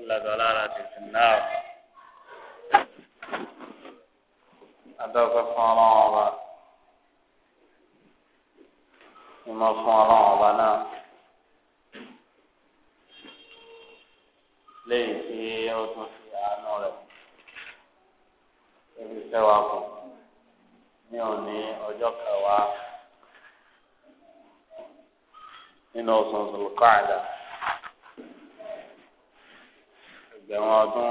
وكل ضلالة في النار أدوك فراغا ثم فراغا نعم lẹ́yìn tí ó tún fi àánú rẹ̀ ó fi fẹ́ wa kù ní òní ọjọ́ kẹwàá nínú oṣù Zulqaada. ẹgbẹ̀rún ọdún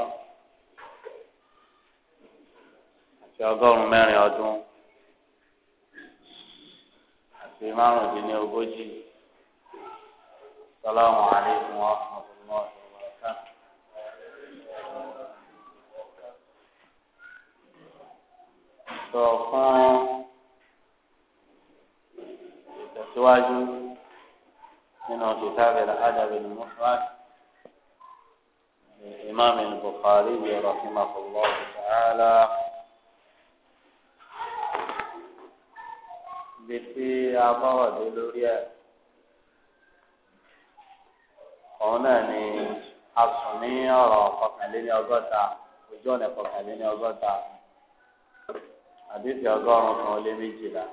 àti ọgọ́rùn mẹ́rin ọdún àti márùndínlẹ́ ogójì sọláwọn àlékún ọkùnrin náà ti wọ ẹ̀ka. sọ fún ìtẹ̀síwájú nínú kìtàbẹ̀lẹ̀ ádàbẹ̀lẹ̀ mọ́fúláṣí. الإمام البخاري رحمه الله تعالى بفي أعطاه دلوريا هنا أصنيع فقالين أغطى وجون فقالين أغطى حديث يغارون فقالين جلال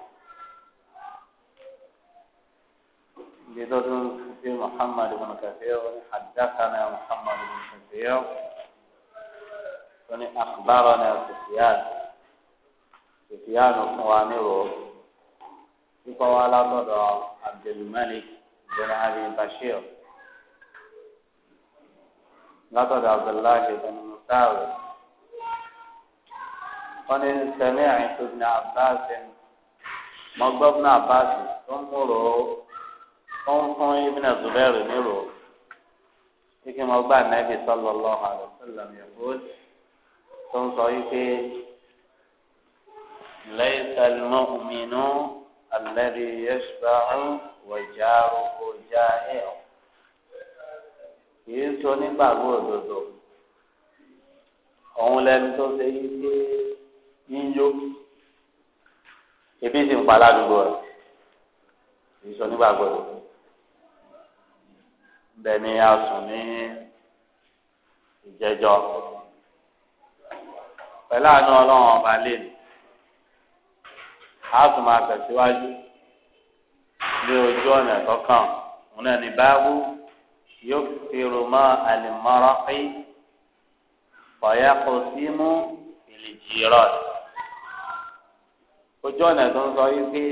بدر في محمد بن كثير حدثنا محمد بن كثير أخبرنا سفيان سفيان قوانيرو يقول عبد الملك بن أبي بشير لقد عبد الله بن مساوي قد سمعت ابن عباس مقبل ابن عباس تمره wọn fún ibùnà zubairu nírò kíkẹ́ mọ gbà nàbì sallallahu alaihi wasallam yaqul tó ń sọ wípé laysa al-mu'minu alladhi yashba'u wa jaruhu jahi'u kìí sọ nígbàgbọ́ òdodo òun lẹnu tó ṣe yí yíyó ebi sì ń pa aládùúgbò rẹ̀ kìí sọ nígbàgbọ́ òdodo bẹ́ẹ̀ ni a sùn ní ìjẹjọ pẹ̀lú àánú ọlọ́run ọba lẹ́nu a tún máa tẹ̀síwájú lé ojú ọ̀nà kọ̀ọ̀kan òun náà ní báàbù yóò fi rùmọ́ àlìmọ́rọ́pì ọ̀yà kò sí mú ìlìjìrọ̀ ojú ọ̀nà tó ń sọ yìí pé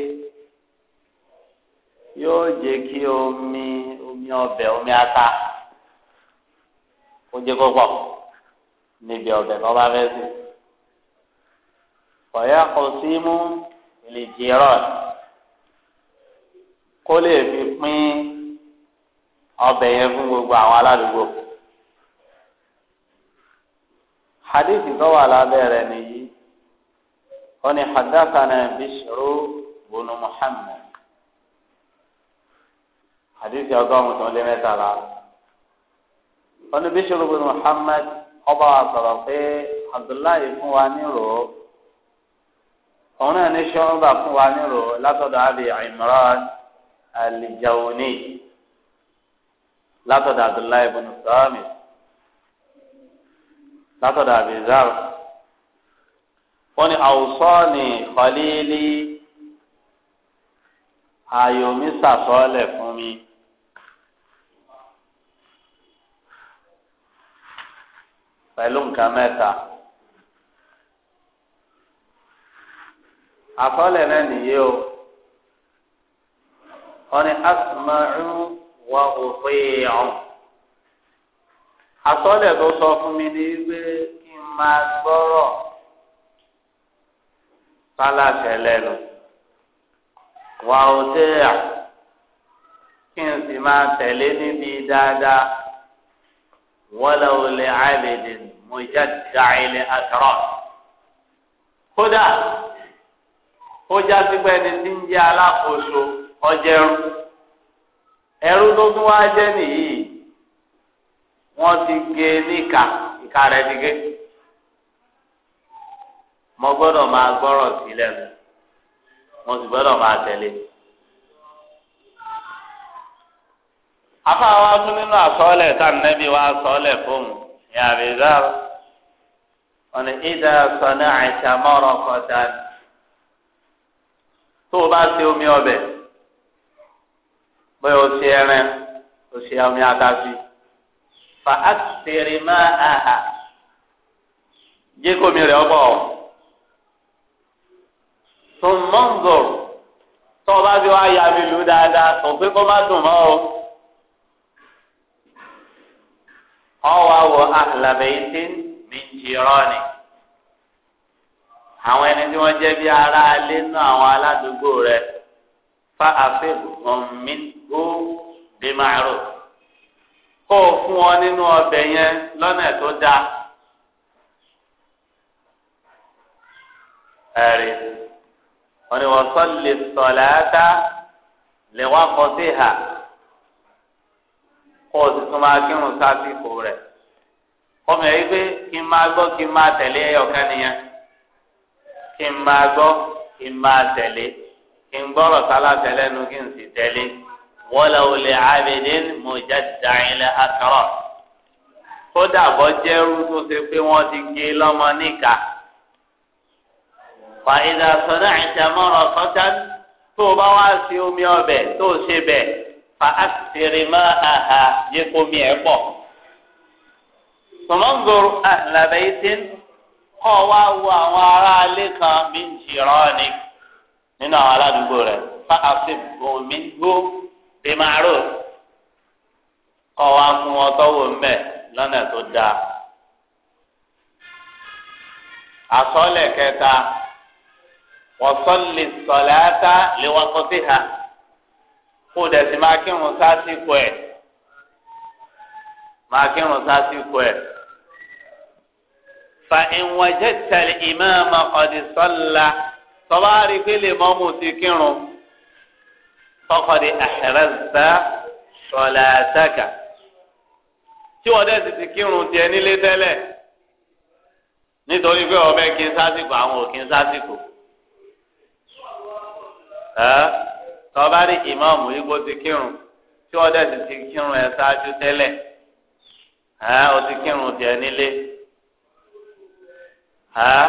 yóò jẹ́ kí omi omi ọbẹ̀ omi ata ó jẹ́ kó pọ̀ níbi ọbẹ̀ tó bá fẹ́ sí. ọ̀yà kò sí mú lè jìrọ̀ kó lè fi pín ọbẹ̀ yẹn fún gbogbo àwọn aládùúgbò. حديث ضوى على بيراني هنا حدثنا بشر بن محمد àdìsí ọgọ́rùn-ún tó lé mẹ́tàlá. oníbíṣòro bin Muhammad ọba wa sọ̀rọ̀ pé Abdullahi fún wa nírò òun náà ní ṣọ́ọ́bà fún wa nírò látọ̀dọ̀ Abi Imran al-Jawni látọ̀dọ̀ Abdullahi bin sọ́ọ̀mì látọ̀dọ̀ Abi Zar wọ́n ní awsani khalili ayò mi sàsọ́ọ̀lẹ̀ fún mi. pẹ̀lú nǹkan mẹ́ta. àkọọ́lẹ̀ náà nìyí o wọ́n ní asùnmọ́rún wọ òfin ọ̀hún. àkọọ́lẹ̀ tó sọ fún mi ni pé kí n máa gbọ́rọ̀ sálàṣẹ lẹ́nu wà ó dé kí n sì máa tẹ̀lé níbi dáadáa. ولو لعبد مجدع لأسرار kódà ó já sí pé ẹni tí ń jẹ alákòóso ọjẹrú ẹrú tó tún wá jẹ nìyí ti gé n'ika ìka rẹ̀ ti gé mo afa wa ninu nínú àsọlẹ̀ tá bi wa sọlẹ̀ fún yàrá ìdára ọ̀nà ìdá sọ̀nà àìsà mọ́rọ̀ tó o bá ṣe omi ọbẹ̀ bóyá o ṣe ẹran o ṣe omi adasi, fa àkìtèrè ma aha. tó tó o bá fi wá yàrá ìlú tó o pé kó ọwọ́ àwọ̀ àlàbẹ̀yìntì mìjìrọ́ọ̀nì àwọn ẹni tí wọ́n jẹ́ bí ará alé náà àwọn aládùúgbò rẹ̀ fa àfihàn mi ó bí máa rò kó o fún wọn nínú ọbẹ̀ yẹn lọ́nà tó dáa. ẹ̀rí wọ́n ní wọ́n sọ́ọ́ lè sọ̀lá dá lè wá kọ́ sí hà kó o sì tún máa kírun sásìkò rẹ̀ kọ́mi ẹ̀ wípé kí n máa gbọ́ kí n máa tẹ̀lé ẹyọ̀kan nìyẹn kí n máa gbọ́ kí n máa tẹ̀lé kí n gbọ́rọ̀ sálá tẹ̀lé nu kí n sì tẹ̀lé wọ́lá olè abidin mọ̀já dànílẹ̀ akọ̀rọ̀ kódà bọ́ jẹ́rú tó ṣe pé wọ́n ti gé lọ́mọ níkà fàyídà sọ̀dọ̀ àìsàn mọ́rọ̀ tó bá wá sí omi ọbẹ̀ tó ṣe bẹ́ẹ̀. fa asiri ma aha yẹ kó ẹ pọ sọmọngoro ahlabayitin kọ wá wo àwọn ará kan mi ń jìrọ nínú àwọn aládùúgbò rẹ fa àfihàn mi ń gbó bimaro kọ wá mú wọn tọwọ mẹ lọ́nà tó dáa ha. kó o dẹ̀ sì máa kírun sásìkò ẹ̀ máa kírun sásìkò ẹ̀. fa ìwọ̀njẹ́ tẹ̀lé ìmáàmà ọ̀dìsọ́lá tọ́ba rí pé lè mọ́mú ti kírun fọkàndé àṣẹrẹ́sà sọ̀lá àtàkà tí wọ́n dẹ̀ ti kírun tiẹ̀ nílé tẹ́lẹ̀ nítorí pé ọbẹ̀ kí n sásìkò àwọn ò kí n sásìkò tọ́ba rí ìmáàmù yìí kó ti kírun tí wọ́n dẹ̀ sì ti kírun ẹ̀ ṣáájú tẹ́lẹ̀ ẹ̀ ó ti kírun tiẹ̀ nílé ẹ̀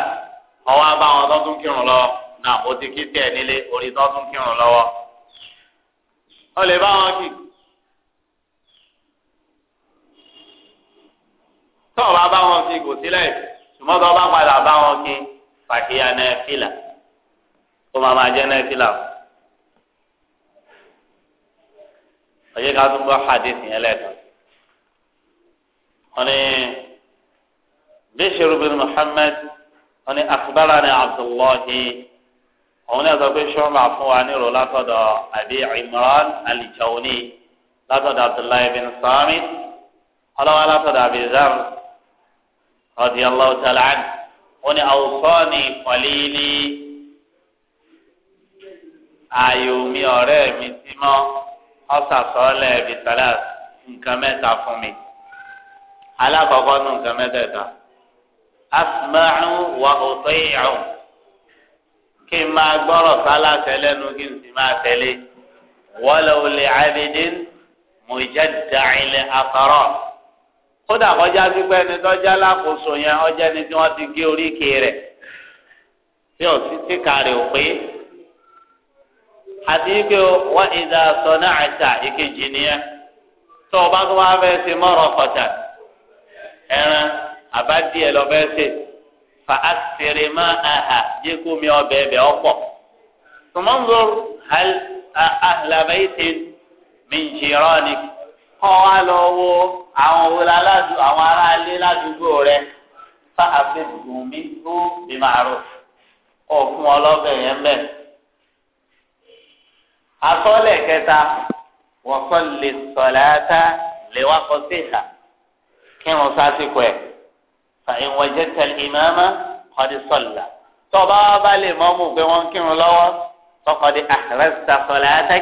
ọwọ́ abá wọn tó tún kírun lọ náà ó ti kí tiẹ̀ nílé orí tó tún kírun lọ́wọ́ ó lè bá wọn kì. tọ́ọ̀bá bá wọn kì kò sílẹ̀ ṣùgbọ́n tọ́ọ̀bá padà bá wọn kì fàkíyà náà fìlà ó máa máa jẹ́ náà fìlà fún. ọjọ́ ká tún gbọ́ hadith yẹn lẹ́ẹ̀kan wọ́n ní Bishr bin Muhammad wọ́n ní akhbarana Abdullahi òun náà sọ pé ṣọ́ọ̀mà fún wa nírò látọ̀dọ̀ Abi Imran al-Jawni látọ̀dọ̀ Abdullahi bin Samit ọlọ́wọ́ látọ̀dọ̀ Abi Zar radiyallahu ta'ala anhu wọ́n ní awusọ́ọ̀nì kọ̀lílì ayò ọ̀rẹ́ mi ti mọ́. ọsà sọọlẹ ẹbí nǹkan mẹ́ta fún mi alákọ̀ọ́kọ́ nù nǹkan mẹ́tẹ̀ẹ̀ta asùmáàrún wà kí n máa gbọ́rọ̀ sálá tẹ́lẹ̀ nu kí n sì máa tẹ́lẹ̀ wọlé olè abidin mọ̀jẹ́ dàílẹ̀ afárọ̀ kódà kọjá pípẹ́ ni tọ́jà lákòóso yẹn ọjọ́ ni tí wọ́n ti gé oríkèé rẹ̀ tí òpin. àti pé wá ìdá sọ̀nà àṣà ìkejì nìyẹn tó o bá tó wá fẹ́ ṣe mọ́rọ̀ kọ̀tà ẹran àbádìẹ lọ fẹ́ ṣe fa àṣírí má àhà jẹ́ kó mi ọbẹ̀ ẹ̀bẹ̀ ọ̀pọ̀ tùmọ̀nzó àhàlàbẹ̀yìtì mìjìrọ́ọ̀nì kọ́ wa lọ wo àwọn wòlá ládùú àwọn aráalé ládùúgbò rẹ fa àfihàn mi ó bí màrú kọ́ ọlọ́bẹ̀ yẹn bẹ́ẹ̀ asọ́lẹ̀ kẹta wọ́sọ́ lè sọ̀láta lè wá kọ́ sí ìhà kí wọ́n sásìkò ẹ̀ fa ìwọ̀jẹ́ tẹ̀lé ìmáàmá kọ́dí sọ̀lá tọ́ba bá lè mọ́mú pé wọ́n ń kírun lọ́wọ́ tọkọ̀dé àrẹ́sìtà sọ̀láta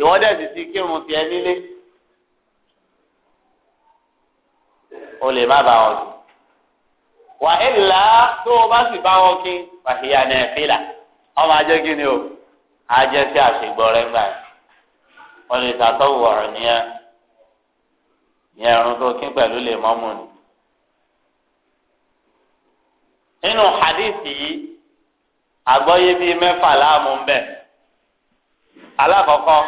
ìwọ́dẹ̀ sì ti kírun tiẹ̀ nílé o lè má bá wọn kí wà á ìlà tó o bá sì bá wọn kí wàhíyà náà fìlà ọmọ ajé kí ni o ajẹ́ sí àṣegbọ́rẹ́ gbà yẹn wọ́n lè sàtọ́wò ọ̀rọ̀ nìyẹn ìyẹn ẹ̀rùn tó kín pẹ̀lú lè mọ́mù ni. nínú hadith yìí àgbọ́yé bíi mẹ́fà láàmú ń bẹ alákọ̀ọ́kọ́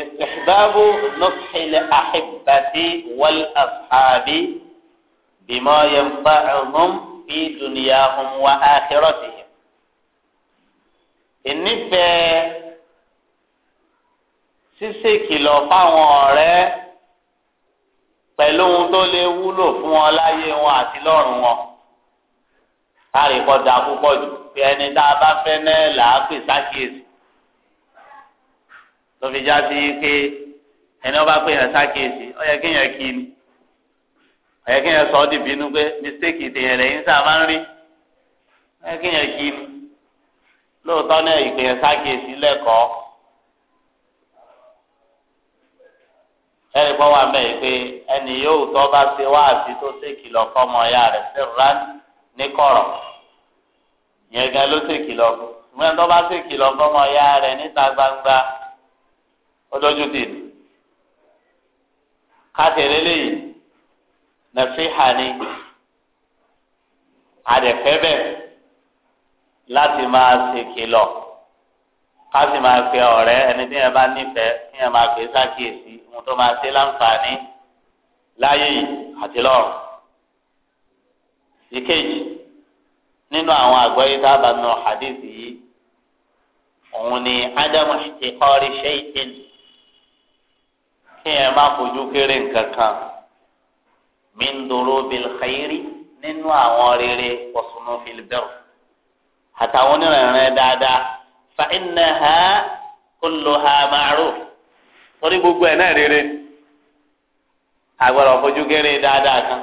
istihbabu nusxil ahibati wal asxaabi bima yanfa'uhum fi dunyahum wa akhirati ìnífẹ̀ẹ́ ṣíṣèkìlọ̀ fáwọn ọ̀rẹ́ pẹ̀lú ohun tó lè wúlò fún wọn láyé wọn àti lọ́rùn wọn káàrí kọjá púpọ̀ jù pé ẹni tá a bá fẹ́ náà là á pè sákìyèsí tó fi já sí pé ẹni wọn pè yẹn sákìyèsí ó yẹ kéèyàn kí ni ó yẹ kéèyàn sọ ọ́ dìbínú pé mistake tèèyàn lẹ́yìn sáà ń rí ó yẹ kéèyàn kí ni lóòótọ́ náà ìpèyàn sákèsí lẹ́kọ̀ọ́ ẹnì kan wà mẹ́yìn pé ẹnì yóò tọ́ bá ṣe wá àti tó ṣe kìlọ̀ fọmọ ya rẹ̀ sí rán ní kọ̀rọ̀ yẹn gan ló ṣe kìlọ̀ fún ṣùgbọ́n tó bá ṣe kìlọ̀ fọmọ ya rẹ̀ níta gbangba ó dójú tì ní. kátẹ̀lé lẹ́yìn nàfíhà ni àdẹ̀fẹ́ bẹ́ẹ̀ láti máa ṣe kìlọ̀ ká sì máa pe ọ̀rẹ́ ẹni tí yẹn bá nífẹ̀ẹ́ kí yẹn máa pè é ṣàkíyèsí ohun tó máa ṣe láǹfààní láyé yìí àti lọ́rùn. ìkejì nínú àwọn àgbọ́yé tá a bá nu hadith yìí òun ni ádámù ti kọ́rí ṣéyìn kí yẹn má fojú kéré nǹkan kan min dòrò bil khairi nínú àwọn rere ọ̀sùnú fil àtàwọn onírànràn dáadáa fa iná ha ha màrú torí gbogbo ẹ náà rere agbọ́dọ̀ fojú kéré dáadáa kan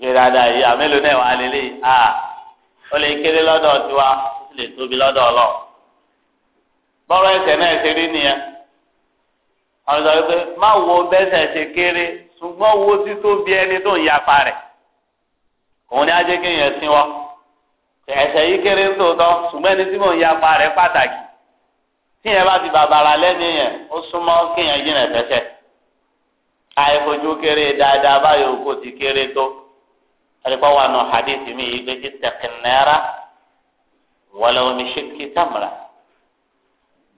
kéré dáadáa yìí àmélòó náà wà lélẹ̀ à ó lè kéré lọ́dọ̀ tiwa ó sì lè tóbi lọ́dọ̀ ọlọ́ bọ́rọ̀ ẹsẹ̀ náà ṣe rí nìyẹn sọ pé má wo bẹ́sẹ̀ ṣe kéré ṣùgbọ́n wo títóbi ẹni tó ń yapa rẹ̀ ni ẹ̀ṣẹ̀ yìí kéré tòótọ́ ṣùgbọ́n ẹni tí mò ń yapa rẹ̀ pàtàkì tí yẹn bá ti bàbàrà lẹ́nu yẹn ó súnmọ́ kéèyàn jìnà ẹ̀fẹ́ṣẹ̀ àìfojú kéré dáadáa báyọ̀ kó ti kéré tó ẹ̀ríkọ́ wà nù hadith mi yìí pé ìtẹ̀kìnnẹ́ra wọlé omi tàmùrà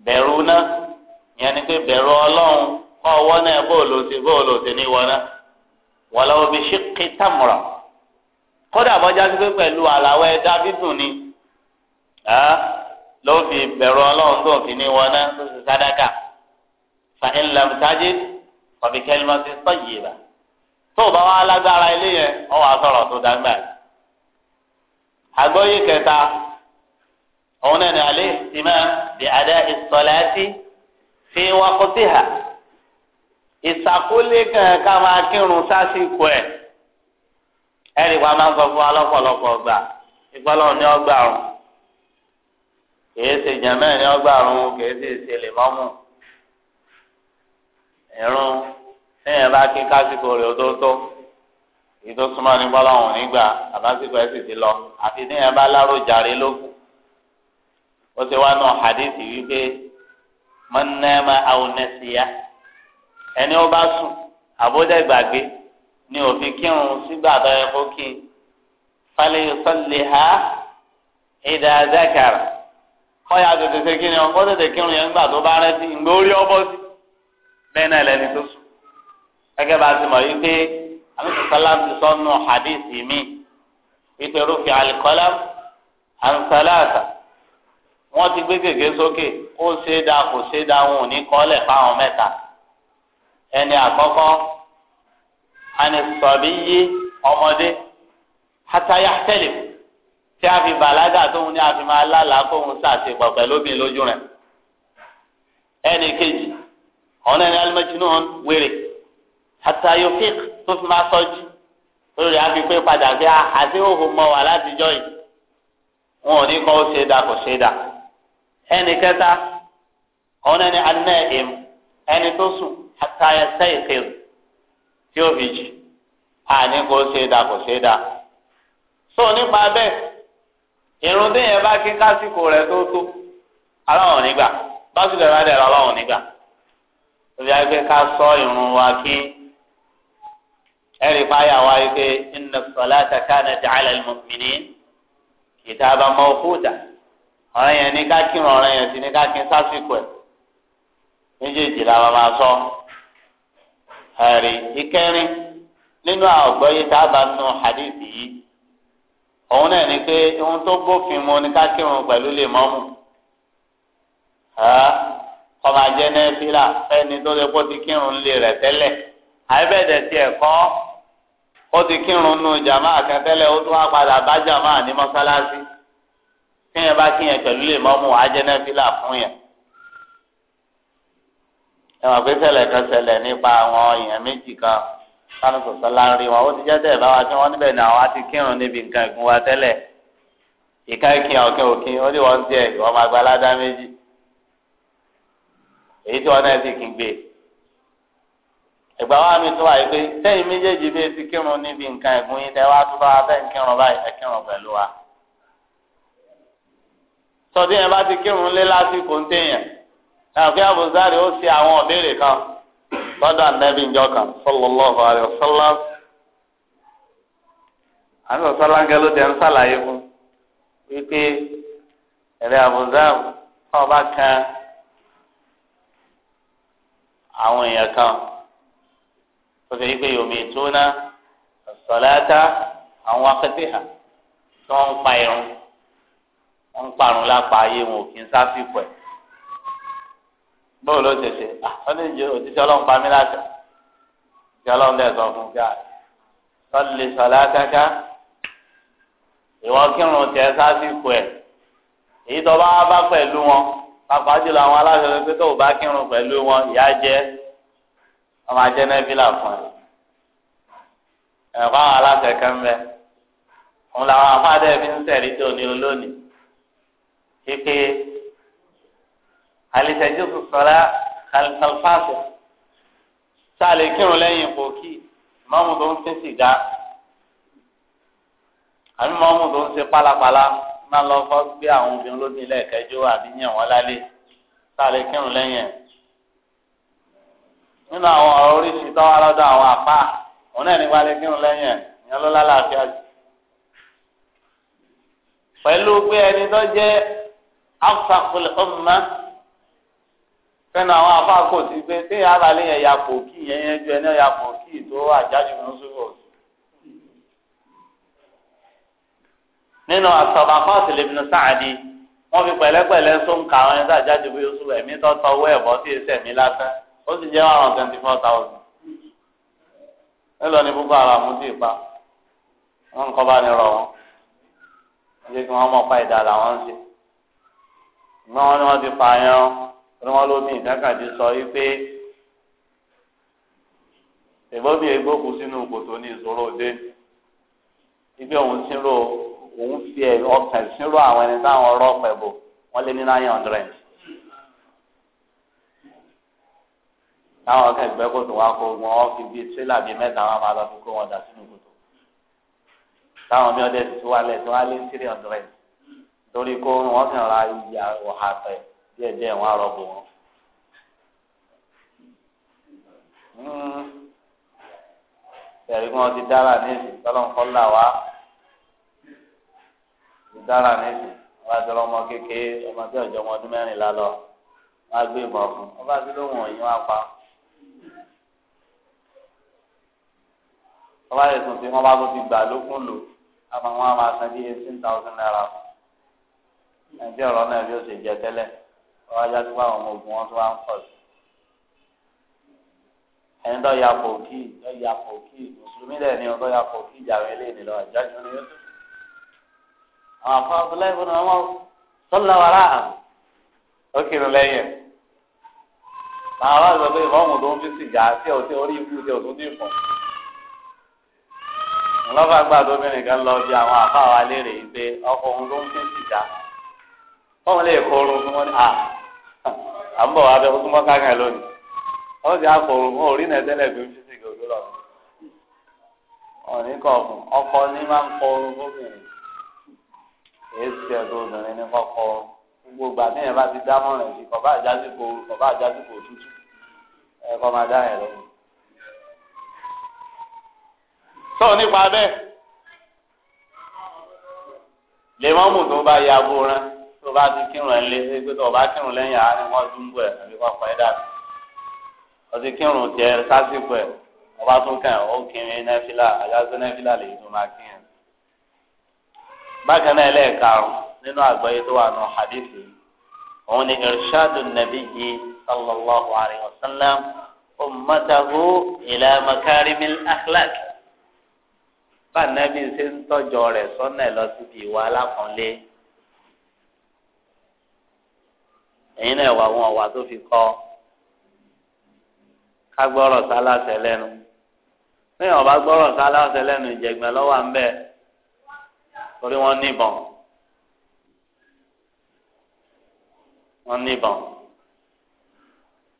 bẹ̀rù náà yẹn ni pé bẹ̀rù ọlọ́run kọ́ ọwọ́ náà bóòlù ti bóòlù ti ní wọlé omi kódà bọ́jà sí pé pẹ̀lú àlàwẹ̀ dábìtù ni ló fi bẹ̀rù ọlọ́run tó fi ní wọná tó sì sádàkà fàhín lẹ́mùtájì ọ̀bì kẹlímọ́sí sọ́yìí rà tó o bá wà lágbára ilé yẹn ọ wà sọ̀rọ̀ tó dágbà yìí. àgbọ́yé kẹta òun náà ní alẹ́ ìsìmẹ́ bí adá ìsọ̀láàtì fi wákòtì hà ìsàkólé kan ká máa kírun sásìkò ẹ̀. ẹ̀rí wa máa ń sọ fún wa lọ́pọ̀lọpọ̀ gbà ní ọgbà ọ̀run kìí ṣe jẹ̀mẹ́ ní ọgbà ọ̀run kìí ṣe mọ́mù bá kí kásìkò rẹ̀ súnmọ́ ni òfin kírun sígbà tó yẹ kó kí falyusalliha idha zakara kọ́ya tètè ṣe kí ni ọkọ tètè kírun yẹn nígbà tó bá rántí ìgbà orí ọbọ sí bẹ́ẹ̀ náà lẹni tó sùn gẹ́gẹ́ bá a ti mọ̀ yìí pé àmì sàlám ti sọ nù hadisi mi ìpè rúfin alikọ́lá ànsálàtà wọ́n ti gbé gègé sókè ó ṣe é dáa kò ṣe é dáa wọn ò ní kọ́ lẹ̀ fáwọn mẹ́ta ẹni àkọ́kọ́ àni sọ̀bí yé ọmọdé hataya tẹ́lẹ̀ tí a fi bàlágà tóun ní a fi máa lálàá kóun sàṣepọ̀ pẹ̀lú obìnrin lójú rẹ̀ ẹnì kejì ọ̀nà ní alimẹ́jìnnú wèrè hataya fík tó fi máa sọ́jú lórí agbègbè padà bí ah, àti òhun mọ wà látijọ́ yìí wọn ò ní kọ́ ó ṣe dà kò ṣe dà ẹnì kẹta ọ̀nà ní anẹ́ẹ̀m ẹni tó sùn hataya sẹ́yìn kejì. tí ó fi jì àní kò ṣe é kò ṣe é so nípa bẹ́ẹ̀ irun téèyàn bá kí kásìkò tó tó bá ká sọ irun wa kí ẹ̀rí fáyà wa yìí pé inna salata kanat ala al-mu'minin kitaban mawquta ọ̀rọ̀ yẹn ní ká yẹn ní ká kí sásìkò méjèèjì làwọn máa sọ. ẹ̀rí ìkẹrin nínú àgbọ́yé tá a bá nu hadith yìí òun náà ni pé ohun tó bófin mu ni ká kírun pẹ̀lú lè mọ́mù ọmọ ajẹ́ náà fílà fẹ́ni tó lè kó ti kírun lè rẹ̀ tẹ́lẹ̀ àìbẹ̀dẹ̀ tiẹ̀ kọ́ ó ti kírun nù jàmáà kan tẹ́lẹ̀ ó tún wá padà bá jàmáà ní mọ́sálásí kíyẹn bá kíyẹn pẹ̀lú lè mọ́mù ajẹ́ náà fílà fún yẹn. E pé ṣẹlẹ̀ kan ṣẹlẹ̀ nípa àwọn èèyàn méjì kan sanu sọ̀tọ̀ láàrin wọn ó ti jẹ́ tẹ̀ báwa tí wọ́n níbẹ̀ ni àwọn á ti kírun níbi nǹkan ìgún wa tẹ́lẹ̀ ìka ìkìn ọ̀kìn òkìn ó ní wọ́n tiẹ̀ ìwọ́n máa gba aládá méjì èyí tí náà ti gbé ìgbà wa mi tó wáyé pé méjèèjì bí ti kírun níbi nǹkan ìgún yín tẹ́ tó bá wa fẹ́ kírun báyìí ẹ kírun pẹ̀lú wa sọdí yẹn bá ti ẹnìkan abuzari ó ṣe àwọn ọ̀bẹ̀rẹ̀ kan lọ́dọ̀ anabi njọ kan sallallahu alayhi wa sallam àwọn sọláńgẹ ló dé ń sàlàyé fún wípé ẹ̀rẹ́ abuzari ọba kan àwọn èèyàn kan tó ṣe wípé yomi túná sọláta àwọn akẹ́tẹ̀ hàn tó ń pa irun wọ́n ń parun lápá ayé wọn ò kí ń sáfìpọ̀ ẹ̀ bóòlù ló ṣe ṣe wọ́n lè jẹ́ òṣìṣẹ́ ọlọ́run pa mí láṣẹ òṣìṣẹ́ ọlọ́run lẹ̀ sọ fún gáà ah, sọ́ọ́lì sọ̀lá káká ìwọ kírun tiẹ̀ sásìkò ẹ̀ èyí tó bá bá pẹ̀lú wọn pàpà jùlọ àwọn aláṣẹ pé tó bá kírun pẹ̀lú wọn ìyá jẹ́ ọmọ ajẹ́ nẹ́fìlà fún ẹ ẹ̀kọ́ àwọn aláṣẹ kan bẹ́ òun làwọn afáàdẹ́ fi ń tẹ̀lé tó ní olónìí kíkẹ́ àlìtẹ̀jú sọ̀rọ̀ àlìfàlfàṣẹ tá a lè kírun lẹ́yìn pòkì mọ́mú tó ń sin sìgá àbí mọ́mú tó ń sin pálapàla máa lọ fọ́ gbé àwọn obìnrin lóbìnrin lẹ́ẹ̀kẹjọ àbí yàn wọ́n lálé tá a lè kírun lẹ́yìn ẹ̀ nínú àwọn ọ̀rọ̀ oríṣi tó wá lọ́dọ̀ àwọn àpá òun náà ní wálé kírun lẹ́yìn ẹ̀ ló lálàáfíà jù pẹ̀lú pé ẹni tó jẹ́ afakul umma fẹ́nu àwọn afáàkó ti pé ṣé abalẹ̀ yẹn ya pò kí yẹn yẹn ju ẹni ya pò kí tó àjájú ní sùúrù. nínú àtọ̀bàkọ́sì lèmi sáàdì wọ́n fi pẹ̀lẹ́pẹ̀lẹ́ tó ń ka àwọn ẹ̀dá àjájú bí oṣù ẹ̀mí tó tọ́ owó ẹ̀bọ́ sí ẹsẹ̀ mi lásán ó sì jẹ́ one hundred twenty four thousand. ẹ lọ ní boko haram ti pa wọn ń kọ́ bá ní rọ wọn ẹ jẹ́ kí wọ́n mọ̀ pa ìdá làwọn ń ṣe. ìgbọ́n wọn ni wọ́n ti pààyàn ni wọn lómi ìdákàdé sọ wípé ìbọ́bí egbòkú sínú kòtò ní ìṣòro òde ibi òun sínú òun fi ọkàn sínú àwọn ẹni táwọn ọ̀rọ̀ pẹ̀bù wọn lé ní nine hundred táwọn ọkàn ìgbẹ́ kòtò wa kó wọn fi bíi tírélà bíi mẹ́ta wọn máa lọ fi kó wọn dà sínú kòtò táwọn mi ọdẹ ti tú wálẹ̀ tí wọn á lé ní three hundred torí kó wọn kàn ra ìyá ọ̀hà pẹ̀lú díẹ̀ díẹ̀ wọn arọ bò wọn. Hmm. ẹ̀rí wọn ti dára nísì tọ́lọ́n kọ́ là wá ti dára nísì wọn bá tọ́lọ́ ọmọ kékeré ọmọ tí ọjọ́ ọmọ ọdún mẹ́rin la lọ á gbé ìbọn fún wọn bá ti lóhùn òyìn wọn pa. wọn bá yẹ tuntun tí wọn bá tó ti gbà lókun lò àmọ́ wọn máa san bí eighteen thousand naira fún ẹ̀jẹ̀ ọ̀rọ̀ náà bí ó ṣe jẹ tẹ́lẹ̀ wọ́n á yájú àwọn ọmọ ogun wọn tó wá ń pọ̀ sí. ẹni tó ya pọ̀ kí tó ya pọ̀ kí mùsùlùmí dẹ̀ ni tó ya pọ̀ kí ìjàwé lè nílò àjájú ni yóò tó. àwọn afọ abúlé ìbùnú ọmọ sọlá wàrà àmì ó kiri lẹ́yìn. màá wá sọ pé ìfọ̀hùn tó ń fi sìgá tí ò tí orí ikú tí ò tún dì fún. ńlọ́fà gbàdúrà kan lọ bí àwọn àfáà wa léèrè yìí pé ọkọ̀ òun ló ń fi sìgá. wọ́n lè à ń bọ̀ bụ bẹ́ẹ̀ kó mọ́ lónìí wọ́n ti àkòrò orí náà tẹ́lẹ̀ fi ń fi lọ. ọkọ ní máa ń kọ orun èyí ti obìnrin ní gbogbo àti bá ti dámọ̀ràn sí àjásìkò àjásìkò òtútù ẹ̀kọ́ máa dá sọ nípa ya bá ti kírun ẹ̀ lé ṣe pé tó o bá kírun lẹ́yìn àárín wọn dúnbọ̀ ẹ̀ àbí wọn pa ẹ̀ dàbí o ti kírun tiẹ̀ sásìkò ẹ̀ ọba tún kàn ó kiri nẹ́fílà àyáṣẹ́ nẹ́fílà lè tún máa kí ẹ̀. bákan náà ẹlẹ́ẹ̀karùn nínú àgbáyé tó wà nù hadithi òun ni irshadu nabiyyi sallallahu alayhi wa sallam ummatahu ila makarimil akhlaq bá nàbí ṣe ń tọ́jọ rẹ̀ sọ́nà ẹ̀ lọ síbi ìwà alákànlé ẹ̀yin náà wà wọn ọ̀wà tó fi kọ́ ká gbọ́rọ̀ sálásẹ̀ lẹ́nu ní ọba gbọ́rọ̀ sálásẹ̀ lẹ́nu ìjẹ̀gbẹ́ lọ́wọ́ à ń bẹ̀ torí wọ́n níbọn wọ́n níbọn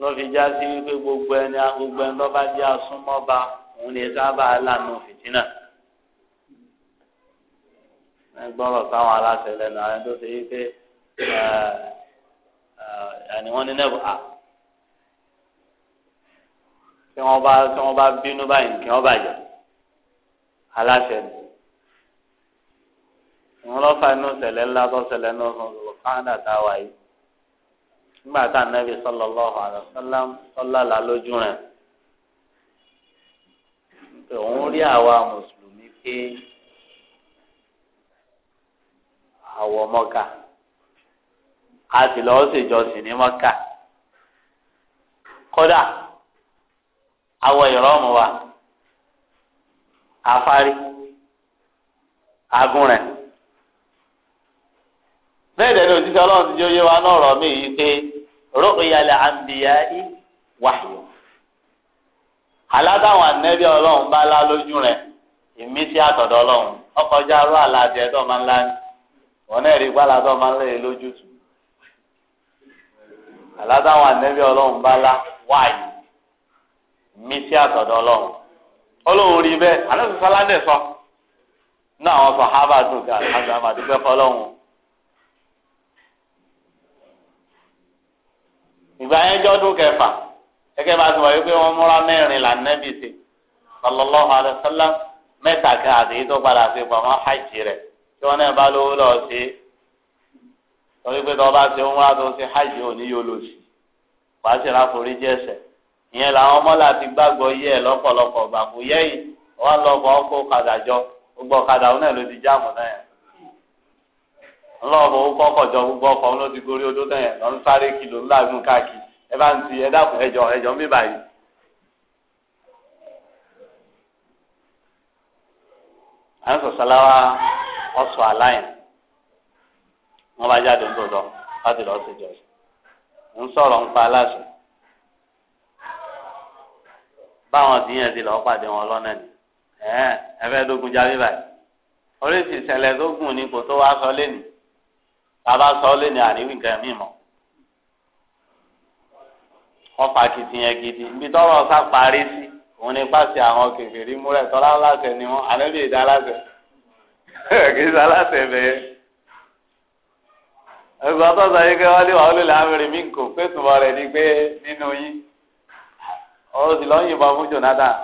lọ́ fi já sí wípé gbogbo ẹni gbogbo ẹni lọ́ba jẹ́ asúnmọ́ba òun lè sábà lànà fìtínà gbọ́rọ̀ sáwọn aláṣẹ lẹ́nu àwọn tó ṣe wípé ẹni wọn ní nẹ́bù à tí wọn bá tí wọn bá bínú báyìí nìkan ọba jẹ aláṣẹ ni wọn lọ fa inú ṣẹlẹ̀ ńlá tó ṣẹlẹ̀ ní ọsàn tó káńdà tá a wà yìí nígbà tá a nẹbi sallallahu alaihi wasallam sọlá lójú rẹ pé òun rí àwa mùsùlùmí pé àwọ mọka. a sì lọ ṣèjọsìn ní mọ́kà kódà ka. ìrọ́mù wa afárí agún bẹ́ẹ̀ dẹ̀ ni òtítọ́ ọlọ́run ti jẹ́ oyé wa náà rọ̀ mí yìí pé rọ́ọ̀yàlẹ̀ àǹbìyá í wàhíọ̀ aládàwọn ànẹ́bí ọlọ́run bá lá lójú rẹ̀ ìmísí àtọ̀dọ̀ ọlọ́run ọkọjá rú àlàjẹ́ máa ń wọn aládàwọn ànẹ́bí ọlọ́run bá lá wáyé mi sí àtọ̀dọ̀ ọlọ́run rí bẹ́ẹ̀ àlẹ́sùn sáládẹ̀ sọ ní àwọn ga àgbàmà ma fọlọ́run. ìgbà yẹn jọ́dún kẹfà gẹ́gẹ́ bá ti wà wípé wọ́n múra mẹ́rin là nẹ́bí sí sallallahu alaihi wasallam kan àti èyí sí pamọ́ hajj rẹ̀ tí wọ́n náà bá lówó lọ́ọ́ sí. torí pé tọ́ bá ṣe ń wá tó ṣe hajj òní yóò lò sí pàṣẹra forí jẹ́sẹ̀ ìyẹn làwọn ọmọ láti gbàgbọ́ yẹ ẹ̀ lọ́pọ̀lọpọ̀ gbà kó yẹ yìí wọ́n lọ bọ̀ ọkọ̀ kadà jọ gbogbo ọ̀kadà òun náà ló ti jáàmù náà yẹn ńlọ́ọ̀bù ọkọ̀ ọkọ̀jọ gbogbo ọkọ̀ òun ló ti gorí odó náà yẹn lọ ń sáré kìlò ńláàgùn káàkiri ẹ bá ń ti ẹ dákun ẹjọ ẹjọ ń bí báyìí. à ń sọ sáláwá ọ̀sọ̀ wọ́n bá jáde tó lọ láti lọ sí ìjọ ń sọ̀rọ̀ ń pa aláṣẹ báwọn tìyẹn ti lọ pàdé wọn lọ́nà ni ẹ fẹ́ dógun jáde báyìí oríṣi ìṣẹ̀lẹ̀ tó gùn ni kò tó wá sọ lẹ́nu bàbá sọ lẹ́nu àríwí nǹkan mi mọ́ wọ́n fa kìtìyẹn gidi ibi tọ́rọ̀ sá parí sí òun ni pàṣẹ àwọn kèfèrí múlẹ̀ tọ́lá aláṣẹ ni wọ́n àlẹ́ lè dá aláṣẹ kì í sá aláṣẹ bẹ́ẹ̀ ẹgbẹ́ tó sọ yìí pé wọ́n lé wàá lò láàmìrì mí kò pé tùmọ̀ rẹ̀ ni pé nínú yín ọ̀rọ̀ sì lọ́ọ́ yìnbọn fún Jonathan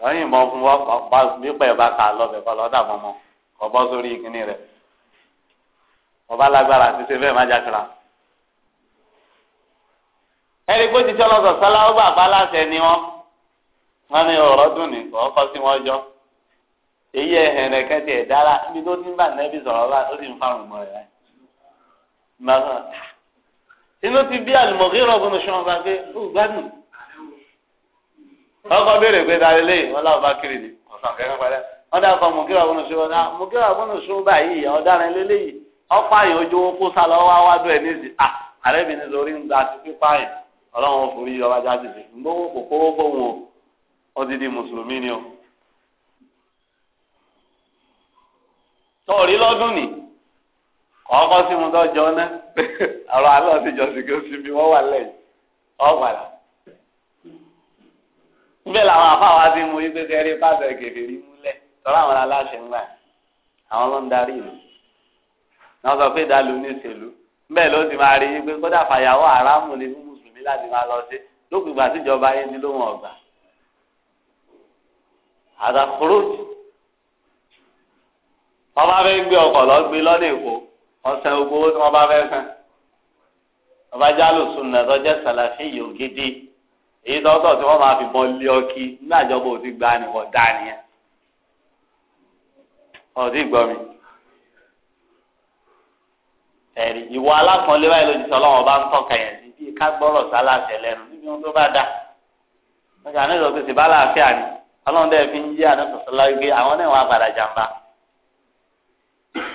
lọ́ọ́ yìnbọn fún wa nípa ẹ̀ bá kà lọ́bẹ̀ kọ́ lọ́dà mọ́mọ́ kọ́ bọ́ sórí ìkíní rẹ̀ ọba lágbára àti ṣe bẹ́ẹ̀ má jákèrà ẹni pé títí ọlọ́sọ̀ sọ́lá ó gbà bá láṣẹ ni wọ́n wọ́n ní ọ̀rọ̀ dùn ní ọkọ̀ sí wọn jọ. èyí ẹ̀hẹ̀n rẹ̀ kẹ́tì ẹ̀ dára ibi tó ti ń bá nẹ́bí sọ̀rọ̀ ó sì ń ti bí àlùmọ̀kì rọ̀gùn ṣan ọba pé ó gbádùn. ọkọ̀ béèrè pé ta lélẹ̀ láwọn bá kiri ni ọ̀sán kẹ́kẹ́ wọ́n mọ̀kì rọ̀gùn ọba mọ̀kì rọ̀gùn ṣan ọba yìí lélẹ̀ yìí ọba tọ̀rí lọ́dún ni ọkọ sí mu tọ́jọ́ náà ọ̀rọ̀ àlọ́ ti jọ sí kí o sì mi wọ́n wà lẹ́yìn ọ̀pàdà. níbẹ̀ làwọn afáwa ti mú ipe kẹrí pàṣẹ kẹfìrí múlẹ̀ tọ́lá àwọn aláṣẹ ńlá àwọn ló ń darí ìlú náà sọ pé ìdálù ní ìṣèlú bẹ́ẹ̀ ló ti máa rí i pé kódà fàyàwọ́ àrámù ni fún mùsùlùmí láti máa lọ sí lókùgbà tíjọba yẹn ti lóhùn ọ̀gbà àdàkùrọ̀jù wọ́n bá fẹ́ gbé ọkọ̀ lọ́gbé lọ́dẹ̀ èkó ọ̀sẹ̀ ogbó tí wọ́n bá fẹ́ sàn ọba jálù sunna tó jẹ́ sàlàfí yòó gidi èyí tọ́tọ̀ tí wọ́n máa fi bọ́ lé ọkí ò ti dá nìyẹn gbọ́ mi ẹ̀rí ìwọ alákànlé báyìí sọ bá ń tọ́ka yẹn sí bí ká gbọ́rọ̀ sálàsẹ̀ lẹ́nu tó bá dà ọjà ní ìlọsọsì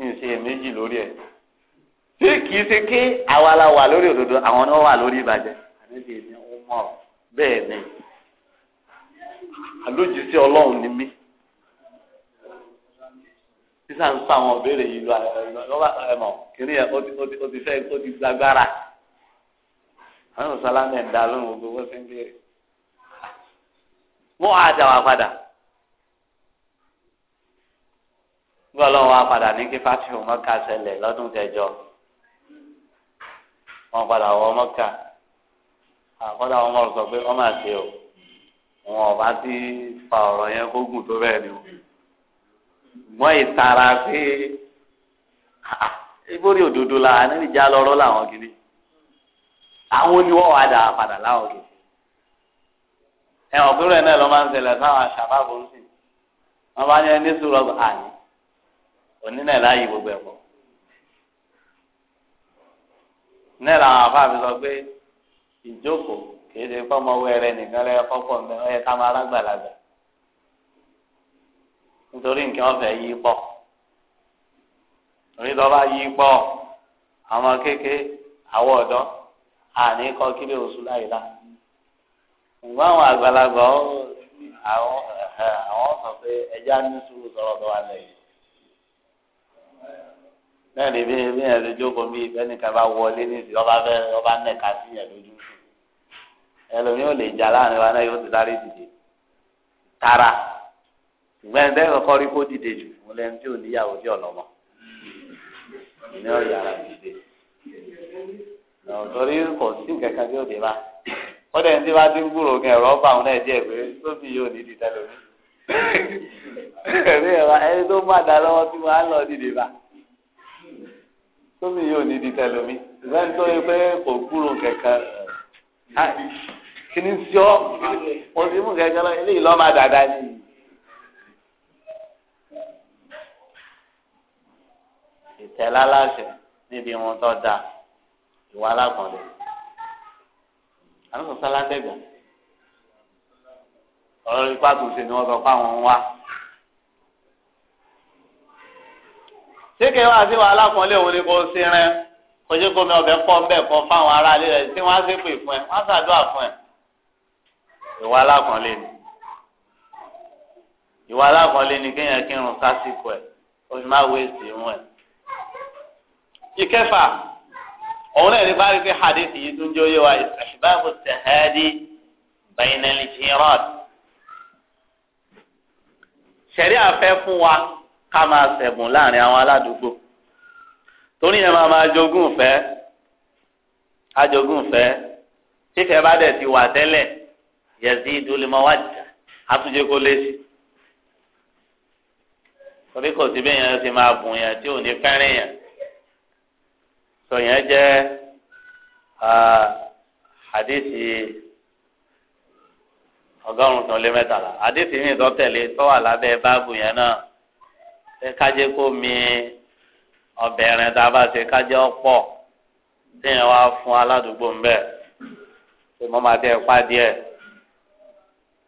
kí n ṣe èméjì lórí ẹ̀ ṣé kì í ṣe kí àwa la wà lórí òdodo àwọn ni wọ́n wà lórí ìbàjẹ́ àdébí ni ó mọ̀ bẹ́ẹ̀ ni àlójúsí ọlọ́run ni mí sísá ń sọ àwọn ìbéèrè yìí lọ lọ́wọ́ ẹ̀mọ́ kiri ẹ̀ ó ti fẹ́ ó ti gbàgbára àwọn ìsọlá náà ń dá lóhùn gbogbo ṣe ń béèrè. wọ́n á dà wá padà. bí ọlọ́run padà ní kí fásitì mọ́kà ṣẹlẹ̀ lọ́dún kẹjọ wọn padà wọ mọ́kà àkọ́dà wọn mọ̀ sọ pé wọ́n máa ṣe o wọn ò bá ti fa ọ̀rọ̀ yẹn kó gùn tó bẹ́ẹ̀ ni o mọ́ ìtara pé ibórí òdodo la níbi ìjà lọ́rọ́ làwọn kiri àwọn oníwọ́ wa dà padà láwọn kiri ẹ̀ ọ̀pẹ̀rẹ̀ náà ló máa ń ṣẹlẹ̀ sáwọn aṣàbábọ̀ ń sìn wọ́n bá ní ẹni sùúrù òní náà láàyè gbogbo ẹ̀kọ́ náà làwọn afá mi sọ pé ìjókòó kìí ṣe fọmọwé rẹ nìkan lẹ fọpọ nke ọ yẹ ká máa lágbàlagbà nítorí nǹkan ọ̀fẹ́ yí pọ̀ orí tó bá yí pọ̀ àwọn kéke àwọn ọ̀dọ́ àní kọ́ kílé oṣù ìgbà àwọn àgbàlagbà àwọn sọ pé ẹja ní náà lè bí bí lè jókòó bí bẹ́ẹ̀ni ká bá wọlé ọba fẹ́ ọba nẹ̀ka sí yẹn lójú ẹlòmíì ò lè jà láàrin wa náà yóò tara ṣùgbọ́n ẹni tẹ́lẹ̀ kọ́kọ́ rí kó dìde jù mo lẹ́nu tí ò níyàwó tí ọ̀lọ́mọ ní ọ̀yàrá dìde torí kò sí kankan tí ó dé bá kọ́dẹ̀ ní tí bá dín gbúrò ẹ̀rọ bá òun náà ẹ̀rí ẹ̀rọ ẹni tó má da lọ́wọ́ tí wọ́n á lọ dìde bá tómi yóò ní di tẹlomi ìgbà tó yẹ pé kò kúrò kẹ̀kẹ́ kìíní sí ọ mo ti mú kẹ̀kẹ́ lọ eléyìí lọ́ọ́ má dàda ni. ìtẹ̀lá láṣẹ níbi wọn tó da ìwà alágbọ̀n lè. àwọn sọ sálá dẹ́gbẹ̀ẹ́ ọ̀rọ̀ ipá gbèsè ni wọ́n sọ fáwọn wa. ṣé kí wọ́n àti wàhálà kan lé òun ni kò sí rẹ kọjú gómìn ọbẹ̀ pọ̀ ń bẹ̀ kọ́ fáwọn aráalé rẹ̀ tí wọ́n á sì pè fún ẹ wọ́n á ṣàdúrà fún ẹ. ìwà alákànlé ni ìwà alákànlé ni kéèyàn kírun sásìkò ẹ̀ oṣù máa wé sí irun ẹ̀. ìkẹfà òun náà ní bá rí pé hadith yìí tún jẹ́ òye wa ìṣàṣìbáàbò tẹ̀hẹ́ẹ́dì bẹ́ẹ̀ ní ẹni jìnnìrọ́ọ̀dì ṣẹ̀rí àfẹ́ fún wa ká máa ṣẹ̀bùn láàrin àwọn aládùúgbò torí yẹn máa máa jogún fẹ́ ajogún fẹ́ tífẹ́ bá dẹ̀ ti wà tẹ́lẹ̀ yẹ̀sí ìdúlémọ́ wá jà àtúnjẹ kó lé sí torí kò sí bẹ́ẹ̀ yẹn ti máa bùn yẹn tí ò ní fẹ́ràn yẹn sọ yẹn jẹ́ ah, hadisi ọgọ́rùn-ún tán lé mẹ́tàlá àdéhùn mi tó tẹ̀lé tó wà lábẹ́ báàbù yẹn náà ṣé kájé kó mi ọbẹ̀ rẹ̀ tá a bá ṣe kájé ọ̀pọ̀ téèyàn wá fún aládùúgbò ń bẹ̀ ṣé mo máa tẹ́ pa díẹ̀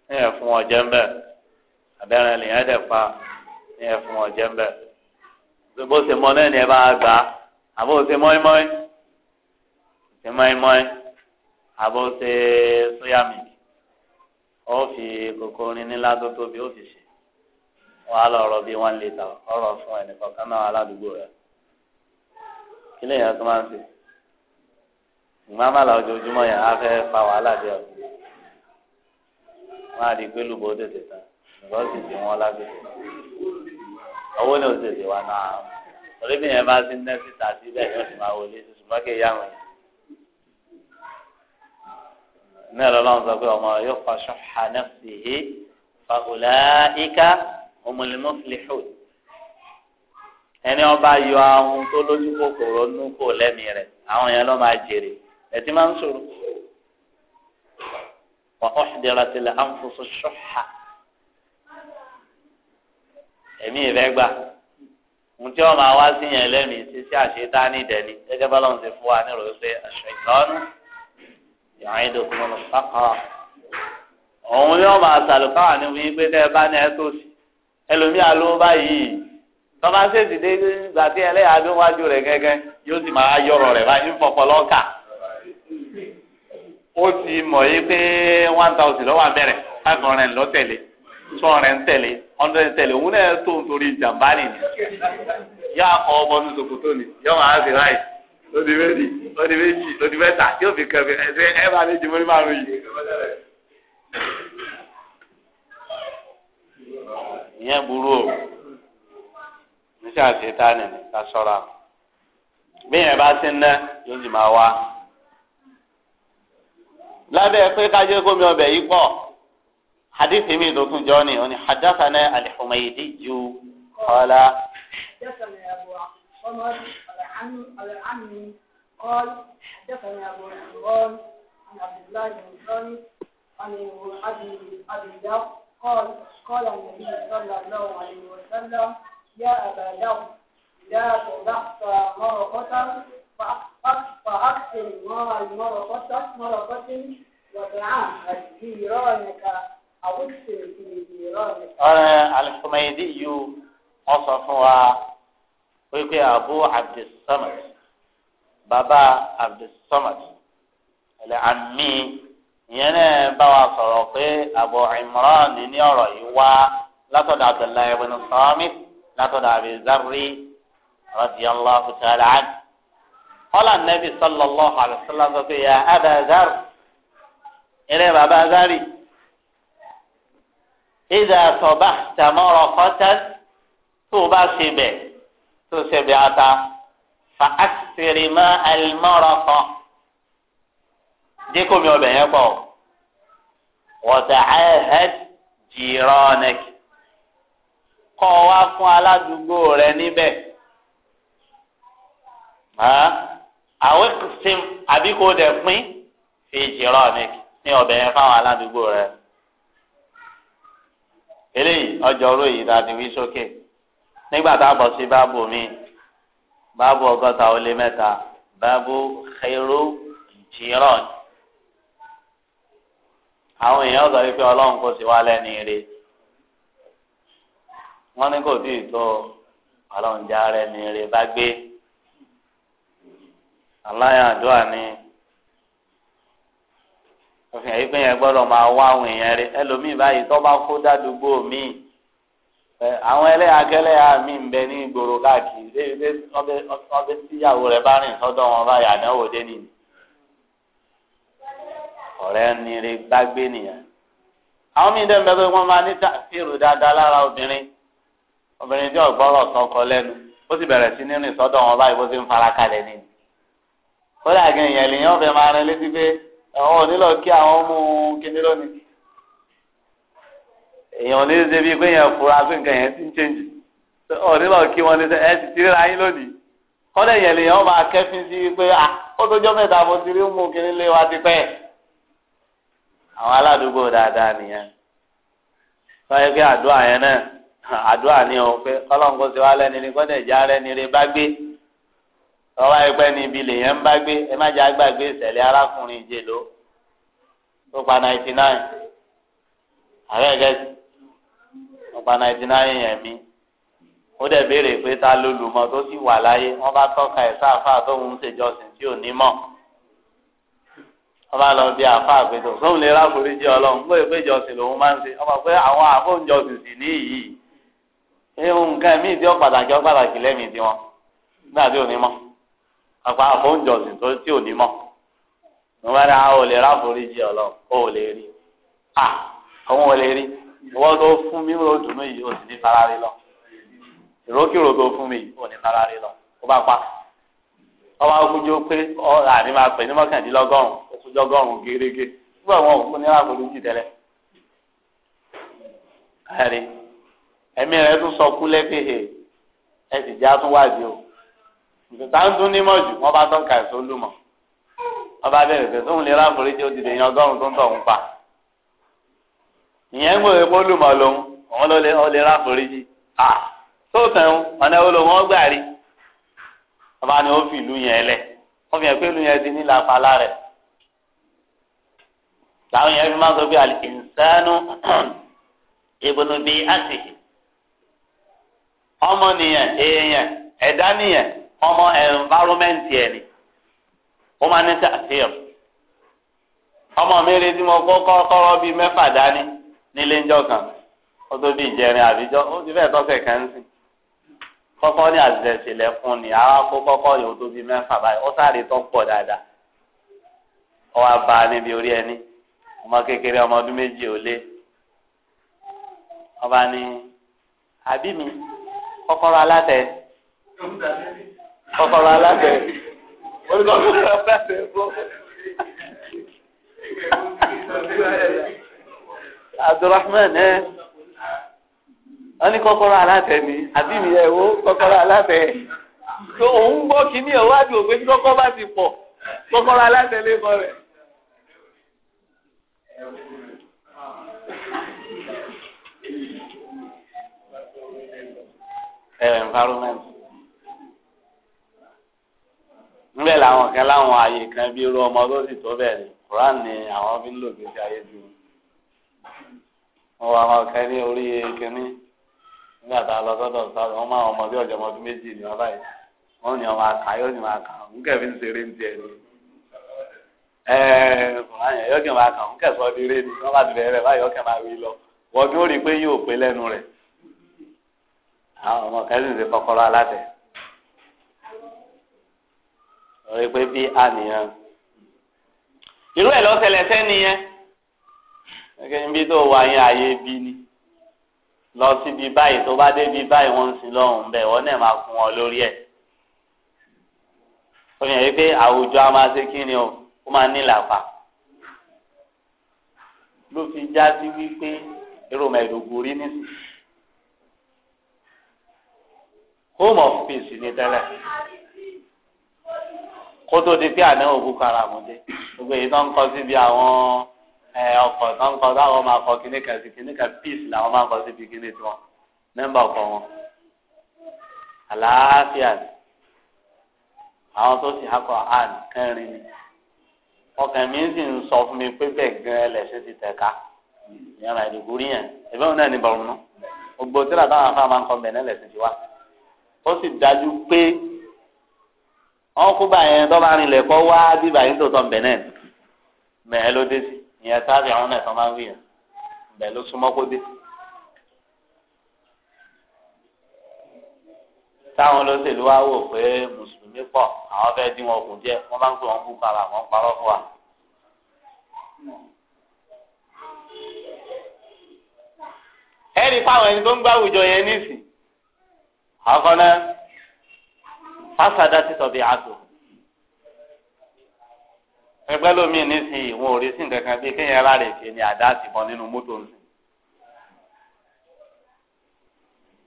téèyàn fún wọn jẹ́ ń bẹ̀ abẹ́rẹ́ lèèyàn dẹ̀ pa téèyàn fún wọn jẹ́ ń bó ṣe mọ náà ni ẹ bá gbà àbó ṣe mọ́ínmọ́ín ṣe mọ́ínmọ́ín àbó ṣe sóyàmì. ó fi kòkó orin tó ó fi ṣe wọn á lọ rọ bí wọn lè fún náà aládùúgbò rẹ kí lè tó máa ń ṣe ìmọ̀mọ́lá ojoojúmọ́ yẹn á fẹ́ fa wàhálà díẹ̀ o wọn á di pé lùbọ́ tètè tán ìgbọ́ sì ti wọn owó ni ó tètè wà náà orí yẹn bá ti ń síbẹ̀ yóò sì ní ẹ̀rọ lọ́wọ́ sọ pé ọmọ yóò fa ṣọ́ha nafsihi fa ulaika humul muflihun ẹni ọba yọ àwọn tó lójú kòkòrò nú kò lẹ́mìí rẹ̀ àwọn yẹn lọ́ máa jèrè ẹtí máa ń sọ̀rọ̀ wà uhdiratil anfusu ṣọ́ha ẹ̀mí ìrẹ́ gbà ntí wọn máa wá sí yẹn lẹ́mìí sí sí àṣetá ní ìdẹ́ni gẹ́gẹ́ bá lọ́n ti fún wa nírò wípé àṣẹ ìtọ́nù. يعيدكم الفقر òun yóò máa sàlùfáà ní wí pé tẹ́ ẹ bá ní ẹ tó sí ẹlòmíà ló ń báyìí tọ́ba ṣèṣì dé ìgbà tí ẹlẹ́yà bí wájú rẹ̀ gẹ́gẹ́ yóò sì máa rẹ̀ báyìí ń fọpọ̀ lọ́kà ó ti mọ̀ yí pé one thousand lọ́wọ́ abẹ́rẹ́ five hundred tẹ̀lé two hundred tẹ̀lé hundred tẹ̀lé òun náà tó nítorí ìjàmbá nìyí yóò ni yóò máa ṣe lódì méjì lódì méjì lódì mẹ́ta yóò fi kẹfì ẹsẹ ẹ bá lè jẹmọ ní márùn yìí. ìyẹn burú o níṣẹ́ àti ìtàní ká sọ́ra bí yẹn bá ti ń ná yóò sì máa wá. lábẹ́ pé kájé gómìnà ọbẹ̀ yìí pọ̀ hadithi mi tó jọ ni òní hadathana al-Humaydi ju qala. عن عمي قال حدثنا أبو عمران عن عبد الله بن خالد عن أبي أبي ذر قال قال النبي صلى الله عليه وسلم يا أبا ذر لا تضحك مرقة فأكثر ماء المرقة مرقة وطعام جيرانك أو اكثر في جيرانك. الحميدي وصفها wípé abu abdulsamad baba abdulsamad ẹlẹ ami ìyẹn náà bá wa sọ̀rọ̀ pé abu imran ní ọ̀rọ̀ yìí wá látọ̀dọ̀ abdullahi ibn samit látọ̀dọ̀ abizari radiyallahu ta'ala anhu. قال النبي صلى الله عليه وسلم يا أبا ذر إلى أبا ذر إذا صبحت مرقة توبا سبع tó ṣe bí ata fa asiri ma alimọrọ kan jẹkọmi ọbẹ yẹn pọ wọta ahẹd jìrọnẹk kọ wá fún aládùúgbò rẹ níbẹ̀ àwọn kìsìm àbí kò dẹ pín fi jìrọnẹk ní ọbẹ yẹn fáwọn aládùúgbò rẹ eléyìí ọjọ́ orí yìí dáadé wí sókè. Okay nígbà tá a bọ̀ sí báàbù mi báàbù ọgọ́ta ó lé mẹ́ta báàbù xeyrú jìrọ̀n àwọn èèyàn sọ wípé ọlọ́run kò sí wá lẹ́ni rí wọ́n ní kò tíì tó ọlọ́run já rẹ̀ ní rí bá gbé aláya àdúrà ni òfin àyíkpé yẹn gbọ́dọ̀ máa wá àwọn èèyàn rí ẹlòmíì báyìí tó bá kó dádúgbò míì àwọn ẹlẹ́yàkẹ́lẹ́ yà mí ń bẹ ní ìgboro káàkiri lébi pé ọbẹ̀ tíyàwó rẹ̀ bá rìn sọ́dọ̀ wọn bá yà náwó dé nìyí. ọ̀rẹ́ nire gbágbé nìyẹn. àwọn míì dẹ́nu bẹ́ẹ̀ wọ́n máa ní tàfíìrù dáadáa lára obìnrin obìnrin tí ọ̀gbọ́rọ̀ sọkọ lẹ́nu ó sì bẹ̀rẹ̀ sí ní rìn sọ́dọ̀ wọn báyìí bó ṣe ń fara kalẹ̀ nìyí. kódà gan ìyẹn lèyàn máa rẹ létí èèyàn ní ṣe bíi pé yẹn fura pé nǹkan yẹn ti ń chẹ́ǹjì ọ̀nílọ̀ kí wọ́n ní ẹ ti tiri ra lónìí kọ́lẹ̀ yẹn lèèyàn máa kẹ́fín sí pé ó tó jọ́ mẹ́ta mo ti rí mú kiri lé wa ti pẹ́ àwọn aládùúgbò dáadáa nìyẹn pé àdúrà yẹn náà àdúrà ni wa lẹ́ni ní kọ́lẹ̀ ìjà ni bá gbé ọwọ́ ẹgbẹ́ ni ibi bá gbé ẹ má jẹ́ àgbàgbé ìṣẹ̀lẹ̀ arákùnrin tó pa ninety nine ọba ninety yẹn mi ó dẹ̀ béèrè pé ta lolùmọ̀ tó sì wà láyé wọ́n bá tọ́ka ẹ̀ sáfà tóun ń ṣèjọsìn tí ò ní mọ̀ wọ́n bá lọ bí àfa àpètò sóun lè ráforíjì ọlọ́run bóyá pé ìjọsìn lòun máa ń ṣe ọba pé àwọn àfóúnjọsìn sì ní yìí ihun nǹkan míì tí ó pàtàkì ó pàtàkì lẹ́mìí tí wọ́n nígbà tí ò ní mọ̀ àpá àfóúnjọsìn tó tí ò ní mọ̀ wọ́n bá dá o lè ráforíjì ọlọ́run o lè rí àwọn ò lè rí ìwọ tó fún mi ó dùnú yìí ó sì ní farare lọ ìrókìrò tó fún mi ó ní farare lọ ó bá pa ọba okúnjó pé ọ̀rà ni máa pè ní mọ́kàndínlọ́gọ́rùn okúnjọ́gọ́rùn gẹ́gẹ́ nígbà wọn ò fún ní àkókò jì tẹ́lẹ̀ ẹ̀rí ẹ̀mí rẹ̀ tún sọ kú lẹ́fẹ̀ẹ́ ẹ sì já tún wájú o ìfẹ̀tà ń dún nímọ̀ jù bá tọ́ka ẹ̀sọ́ lùmọ̀ wọ́n bẹ̀rẹ̀ fẹ̀ sóhun lè ráforíjì ó ti dèyàn ìyẹn ń wòye pólùmọ̀ lòun òun ló lè à tó tẹ̀wọ̀n ọ̀nà wo lòun rí ọba ni ó fi ìlú yẹn lẹ̀ fi pé ìlú yẹn ti ní làwọn yẹn fi máa sọ pé àlìkìnsánú ìbùnú bíi àti ọmọ nìyẹn èèyàn ẹ̀dá nìyẹn ọmọ ẹ̀ǹfárómẹ́ǹtì ẹ̀ ni ó máa ní ọmọ mi mo kọ́ nílé ńjọ́ kan ó tó bí ìjẹrin àbíjọ ó ti bẹ́ẹ̀ tọ́sẹ̀ kan ń sìn kọ́kọ́ ní àtẹ̀sílẹ̀ fún ni àwa kó kọ́kọ́ yòó tó bí mẹ́fà báyìí ó sáré tó pọ̀ dáadáa ó wá bá a níbi orí ẹni ọmọ kékeré ọmọ ọdún méjì ò lé ọba ní àbí mi kọ́kọ́rọ́ alátẹ kọ́kọ́rọ́ alátẹ olùkọ́kọ́rọ́ alátẹ fún. Abdulrahman ẹ eh? wọn ní kọ́kọ́rọ́ alátẹ ni àbí mi ẹ wo kọ́kọ́rọ́ alátẹ tó òun gbọ́ kínní ẹ wá di òpin kọ́kọ́ bá ti pọ̀ kọ́kọ́rọ́ alátẹ lé kọ rẹ. environment. Nbẹ̀ làwọn kan láwọn àyè kan bí irú ọmọ tó sì tó bẹ́ẹ̀ Quran ni àwọn fi ń lò gbèsè ayé dúró. wọ́n wà máa kẹ́ orí nígbà tá a lọ sọ́dọ̀ sáré wọn máa ọmọ ọ̀jọ̀ méjì ní ọlá yìí wọn ní ọmọ àká yóò ní nke kà ń kẹ́fí ń ṣeré ń tiẹ̀ ni ẹ̀ẹ́dùnmáyà máa kà ń kẹ́sọ́ di ré ni wọ́n bá ti bẹ̀rẹ̀ máa wí lọ wọ́n níbi tó wà yẹn àyè bí ni lọ síbi báyìí tó bá débi báyìí wọ́n ń sin lọ́hùn bẹ́ẹ̀ wọ́n náà máa kún wọn lórí ẹ̀. ó yàn wípé àwùjọ a máa ṣe kí ni o ó máa ní ìlàpà. ló fi já sí wípé èrò mẹ̀dògórí nísìn. home of peace ni tẹ́lẹ̀ kó tó di pé àná òkú karamọ́dé gbogbo èyí tó ń kọ́ síbi àwọn ọkọ̀ tó ń kọ táwọn máa kọ kíní kan sí kíní kan peace làwọn máa kọ síbi kíní tiwọn mẹ́mbà ọkọ̀ wọn àlàáfíà ni àwọn tó sì akọ àn kẹrin ni ọkàn mi sì ń sọ fún mi pé bẹ́ẹ̀ gan ẹlẹ́sìn ti tẹ̀ka ìyára ìdìbò rí yẹn ẹ̀fẹ́ òun náà ní bọ̀rùn nù gbogbo tíra táwọn afá máa ń kọ bẹ̀ẹ́ ẹlẹ́sìn ti wá ó sì dájú pé wọn kú báyẹn tó bá rinlẹ̀ kọ́ wá bíbáyé tó tọ̀ bẹ̀ẹ́ náà mẹ́ẹ̀ ló dé sí ìyẹn táàbì àwọn náà tán máa ń wíyàn bẹ́ẹ̀ ló súnmọ́ kó dé. táwọn olóṣèlú wa wò pé mùsùlùmí pọ̀ àwọn fẹ́ẹ́ dín wọn kù díẹ̀ wọ́n bá ń pè wọ́n bú kara wọ́n parọ́ fún wa. ẹ̀rí fáwọn ẹni tó ń gbá àwùjọ yẹn nísìn àkọ́nà fásádà ti sọ̀bi àtò ẹgbẹ́ lómi nísìnyí ìwọ̀n òrìṣì kankan bíi kéèyàn ara rẹ̀ ni àdá sì bọ́ nínú mọ́tò ń sìn.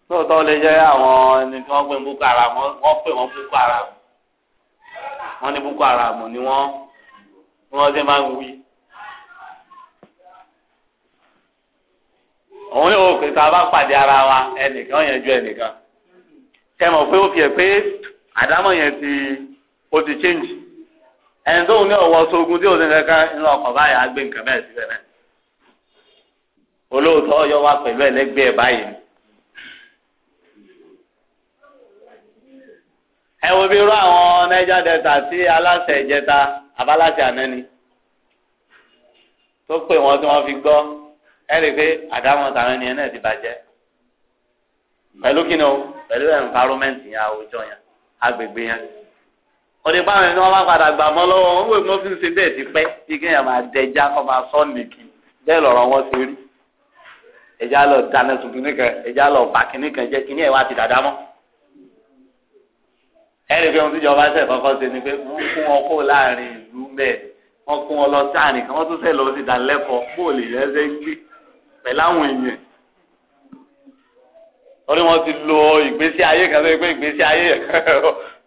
lóòótọ́ lè jẹ́ àwọn ẹni tí wọ́n gbé boko haram wọ́n pè wọ́n boko haram wọ́n ní boko haram ni wọ́n ni wọ́n ṣe máa ń wí. òun yóò pè tá pàdé ara wa ẹnìkan yẹn ju ẹnìkan kẹmọ̀ pé ó fi ẹ̀ pé àdámọ̀ yẹn ti ó ti change ẹni tóun ní ọwọ́ sógun tí òsín kankan ńlọ ọkọ̀ báyà á gbé nǹkan bẹ́ẹ̀ síbẹ̀ náà olóòótọ́ yọ wá pẹ̀lú ẹlẹ́gbẹ̀ẹ́ báyìí. ẹ wo bí irú àwọn Niger Delta sí aláṣẹ ìjẹta abaláṣẹ ànẹ́ni tó pè wọ́n tí wọ́n fi gbọ́ ẹ rí i pé àdámọ̀ tàwọn ènìyàn náà ti bàjẹ́ pẹ̀lú kí ni o pẹ̀lú environment yẹn àwùjọ yẹn agbègbè yẹn ọdẹ báwọn ẹni wọn bá padà gbà mọ lọ́wọ́ wọn wò mọ fi ń ṣe bẹ́ẹ̀ ti pẹ́ bí kéèyàn máa dẹja kọ máa sọ nìkì bẹ́ẹ̀ lọ̀rọ̀ wọn ṣe rí ẹja lọ dáná tuntun nìkan ẹja lọ bà kínní kan jẹ kínní ẹ wá ti dàdá mọ. ẹnì pé ohun tíjọba ṣe kọ́kọ́ ṣe ni pé wọ́n kún wọn kó láàrin ìlú mẹ́ẹ̀ wọ́n kún wọn lọ sáàrin kan wọ́n tún sẹ́ lọ sí ìdánilẹ́kọ̀ọ́ bóòlì yẹn ṣe ń gbé pẹ̀lú àwọn èèyàn torí wọ́n ti lo ìgbésí ayé kan tó pé ìgbésí ayé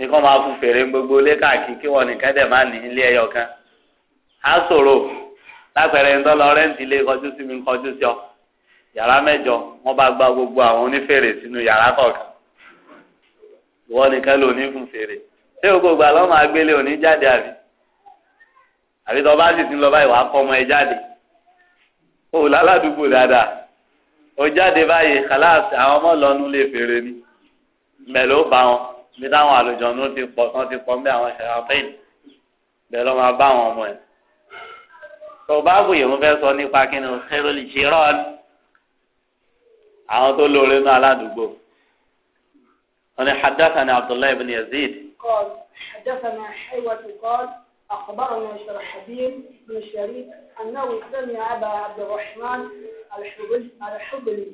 ní kí máa fún fèrè gbogbo ilé káàkiri kí wọ́n nìkan dẹ̀ máa ní ilé ẹyọ kan á ṣòro lápẹẹrẹ ń tọ́lọ rẹ́ǹtì ilé kọjú sí mi kọjú sí ọ yàrá mẹ́jọ wọ́n bá gba gbogbo àwọn onífèrè sínú yàrá kọ̀ọ̀kan ìwọ nìkan ló ní fún fèrè ṣé o kò gbà lọ́mọ agbélé òní jáde àbí àbí tọ́ bá sì ti lọ báyìí wàá kọ́ ọmọ ẹ jáde o láládùúgbò dáadáa o jáde báyìí kàláàsì àwọn ọmọ lọ́nu lè fèrè ni mẹ́lò bá wọn. mi pọ̀ ń bẹ àwọn ṣàpẹ́yìn bẹ́ẹ̀ lọ́ máa bá àwọn ọmọ ẹ̀. tó bá gòyè mo fẹ́ sọ nípa kí ni o ṣẹ́rọ lè ṣe rọ́ọ̀ ni àwọn tó lóore ní aládùúgbò. wọ́n ní hadathana abdullahi ibn yazid. قال حدثنا حيوة أخبرنا شرحبيل بن شريك أنه سمع أبا عبد الرحمن الحبلي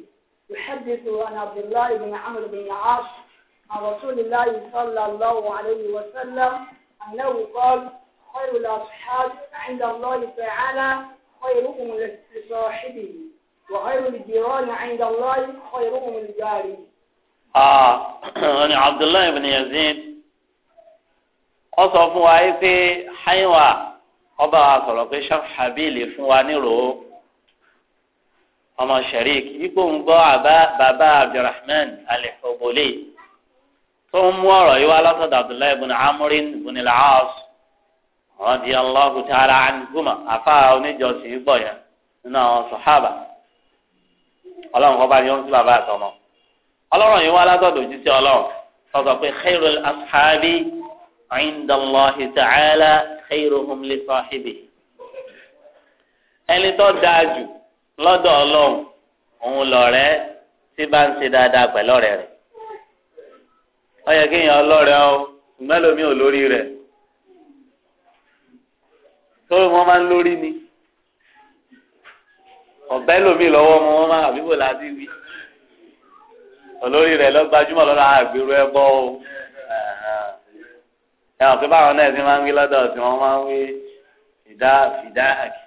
يحدث عن عبد الله بن عمرو بن العاص عن رسول الله صلى الله عليه وسلم أنه قال خير الأصحاب عند الله تعالى خيرهم لصاحبه وخير الجيران عند الله خيرهم لجاره آه أنا عبد الله بن يزيد ọsọ fún حيوة yìí pé haiwa حبيلي sọ̀rọ̀ pé أما شريك wa بابا عبد الرحمن الحبولي tó ń mú ọ̀rọ̀ yìí wá lọ́sọ̀dọ̀ abdullahi ibùn amúrin ibùn al-aas radiyallahu ta'ala anhuma afa oníjọsìn gbọ̀ yẹn nínú àwọn sọ̀hábà ọlọ́run kọ́ bá yọ ń sí bàbá àtọmọ ọlọ́run yìí wá látọ̀dọ̀ òjíṣẹ́ ọlọ́run sọ̀tọ̀ pé khairul ashabi indallahi ta'ala khairuhum li sahibihi ẹni tó dáa jù lọ́dọ̀ ọlọ́run òun lọ̀rẹ́ tí bá ń ṣe dáadáa pẹ̀lú ọ̀rẹ́ rẹ̀ ọyẹ kéèyàn ọlọ́rẹ̀ ọ mẹ́lòmí ò lórí rẹ̀ tó wọn máa ń lórí ni ọ̀bẹ lòmí lọ́wọ́ wọn wọn máa àbíbò láti wí olórí rẹ̀ lọ gbajúmọ̀ lọ́la àgbèrú ẹ bọ́ o ẹ hàn pé báwọn náà ti máa ń wí lọ́dọ̀ tí wọ́n máa ń wí fìdá fìdá àkì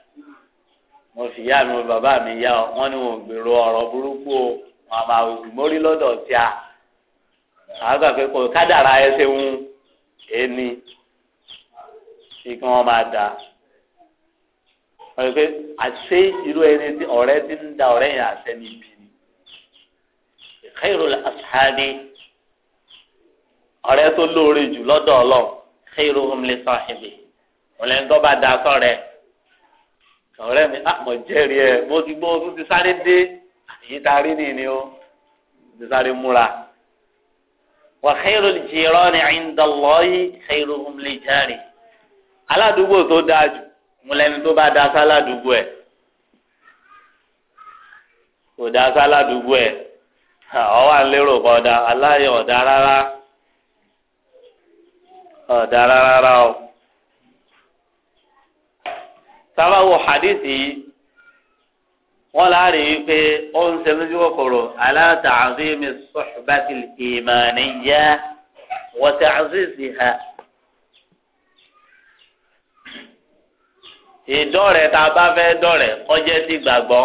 mo fi ìyá mi bàbá mi yá ọ wọ́n ní wọn ò gbèrò ọ̀rọ̀ burúkú o wọn àmà ògùn lọ́dọ̀ tí a àgbà pé kò kádàrá ẹsẹ̀ ń ẹni tí kí wọ́n máa da wọ́n yẹ pé àṣé irú ẹni tí ọ̀rẹ́ ti ń da ọ̀rẹ́ yẹn àṣẹ ní ibi ni khairul ashabi ọ̀rẹ́ tó lóore jù lọ́dọ̀ ọlọ́run khairuhum li sahibi wọ́n lẹ́nu tó da sọ́rẹ́ ọ̀rẹ́ mi àmọ̀ ah, jẹ́rìí ẹ̀ mo ti gbọ́ tó ti sáré dé àyíká rí nìyí ni ó ti sáré múra wà xeyrò jìrọ ni ìndàlọ́yì xeyrò humli jari. aládùúgbò tó dáa jù múlẹ́ni tó bá da sáládùúgbò ẹ̀ kò da sáládùúgbò ẹ̀ ọwọ́ àlérò kọ́ ọ̀dà aláyé ọ̀dà rárá ọ̀dà rárá o. sábà wo hadith yìí wọn láàrin yìí pé ó ń ṣe lójú kòkòrò aláta àzími sọ̀bátì ìmàníyà wọ́tẹ̀ àzízi ha. ìdọ́rẹ̀ tá a bá fẹ́ dọ́rẹ̀ kọjá sí gbàgbọ́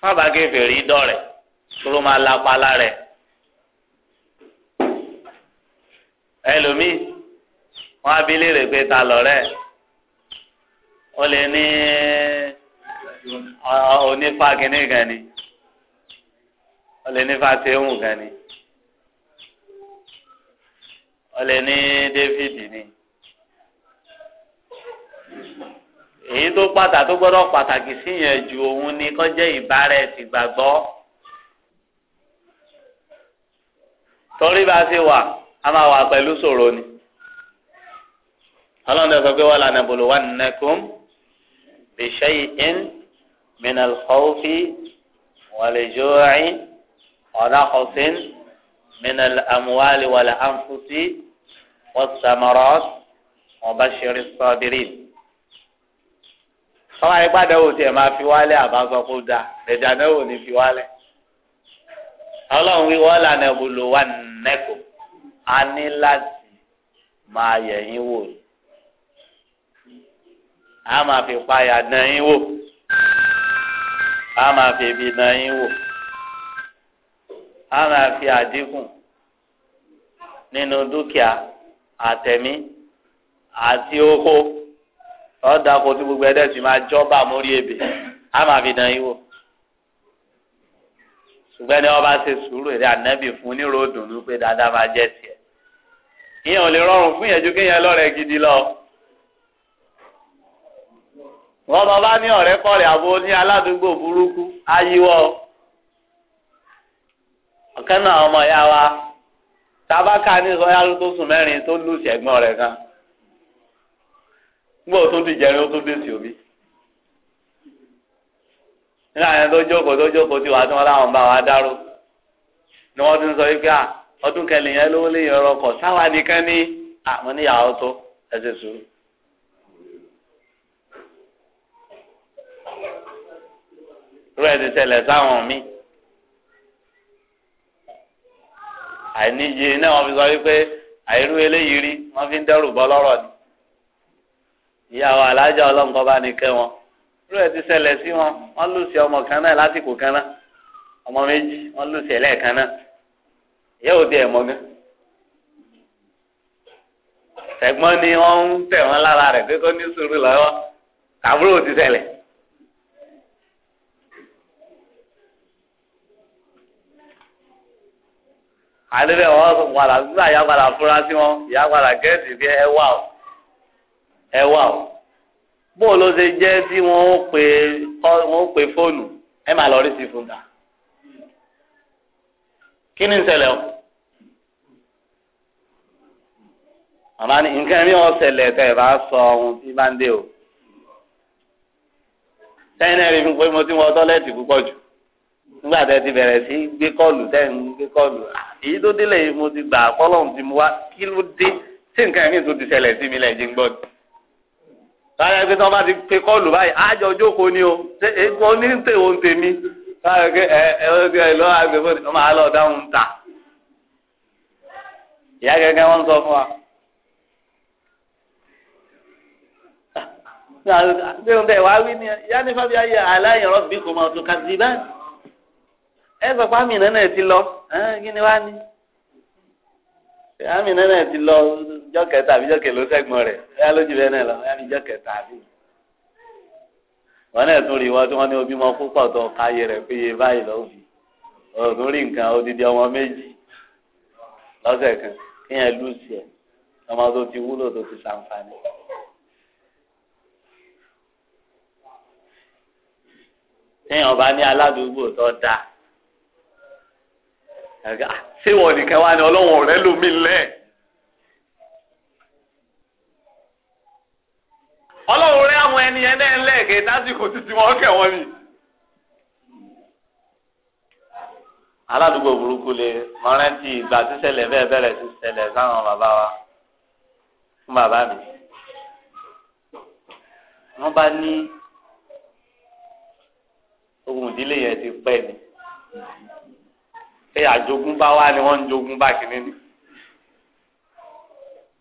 má fèrè dọ́rẹ̀ tó ló máa lapa lára ẹlòmíì wọn á bi pé ta lọ̀rẹ́ ẹ̀ ó lè ní onífà kínní kan ni ó lè nífà tẹ́hùn kan ni ó lè ní David ni èyí tó pàtàkì tó gbọ́dọ̀ pàtàkì sí yẹn ju òun ni kọ́ jẹ́ ìbára ẹ̀sìn gbàgbọ́ torí bá a ṣe wà a máa wà pẹ̀lú ṣòro ni ọlọ́run dẹ̀ sọ pé wọ́n lànà bòlò wà nínú ẹ̀kọ́. بشيء من الخوف والجوع ونقص من الأموال والأنفس والثمرات وبشر الصابرين sọ́wọ́n ipá dẹ́wò tiẹ̀ máa fi wálé àbáṣọ kó dáa ẹ̀dá dẹ́wò ní fi wálé. ọlọ́run wíwọ́ lànà ìbùlò wà nẹ́kọ̀ọ́ a ní láti máa yẹ̀yìn wò ni ama máa fi payà dán yín wò a máa fi ibi dán yín wò a máa fi àdínkù nínú dúkìá àtẹ̀mí àti oko ọ̀dà kò tí gbogbo ẹ̀dẹ̀ sì máa jọ́bà mórí ebè a máa fi dán yín wò ṣùgbọ́n ẹni wọ́n bá ṣe sùúrù èrè ànábì fún nírò dùnú pé dáadáa máa jẹ́ tiẹ̀ ìyẹn ò lè rọrùn fún ìyẹn ju kéèyàn lọ́rẹ̀ẹ́ gidi lọ. wọ́n lọ bá ní ọ̀rẹ́ kọ́rẹ́ àbò ní aládùúgbò burúkú ayíwọ́ ọ̀kan náà ọmọ ìyá wa tabaka ní sọ́yárú tó sùn mẹ́rin tó lù sí kan gbọ́ tó ti jẹrin ó tó omi nígbà yẹn tó jókòó tó jókòó tí wàá tí láwọn bá wa dárò ni ti ń sọ wípé ọdún kẹlẹ̀ yẹn lówó lè irú ẹ̀ ti ṣẹlẹ̀ sáwọn mi. àìníye náà wọ́n fi sọ wípé àìrú eléyìí rí wọ́n fi ń dẹ́rù bọ́ lọ́rọ̀ ni. ìyàwó alájà ọlọ́nkọ́ bá ní kẹ́ wọn irú ẹ̀ ti ṣẹlẹ̀ sí wọn wọ́n lùsì ọmọ kan náà lásìkò kan náà ọmọ méjì wọ́n lùsì ẹlẹ́ẹ̀kan náà ìyá òde ẹ̀ mọ́ tẹ̀gbọ́n ni wọ́n ń tẹ̀ wọ́n lára rẹ̀ pé kó ní sùúrù lọ́wọ́ tàbúrò ti ṣẹlẹ̀. àlebẹ wọn padà nígbà ya padà fúra sí wọn ya padà gẹẹsì bí ẹ wà o ẹ wà o bó ló ṣe jẹ tí wọn ó pe wọn ó pe fóònù ẹ máa lọ rí sí fún ta kí ni ń ṣẹlẹ̀ o àmà ni nǹkan mi ò ṣẹlẹ̀ tẹ ẹ bá sọ ohun tí bá ń dé o sẹ́yìn náà rí fún pé mo ti wọ tọ́lẹ́ẹ̀tì púpọ̀ jù nígbà tẹ ti bẹ̀rẹ̀ sí gbé kọ́ọ̀lù tẹ́ ń gbé kọ́ọ̀lù èyí tó délé yìí mo ti gbà kọ́lọ́hún ti mu wá kí ló dé tí nǹkan ẹ̀mí tó ti ṣẹlẹ̀ sí mi lẹ́yìn gbọ́ ni. lára ẹgbẹ́ tí wọ́n bá ti pe kọ́ọ̀lù báyìí àjọ jókòó ni o wọ́n e, ní ń tèwọ́ ń tèmi lára ẹgbẹ́ ẹ ẹ ẹ lọ́wọ́ àgbẹ̀fọ́ ni wọ́n máa lọ dáhùn ta. ìyá gẹ́gẹ́ wọ́n sọ fún wa. bí wọ́n bẹ̀ wá wí ni yánífà bí ayé aláìyànrọ́ bí kò máa tún kàdí ẹ sọ pé àmìnà náà ti lọ kí ni wá ní. àmìnà náà ti lọ jọ́ kẹta àbí jọ́ kẹló sẹ́gbọ̀n rẹ̀ ẹ lójú bẹ́ẹ̀ náà lọ ẹ ní jọ́ kẹta àbí. wọn náà tún rí wọn tí wọn ní obìmọ púpọ̀ tó káyé rẹ̀ péye báyìí lọ́wọ́ fi ọ̀tún rí nǹkan odidi ọmọ méjì lọ́sẹ̀ kan kéèyàn lù sí ẹ̀ ọmọ tó ti wúlò tó ti ṣàǹfààní. téèyàn bá ní aládùúgbò tó dáa ẹ̀ka ṣé wọn nìkan wá ní ọlọ́wọ̀n ọ̀rẹ́ lómi lẹ̀. ọlọ́wọ̀n rẹ àwọn ẹni yẹn náà lẹ́ẹ̀kẹ́ lásìkò títí wọn kẹ̀ wọ́n ni. aládùúgbò burúkú lè mọ́rẹ́ntì ìgbà tíṣẹ̀lẹ̀ bẹ́ẹ̀ bẹ̀rẹ̀ sí ṣẹlẹ̀ sáwọn bàbá wa fún bàbá mi. wọ́n bá ní ogun ìdílé yẹn ti pẹ́ ni pé àjogúnbá wa ni wọ́n ń jogúnbá kìíní ni.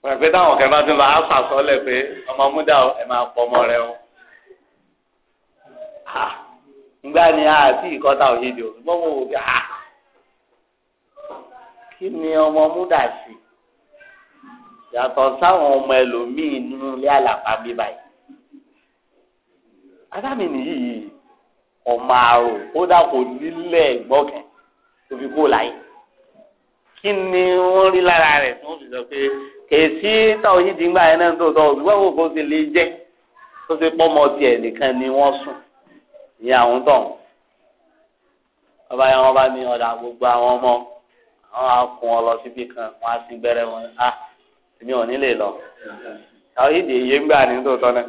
wọ́n táwọn kẹ́ bá tún lọ àṣà pé ọmọ múdà ẹ̀ máa pọ̀ ọmọ rẹ o. ngbà ni a ti ìkọ́ta òyìnbó ṣùgbọ́n mo wò ó kí ni ọmọ múdà sí yàtọ̀ sáwọn ọmọ ẹlòmíín nínú ilé àlàpà bíbá yìí. adámi nìyí ọmọ àrò ó dà kò nílẹ̀ gbọ́kẹ́ tó fi kú láyé kí ni wọ́n rí lára rẹ̀ tí wọ́n fi sọ pé kèsì táwọn yìí ti ń gbà yẹn náà tó tọ́ òbí wọ́n wò kó lè jẹ́ tó ti pọ́ mọ́ tiẹ̀ nìkan ni wọ́n sùn ní àwọn tó ọba yẹn wọ́n bá ní ọ̀dà gbogbo àwọn ọmọ àwọn akùn ọ lọ síbi kan wọ́n á sì gbẹ́rẹ́ wọn á ah, èmi ò ní lè lọ táwọn yìí dè yé ń gbà ní tòótọ́ náà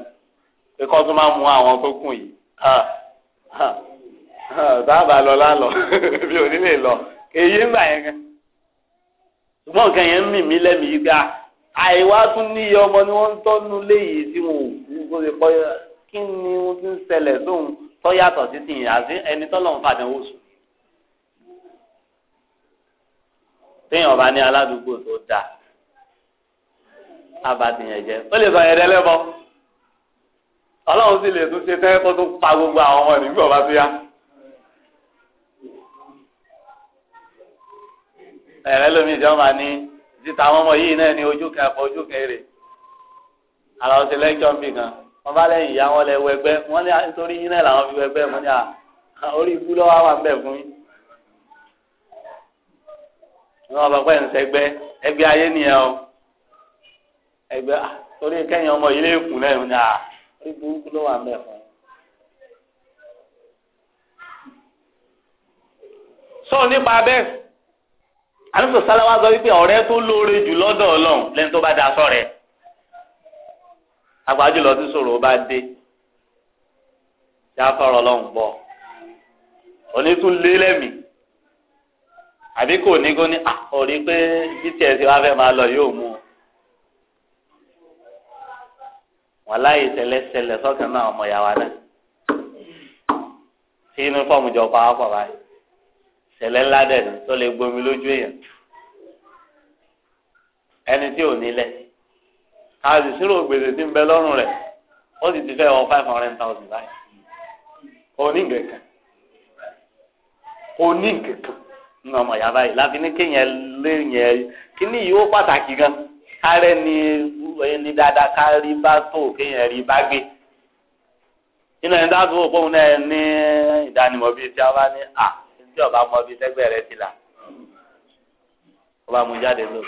pé kọ́ tó máa mú àwọn tó kù yìí ah, ah sábà lọ lálọ bí ò ní lè lọ èyí ń gbà yẹn kan ṣùgbọ́n nǹkan yẹn ń mì mí lẹ́mìí yìí gba àìwá tún níyẹ ọmọ ni wọ́n ń tọ́nu léyìí tí wọn ò kó lè kọ́ kí ni wọ́n ti ń ṣẹlẹ̀ sóhun tó yàtọ̀ sí ti yìn àti ẹni tọ́lọ́run fàdánwò sùn. téèyàn bá ní aládùúgbò tó dáa abatìyàn jẹ ó lè sọ yẹn dẹ́lẹ́bọ ọlọ́run sì lè tún ṣe tẹ́tọ́ tó pa gbogbo àwọn ọmọ nígbà ọba tó yá. ẹ̀rẹ́ lómi ìjọba máa ní títa àwọn ọmọ yìí náà ní ojú kan àpọ̀ ojú kan èrè àlọ́ ọ̀sẹ̀ lẹ́jọ́ ń bì kan wọ́n bá lẹ́yìn ìyá wọn lẹ wẹgbẹ́ wọ́n ní nítorí yín náà làwọn fi wẹgbẹ́ wọ́n ní à orí ikú lọ́wọ́ wà ń bẹ̀ fún yín. wọ́n bá pẹ́ ǹsẹ̀gbẹ́ ẹgbẹ́ ayé nìyẹn o ẹgbẹ́ torí kẹ́yìn ọmọ ilé ìkù náà ní à orí burúkú lọ́wọ́ wà ń bẹ̀ fún yín. sọ nípa bẹ́ẹ̀ àlùfò sáláwá sọ wípé ọ̀rẹ́ tó lóore jù lọ́dọ̀ ọlọ́run lẹ́ni tó bá da aṣọ rẹ̀ àgbájú lọ sí sọ̀rọ̀ bá dé yá sọ̀rọ̀ ọlọ́run bọ̀ onítún lé lẹ́mìí àbí kò ní kó ní ọ̀rí pé bts wá fẹ́ máa lọ yóò mú un wọn láyé ṣẹlẹ̀ṣẹlẹ̀ sọ́kàn náà ọmọ yàrá náà sí inú fọ́ọ̀mù jọ pọ̀ báyìí. ṣẹlẹ̀ ńlá dẹ̀ tó lè gbomi lójú èèyàn ẹni tí ò nílẹ̀ káàdì sírò gbèsè tí ń bẹ lọ́rùn rẹ̀ ó sì ti fẹ́ wọ five hundred thousand báyìí òní nǹkankan ní ọmọ ìyá báyìí láti ní kéèyàn kíní yìí ó pàtàkì gan kárẹ́ ni ẹni dáadáa kárí bá tó kéèyàn rí bá gbé nínú ẹni dáàbò òpóhùn ní ìdánimọ̀ a tí ọba mọ ibi tẹ́gbẹ́ rẹ ti là ọba mú jáde lò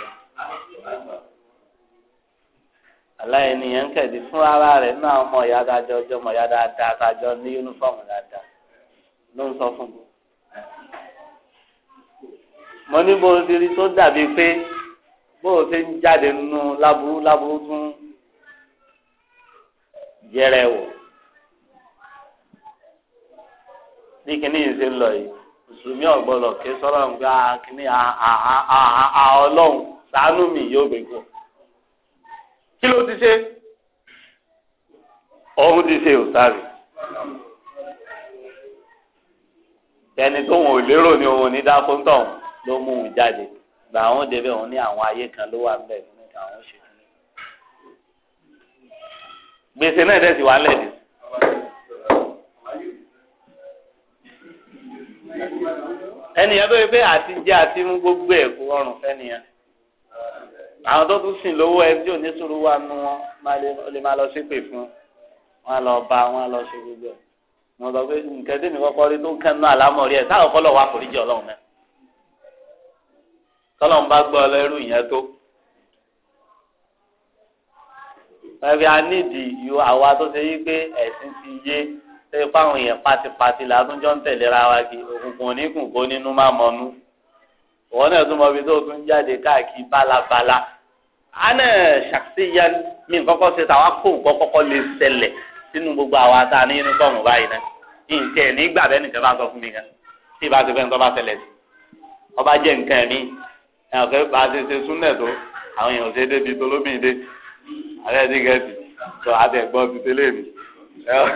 aláìní yẹn ń kẹ̀dí fún ara rẹ̀ nínú àwọn ọmọ ìyá adájọ́ ọjọ́ ọmọ ìyá dáadáa adájọ́ ní yúnífọ̀mù dáadáa ló ń sọ fún mi. mo ní bó ti rí tó dàbí pé bó o ti ń jáde nínú láburú láburú tún jẹrẹ wò bí kinní ṣe ń lọ yìí mùsùlùmí ọ̀gbọ́dọ̀ ké sọ́lọ́ ń gbá kíní àhà ọlọ́run ṣàánú mi yóò gbégbó. kí ló ti ṣe? ọ̀hún ti ṣe òsàrè. ẹni tó wọn ò lérò ní òun ní dákúntàn ló mú un jáde gbà àwọn débẹ̀ òun ní àwọn ayé kan ló wà níbẹ̀ fún mi káwọn ṣe. gbèsè náà dẹ̀ sì wà lẹ́ẹ̀dì. ẹnìyẹn tó yẹ pé àti jẹ àti mú gbogbo ẹ̀ kó ọrùn fẹ́nìyẹn àwọn tó tún sìn lówó ẹ tí ò ní sùúrù wà nù wọn ó lè máa lọ sí pè fún wọn lọ bá wọn lọ ṣe gbogbo ẹ̀ mo sọ pé nǹkan tí mi kọ́kọ́ rí tó ń kẹ́nu àlámọ̀rí ẹ̀ táwọn kọ́ lọ wá foríjì ọlọ́run náà bá gbọ́ lẹ́rú ìyẹn tó ẹ̀rí anídìí yóò àwa tó ṣe yí pé ẹ̀sìn ti yé ṣe fáwọn èèyàn pátipáti làtúnjọ́ ń tẹ̀léra wa kí òkùnkùn oníkùn kó nínú má mọ́nú òwò náà tún mọ ibi tó tún jáde káàkiri bálabàla ana ṣàkṣìyàn mi kọ́kọ́ ṣe tàwa kó nǹkan kọ́kọ́ lè ṣẹlẹ̀ sínú gbogbo àwa tá a ní inú fọ́ọ̀mù báyìí náà nǹkẹ́ nígbà bẹ́ẹ̀ nìkan bá sọ fún mi gan tí ìbá ti fẹ́ nǹkan bá ṣẹlẹ̀ sí ọba jẹ́ nǹkan mi ẹ̀ ọ̀fẹ́ bá a ṣe ṣe súnlẹ̀ tó àwọn èèyàn ṣe débi tolómìnire àrẹ́ẹ̀dì gẹ̀ẹ́sì tó abẹ́gbọ́n ti tẹ́lẹ̀ mi bíi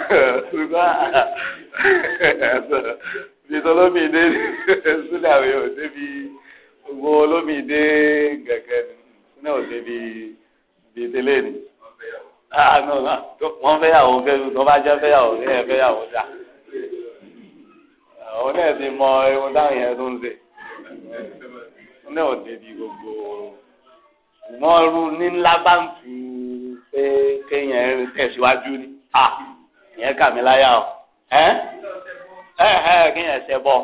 tọ́lómi dé sílẹ̀ àwọn yóò débi gbogbo olómi dé gẹ̀gẹ̀ sílẹ̀ ò débi bíi tẹ́lẹ̀ ni. Ah, wọ́n fẹ́yàwó fẹ́yàwó tó bá jẹ́ fẹ́yàwó fẹ́yàwó fẹ́yàwó dà. àwọn náà ti mọ ewu táwọn yẹn tó ń ṣe. sílẹ̀ ò débi gbogbo wọ́n rú ní pé kéèyàn tẹ̀síwájú ni. Ah ìyẹn kà mí láyà o ẹ ẹ ẹ kí yẹn ṣe bọ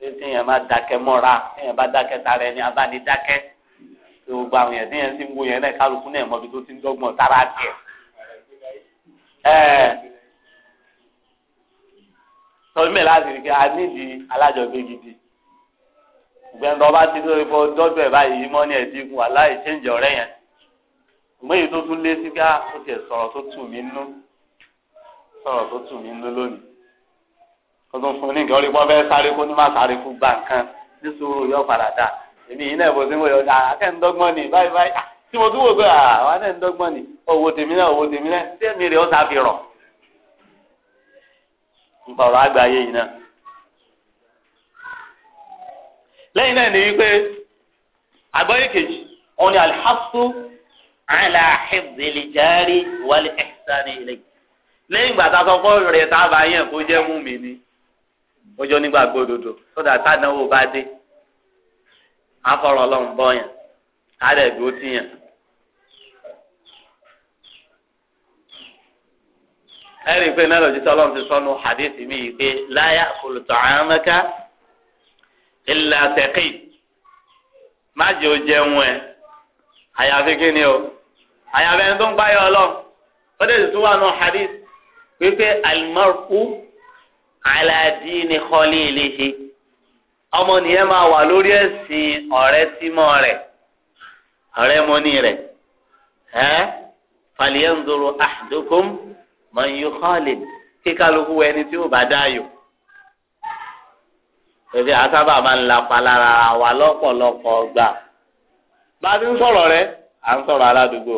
tí yẹn má dákẹ́ mọ́ra tí yẹn bá dákẹ́ tara ẹni abánidákẹ́ tí gbogbo àwọn yẹn tí yẹn ti ń wo yẹn náà kálukú náà mọbi tó ti ń dọ́gbọ́n tara tiẹ̀ ẹ tọ́jú mi láti rí i a nídìí alájọgbé gidi ìgbẹ́ndọ́ bá ti lórí fọ dọ́dọ̀ ẹ̀ báyìí mọ́ ní ẹ̀dín wà láì ṣéǹjẹ̀ ọ̀rẹ́ yẹn ìgbẹ́yìí tó tún lé sígá ah, ó ti ẹ̀ sọ̀rọ̀ tó tù mí nú sọ̀rọ̀ tó tù mí ń lọ lónìí kó tó fún un ní nǹkan pọ́n fẹ́ sáré kó ní má sáré kú gba nǹkan ní sùúrù yọ padà dà èmi yìí náà bó ti wòye ọjà akẹ́ńdọ́gbọ́n ni báyìí báyìí ah, tí mo tún wò pé ah, àwọn akẹ́ńdọ́gbọ́n ni owó tèmi náà owó tèmi náà tí èmi rè ó sá rọ̀ nípa ọ̀rọ̀ àgbáyé yìí náà. lẹ́yìn náà ni wípé àgbáyé kejì wọn ni alḥasu ala hifdil lẹ́yìn ìgbà tá a sọ pé rẹ̀ tá a bá yẹn kó jẹ́ mú mi ni ọjọ́ nígbà gbódodo sódà tádánwò bá dé afọ̀rọ̀ ọlọ́run bọ́ yẹn á dẹ̀ dúró tì yẹn. ẹ̀rí pé náà lọ́jọ́ sọ́lọ́m ti sọ́nu hadithi mi pé láyà olùtọ̀ àmẹ́ká ilà tẹ̀kì má jẹ́ o jẹun ẹ̀ àyàfi kí ni o àyàfi ẹni tó ń gbáyọ̀ ọlọ́run ó dẹ̀ tún wà nù hadith wípé alimaru aladini kọ́lí ìléṣe ọmọnìyàn máa wà lórí ẹ̀sìn ọ̀rẹ́ tímọ́ rẹ̀ ọ̀rẹ́ mọ́ni rẹ̀ ẹ́ falyanzuru ahadukum man yukhalid kíkálukú ẹni tí ó bá dáyò ebi asábà máa ń lapa lára wa lọ́pọ̀lọpọ̀ gbà bá a ti ń sọ̀rọ̀ rẹ̀ à ń sọ̀rọ̀ aládùúgbò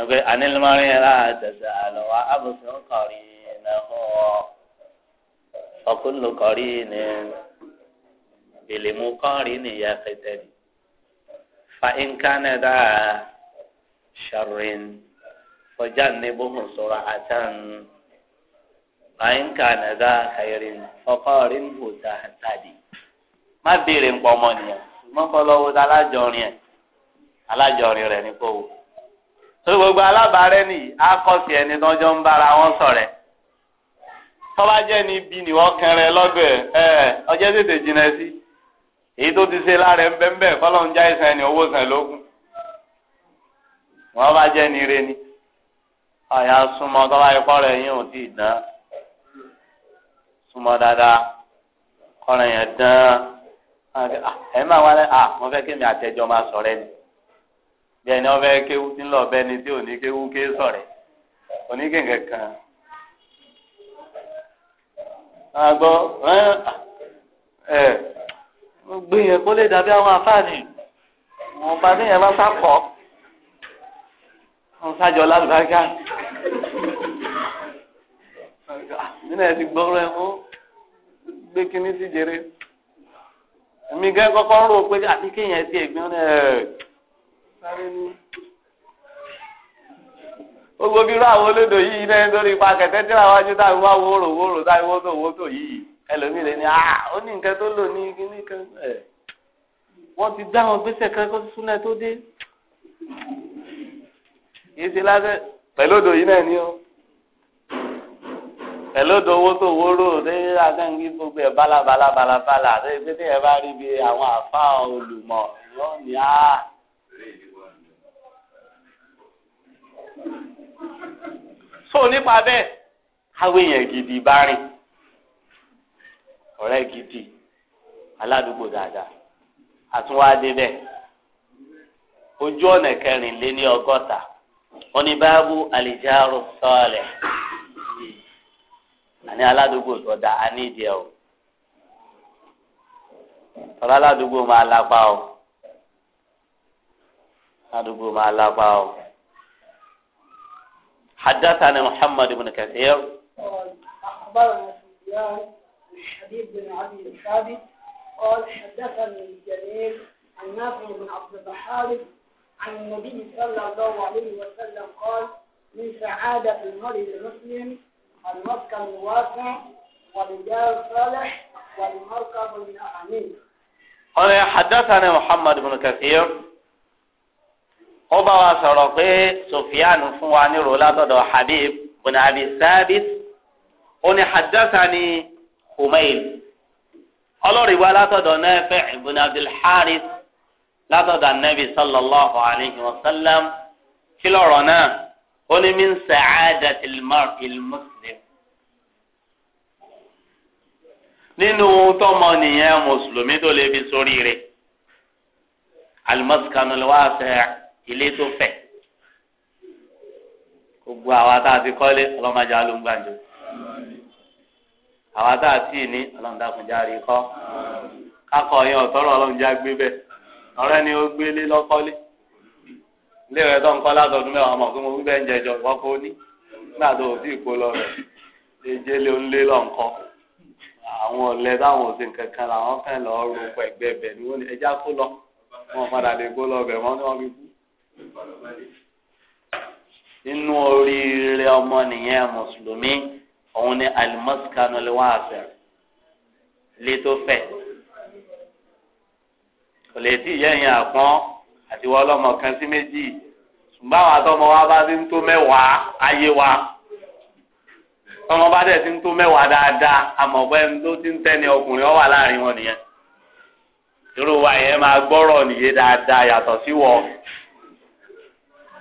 ẹgbẹ́ anilmọ́rin yẹn láà tẹ̀sẹ̀ àlọ́ wa abùsùn kọ̀rí nàhó ọkùnrin kọ̀rí ni bìlìmù kọ́rí ni yẹ kẹtẹ́lì fa ìnkánẹ́dà ṣàrìn fọjá níbùhùn sọ̀rọ̀ àtàn fa ìnkánẹ́dà kẹrin fọkọ́rin hù tàdí má béèrè ń pọ̀ mọ́ nìyẹn ṣùgbọ́n kọ́ lọ́wọ́ alájọrin ẹ̀ alájọrin rẹ̀ ní torí gbogbo alábàárẹ́ nìyí akọ́sí ẹni tó jọ ń bára wọn ṣọ̀rẹ́ tọ́ba jẹ́ ni bí ni wọ́n kẹrẹ lọ́dọ̀ ẹ̀ ẹ̀ ọjọ́ tètè jìnnà sí èyí tó ti ṣe lára ẹ̀ ń bẹ́ẹ̀ bẹ́ẹ̀ fọlọ́run já ìsàn ẹni owó sàn lógún wọ́n bá jẹ́ ni ire ni ọ̀yà súnmọ́ tọ́ba ikọ́ rẹ̀ yín ò tí ì dán súnmọ́ dáadáa kọ́ra yẹn dán ẹ̀ máa wá à wọ́n fẹ́ kí mi àtẹ̀jọ́ máa sọ̀rọ̀ ẹni bí ẹni ọbẹ̀ kéwú tí ń lọ bẹ́ ni tí òní kéwú ké sọ̀rẹ́ òní kéǹkẹ̀ kan. àgbọ̀ ẹ gbé yẹn kó lè dàbí àwọn afáàní wọn bá ní yẹn bá sákọ̀ wọn sájọ lálùbáríkà nínú ẹ ti gbọ́rọ̀ ẹ̀ fún gbé kínní sí jèrè mi gẹ́ kọ́kọ́ rò pé àti kéèyàn ti ẹ̀gbọ́n ẹ̀ gbogbo bí irú àwọn olódò yìí náà nítorí ipa kẹtẹ tí àwọn ajé táwọn wá wóró wóró táwọn wótò wótò yìí ẹlòmíì lè ní à ó ní nǹkan tó lò ní kíní kan ẹ wọ́n ti dá àwọn gbèsè kan kó súnlẹ̀ tó dé kìí ṣe lásán pẹ̀lú odò yìí náà ni ó pẹ̀lú odò owó tó wóró ní agbẹ́ngí gbogbo ẹ̀ bálabàlà bálabàlà àti ìgbésẹ̀ yẹn bá rí bí àwọn àfa olùmọ̀ ìyọ́ni á. so nípa bẹ́ẹ̀ àwọn èèyàn gidi bá rìn ọ̀rẹ́ gidi aládùúgbò dáadáa àtúnwádé bẹ́ẹ̀ ojú ọ̀nà kẹrin lé ní ọgọ́ta wọn ni báàbù àlìjáàrò sọ́ọ̀lẹ̀ àní aládùúgbò tó da anídìí o tọ́lá aládùúgbò máa lápá o aládùúgbò máa lápá o. حدثنا محمد بن كثير قال أخبرنا سفيان حبيب بن عبد ثابت قال حدثني جرير عن نافع بن عبد الحارث عن النبي صلى الله عليه وسلم قال من سعادة المرء المسلم المسكن الواسع والرجال الصالح والمركب العميق قال حدثنا محمد بن كثير ó bá wa sọ̀rọ̀ pé Sufyan fún wa ní ròlá tọ̀dọ̀ Habib bin Abi Sabit ó ní haddathani Humayl ọlọ́rìí wa látọ̀dọ̀ Nafi' bin Abdul Harith látọ̀dọ̀ anabi sallallahu alayhi wa sallam kí lọ́rọ̀ náà ó ní min sa'adatil mar'il muslim nínú tọmọnìyàn mùsùlùmí tó lè fi sóríire al-maskanul wasi' ilé tó fẹ̀ gbogbo àwa tá a ti kọ́lé ọlọ́mọdé alóńgbàjọ àwa tá a ti ní ọlọ́mọdàkùnjà rí kọ́ kákọ̀ yẹn ọ̀tọ́rọ̀ ọlọ́mọdé gbé bẹ́ẹ̀ ọ̀rẹ́ ni ó gbélé lọ́kọ́lé ilé rẹ̀ tó ń kọ́ látọ̀dún mẹ́wàá mọ̀ pé mo wí bẹ́ẹ̀ ń jẹjọ wọ́pọ̀ ní nígbà tó o sì kó lọ rẹ̀ léjé ló ń lé lọ́nkọ́ àwọn ọ̀lẹ táwọn òsìn kankan làwọn fẹ́ lọ́ọ́ ro pẹ̀gbẹ́ bẹ̀ ni wọ́n ní inú oríire ọmọ nìyẹn mùsùlùmí òun ni alimọ́sìkánú lè wá àfẹ́ lé tó fẹ̀ kò lè tí ìyá yẹn àpọ́n àti wọ́n ọlọ́mọ kan sí méjì ṣùgbọ́n àwọn àtọmọ wa bá ti ń tó mẹ́wàá ayé wa tọmọ bá dẹ̀ ti ń tó mẹ́wàá dáadáa àmọ̀gbẹ́ ń tó ti ń tẹ́ni ọkùnrin ọ wà láàrin wọn nìyẹn irú wa yẹn máa gbọ́rọ̀ nìyẹn dáadáa yàtọ̀ sí wọ́ọ̀.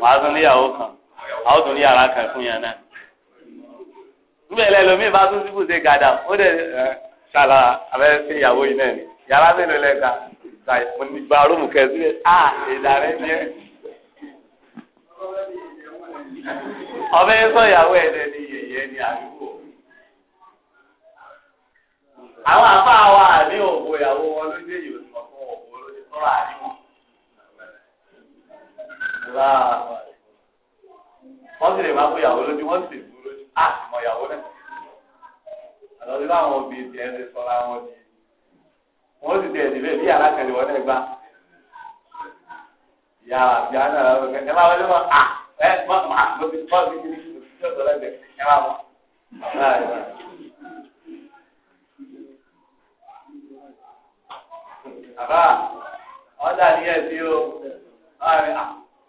wàá tún níyàwó kan àwọn tún ní kan fún yẹn náà níbẹ̀ lẹ́ lómi bá tún síbù ṣe gàdà ó dẹ̀ ṣàlà ìyàwó yìí náà ni yàrá mélòó lẹ́ka gba rúùmù kẹsí ẹ̀ á ìdá rẹ̀ jẹ́ sọ ìyàwó àdúgbò àwọn ìyàwó wọn ló dé yòó sọ fún òbò ló wọ́n sì lè máa kó ìyàwó lójú wọ́n sì lù lójú á sì mọ ìyàwó náà àlọ́dún láwọn obìnrin tiẹ̀ ti sọra wọn di wọ́n sì tiẹ̀ dìbẹ̀ bí alákẹ́lẹ́ wọn náà gbá ìyá àbí àná ẹ máa wọlé wọn à ẹ mọ àgbọ̀ bí wọ́n ti kiri kí ọ̀sọ̀ lẹ́gbẹ̀ẹ́ ẹ máa mọ. Àbá, ọ̀dà ni ẹ̀ sí o, ọ̀rẹ́ à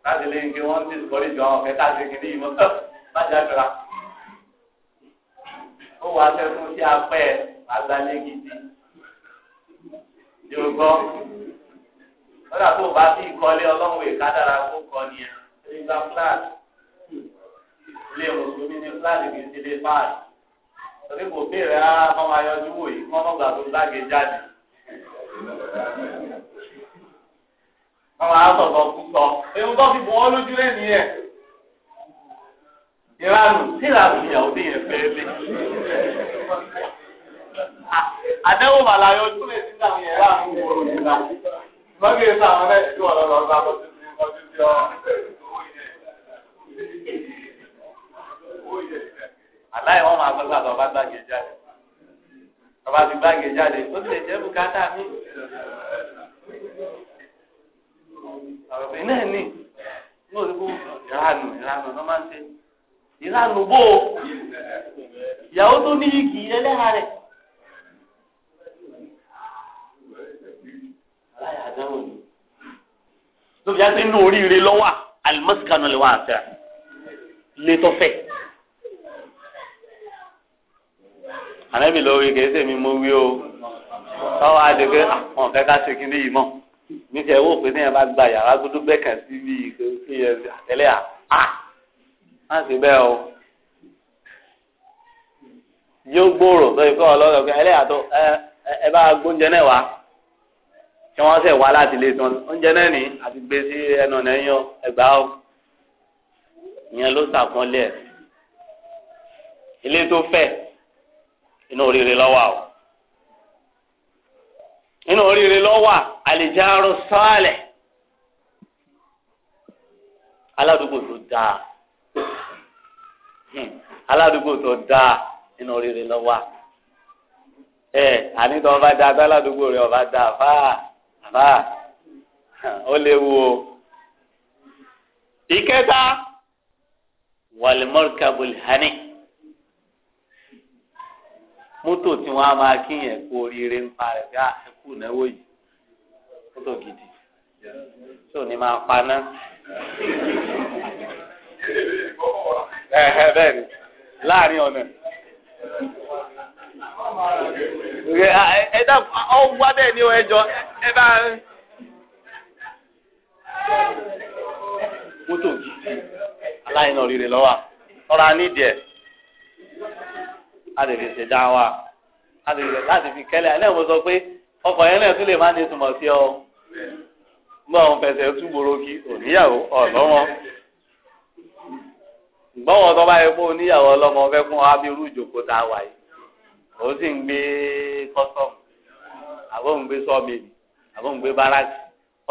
láti lè gbé wọn ti sọrí ju àwọn ọ̀fẹ́ káàkiri kìíní yìí mọ́ bájà jọra. ó wà á tẹ́kùn sí apẹ́ àgbálẹ̀ gidi yóò gbọ́. lọ́dà tó bá bí ìkọ́lé ọlọ́run èka dára kó kọ́ ni ẹ̀ nígbà fúláàdì. ilé mùsùlùmí ní fúláàdì kì í ti lé fáàdì. torí kò béèrè á máa yọjú wòye kọ́ mọ́gbà tó gbàgé jáde máa sọ̀tọ̀ kú sọ ewu tó fi bọ̀ wọ́n lójú lé nìyẹn. ìranù tí ìranù ìyàwó bí yẹn fẹ́ lé. àdẹ́wò bàlá yọ ojú lè ti dàmú yẹn láàmú ìwòrò nígbà. lọ́gẹ̀ èso àwọn ẹ̀ tí wọ́n lọ lọ bá bọ́ títí ọdún tí ọ aláì wọn máa gbọ́dọ̀ àtọ̀ bá gbàgé jáde bàbá ti gbàgé jáde ó sì lè jẹ́ bùkátà mi àròbìn náà ní ní òdìbò ìranù ìranù ló máa ń ṣe ìranù bò ó ìyàwó tó ní igi ẹlẹ́ra rẹ̀. lóbi àti inú oríire lọ́wọ́ alimọ́sìkanu lè wá àṣẹ létọ́fẹ́. àlẹ́ mi lọ wí kìí sèmi mo wí o táwọn adìgẹ́ àwọn kẹ́kẹ́ ṣe kí ní yìí mọ́ níṣẹ́ owó pé téèyàn bá gba yàrá dúdú bẹ́ẹ̀kan sí bí kéèyàn àtẹ́lẹ́ à á má ṣe bẹ́ẹ̀ o yóò gbòòrò tó yẹ ọlọ́dọ̀ pé ẹlẹ́yà tó ẹ bá gbóúnjẹ náà wá kí wọ́n sẹ̀ wá láti ilé tí oúnjẹ náà ní àti gbé sí ẹnu ọ̀nà ẹ̀yàn ẹgbà ó ìyẹn ló ṣàpọ́nlé ilé tó fẹ̀ inú oríire lọ́wọ́ àwọn inú oríire lọ́wà àlejàrò sọ́ọ̀lẹ̀ aládùúgbò tó dáa hmm. aládùúgbò tó dáa inú oríire lọ́wà ẹ ànítọ́ ọba dáa tó aládùúgbò rẹ ọba dáa fáà fáà ó léwu o ìkẹta wàlímọ́rìkàbùlì hání. mọ́tò tí wọn á máa kí yẹn kú oríire ń pa rẹ̀ bíi ah, náwó yìí mọ́tò gidi tí ò ní máa paná. bẹ́ẹ̀ ni láàrin ọ̀nà ah, ẹ dá ọ wá bẹ́ẹ̀ ni ẹ jọ ẹ bá. mọ́tò gidi aláìní ọ̀rìrì lọ́wọ́ ọ̀rọ̀ anídìí láti fi ṣe dáwà láti fi kẹ́lẹ́ alẹ́ mo sọ pé ọkọ̀ yẹn náà tún lè má ní ìtumọ̀ sí ọ gbọ́n àwọn fẹsẹ̀ tún gbòòrò kí òníyàwó ọ̀lọ́mọ gbọ́n tó bá yẹ kó oníyàwó ọlọ́mọ fẹ́ fún wa bí irú ìjòkó tá a wà yìí òun sì ń gbé kọ́sọ̀mù àbọ̀ ń gbé sọ́ọ̀mìlì àbọ̀ ń gbé báràkì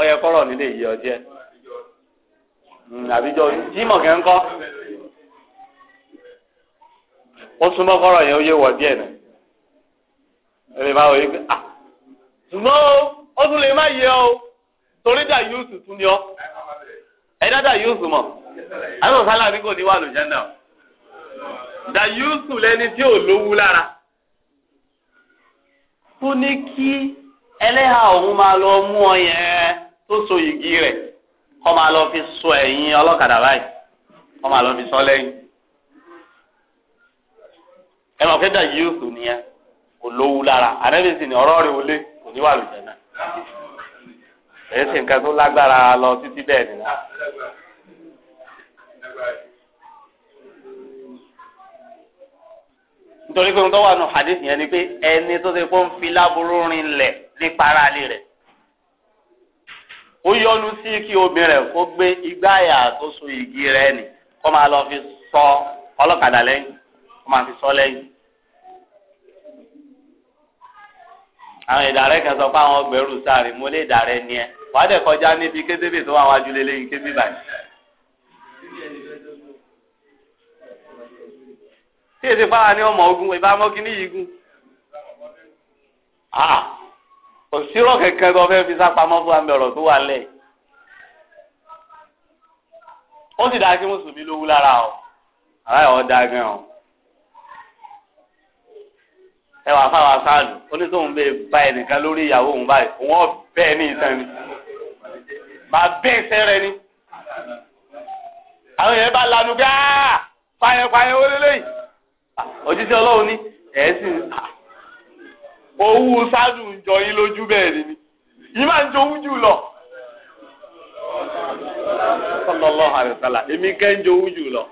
ọyẹ kọ́rọ̀ nílé yìí ọjẹ́ hmm, àbíjọ jímọ̀ kẹ́ńkọ́. ó súnmọ́ kọ́rọ̀ yẹn ó yé wọ̀ díẹ̀ náà ẹ ah! máa o torí dà yúùsù tún ọ ẹ yúùsù mọ̀ àwọn sálà ní náà dà yúùsù lẹni tí ò lówú lára ní kí ẹlẹ́hà lọ mú ọ yẹn tó so rẹ̀ kọ́ máa lọ fi sọ ẹ̀yìn ọlọ́kadà báyìí kọ́ máa lọ fi sọ lẹ́yìn. ẹ máa yi dà yí òkú nìyẹn kò lówó lára ànábì sì ni ọ̀rọ̀ rẹ̀ wọlé kò ní wà lùjẹ́ náà èyí sì nǹkan tó lágbára lọ títí bẹ́ẹ̀ nìyẹn. nítorí pé nǹkan wà nù hadith yẹn ni fi láburú rin lẹ̀ ara rẹ̀ ó yọnu sí kí obìnrin kó gbé igbáyà tó so igi rẹ̀ nì kó máa fi sọ ọlọ́kadà lẹ́yìn. máa fi sọ lẹ́yìn. àwọn ìdàrẹ́ kan sọ pé àwọn gbẹrù sáré mo lè dàrẹ́ ni ẹ wàá dẹ̀ kọjá níbi kébébè tó wà wájú lélẹ́yìn kébé báyìí. tí èsì fáwọn ni ọmọ ogun ìbámu kíní yìí gùn. Ah, kò sírọ̀ kẹ̀kẹ́ tó fẹ́ fi sápamọ́ fún àmì ọ̀rọ̀ tó wà lẹ̀. ó sì dáa kí mùsùlùmí lówú lára o àbáyọ̀ ọ̀ dáa gan o. ẹ wà fáwọn sáàdù bẹ bá ẹnìkan lórí ìyàwó òun báyìí òun bẹ́ẹ̀ ní ìtàn ni màá bẹ́ẹ̀ sẹ́rẹ̀ ni àwọn èèyàn bá lanu pé aaa fàyẹ̀ fàyẹ̀ ó lélẹ́yìn òjíṣẹ́ owó yín lójú ni ni máa lọ èmi kẹ́ lọ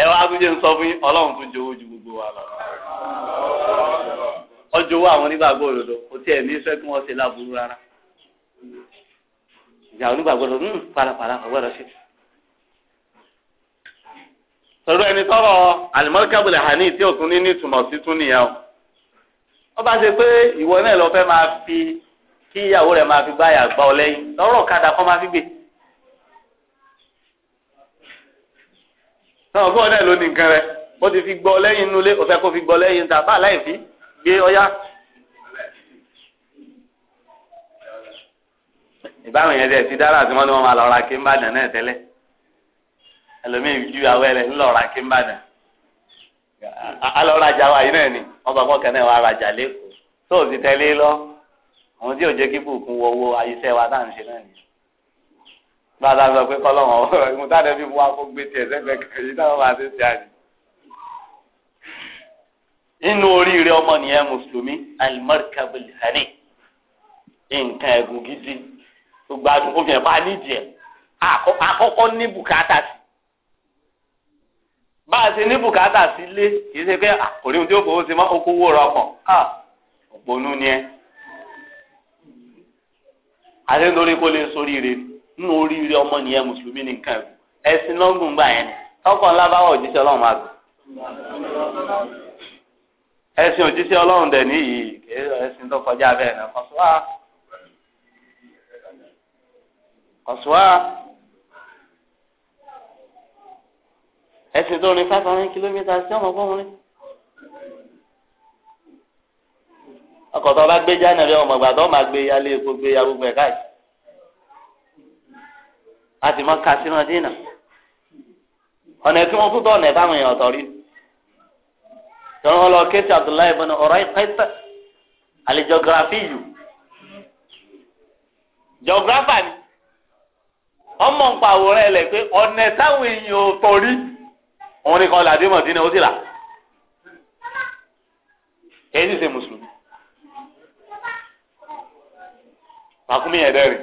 ẹ wá tún jẹ́ ń sọ fún yín ọlọ́run tún ọjọ́ owó àwọn onígbàgbọ́ òdodo kò tiẹ̀ ní fẹ́ kí wọ́n ṣe láburú rárá ìjà onígbàgbọ́ òdodo ń hmm, parapara ọgbọ́dọ̀ ṣe. sọ̀rọ̀ ẹni tọrọ alimọ́ríkàbùlẹ̀ hàní tí ò tún ní ní ìtumọ̀ sí tún nìyẹn o wọ́n bá ṣe pé ìwọ náà lọ fẹ́ máa fi kí ìyàwó rẹ̀ máa fi gbáyà gbá ọ lẹ́yìn lọ́rọ̀ kadà kọ́ máa fi gbé. sọ̀rọ̀ fún ọ náà ló ní nǹkan rẹ̀ bó ti fi gbọ́ lẹ́yìn inú ilé ó fẹ́ kó fi gbọ́ lẹ́yìn ta bá láì fi gbé ọyá. ìbáwọn yẹn tẹ̀ ti dára tí wọ́n ní wọ́n máa lọ ra kí n bá dàn náà tẹ́lẹ̀ ẹlòmíì ju àwọ̀ ẹ̀rẹ̀ ńlọ ra kí n bá dàn alọ́rajà wa yìí náà ni wọ́n bá fọ́ọ̀kẹ́ náà wà rajà lẹ́kọ̀ọ́ tó o ti tẹ́lẹ̀ lọ àwọn tí ò jẹ́ kí bùkún wọ owó ayíṣẹ́ wa tá à ń ṣe náà nìyí bá sọ pé kọ́lọ́wọ́n ọ̀hún táwọn ẹbí wa kó gbé tiẹ̀ sẹ́gbẹ̀ẹ́ kan yìí táwọn máa ti ṣe àjì nínú oríire ọmọnìyàn mùsùlùmí alimarikabili hani nǹkan ẹ̀gùn gidi gbogbo àdúgbò fi hàn bá nídìí ẹ̀ àkọ́kọ́ ní bùkátà sí bá a ṣe ní bùkátà sí lé kì í ṣe pé àkòrí ohun tí ó fowó ṣe mọ́ okó wó ra ọkàn òpònú ni ẹ àti nítorí kó lè sórí ire nínú oríire ọmọnìyàn mùsùlùmí ní nǹkan ẹ̀gùn ẹ̀sìn gbà yẹn ni ńlá bá wà òjíṣẹ́ ọlọ́run máa gbà ẹ̀sìn òjíṣẹ́ Ọlọ́run dẹ̀ níyì ẹ̀sìn tó kọjá bẹ́ẹ̀ náà kọ̀sùwà kọ̀sùwà ẹ̀sìn tó ní five hundred kilometres sí ọmọ fún mi. ọkọ̀ tó bá gbé jáde rẹ ọmọ ìgbà tó máa gbé yálé epo gbé ya gbogbo ẹ̀ káàkiri láti mọ kasínà dínà ọ̀nà tí wọ́n tún tọ̀ ọ̀nà ẹ̀ báwọn èèyàn ọ̀tọ̀ rí tọ́rọ lọ kéṣe abdullahi bọ́nà ọ̀rọ̀ ìpẹ́tẹ́ àlejògrafì yù jọ̀gráfà ni ọmọ nǹkan àwòrán ẹ̀ lẹ̀ pé ọ̀nà táwọn èèyàn ò tọ̀rí òun nìkan làdé mọ̀dínà ó sì là èyí sì ṣe mùsùlùmí. Màkúmí ẹ̀dẹ́rìn.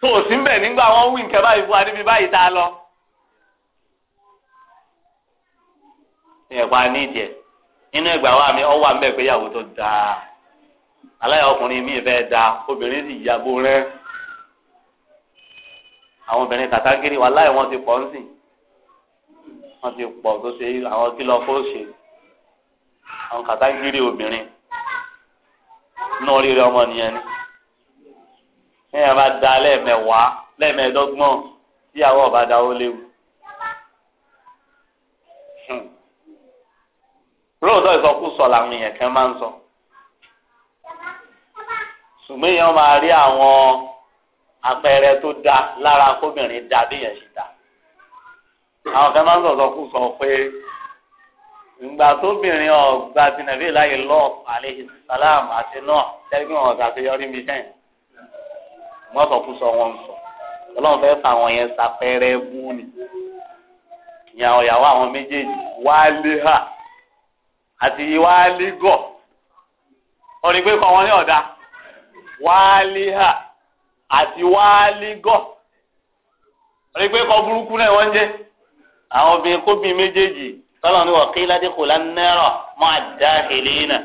tó o sì ń bẹ̀ nígbà wọ́n wí nǹkan báyìí fún wa níbi báyìí a lọ. ẹ̀pà ní inú ìgbà wa mi ọwọ́ àmì ẹ̀pẹ́ ìyàwó tó dáa aláya ọkùnrin mi fẹ́ daa, obìnrin sì yàgò rẹ́ àwọn obìnrin kàtàkiri wà láì ti pọ̀ ń sìn ti pọ̀ tó ṣe àwọn kìlọ̀ fóòṣe àwọn kàtàkiri obìnrin náà rí ọmọ nìyẹn ẹ̀yàn bá da lẹ́ẹ̀mẹ̀wàá lẹ́ẹ̀mẹ̀ẹ́dọ́gbọ̀n tíyàwó ọ̀bá da ó léwu. Hmm. lóòótọ́ ìsọkúsọ làwọn èèyàn kan máa ń sọ ṣùgbọ́n èèyàn máa rí àwọn àpẹẹrẹ tó da lára kóbìnrin da béèyàn ṣe da àwọn kan máa ń sọ̀sọ̀ kú sọ pé ìgbà tóbìnrin ọ̀gbà tìǹbì láyé lọ́ọ̀ àlẹ́ ìsàlámù àti náà tẹ́gbìn ọ̀gá àti yọrí mi sẹ́yìn wọ́n sọ fún sọ wọ́n ń sọ ọlọ́run fẹ́ fà wọn yẹn sapẹ́rẹ́ bú ni ìyá ọ̀yàwó àwọn méjèèjì wálé hà àti wálé gọ̀ ọ̀rìn pé kọ́ wọn ní ọ̀dà wálé hà àti wálé gọ̀ ọ̀rìn pé kọ́ burúkú náà wọ́n jẹ́ àwọn obìnrin kóbìnrin méjèèjì tọ́lọ̀ ní wọ́n kí ládé kò lánàárọ̀ mọ́ àdá náà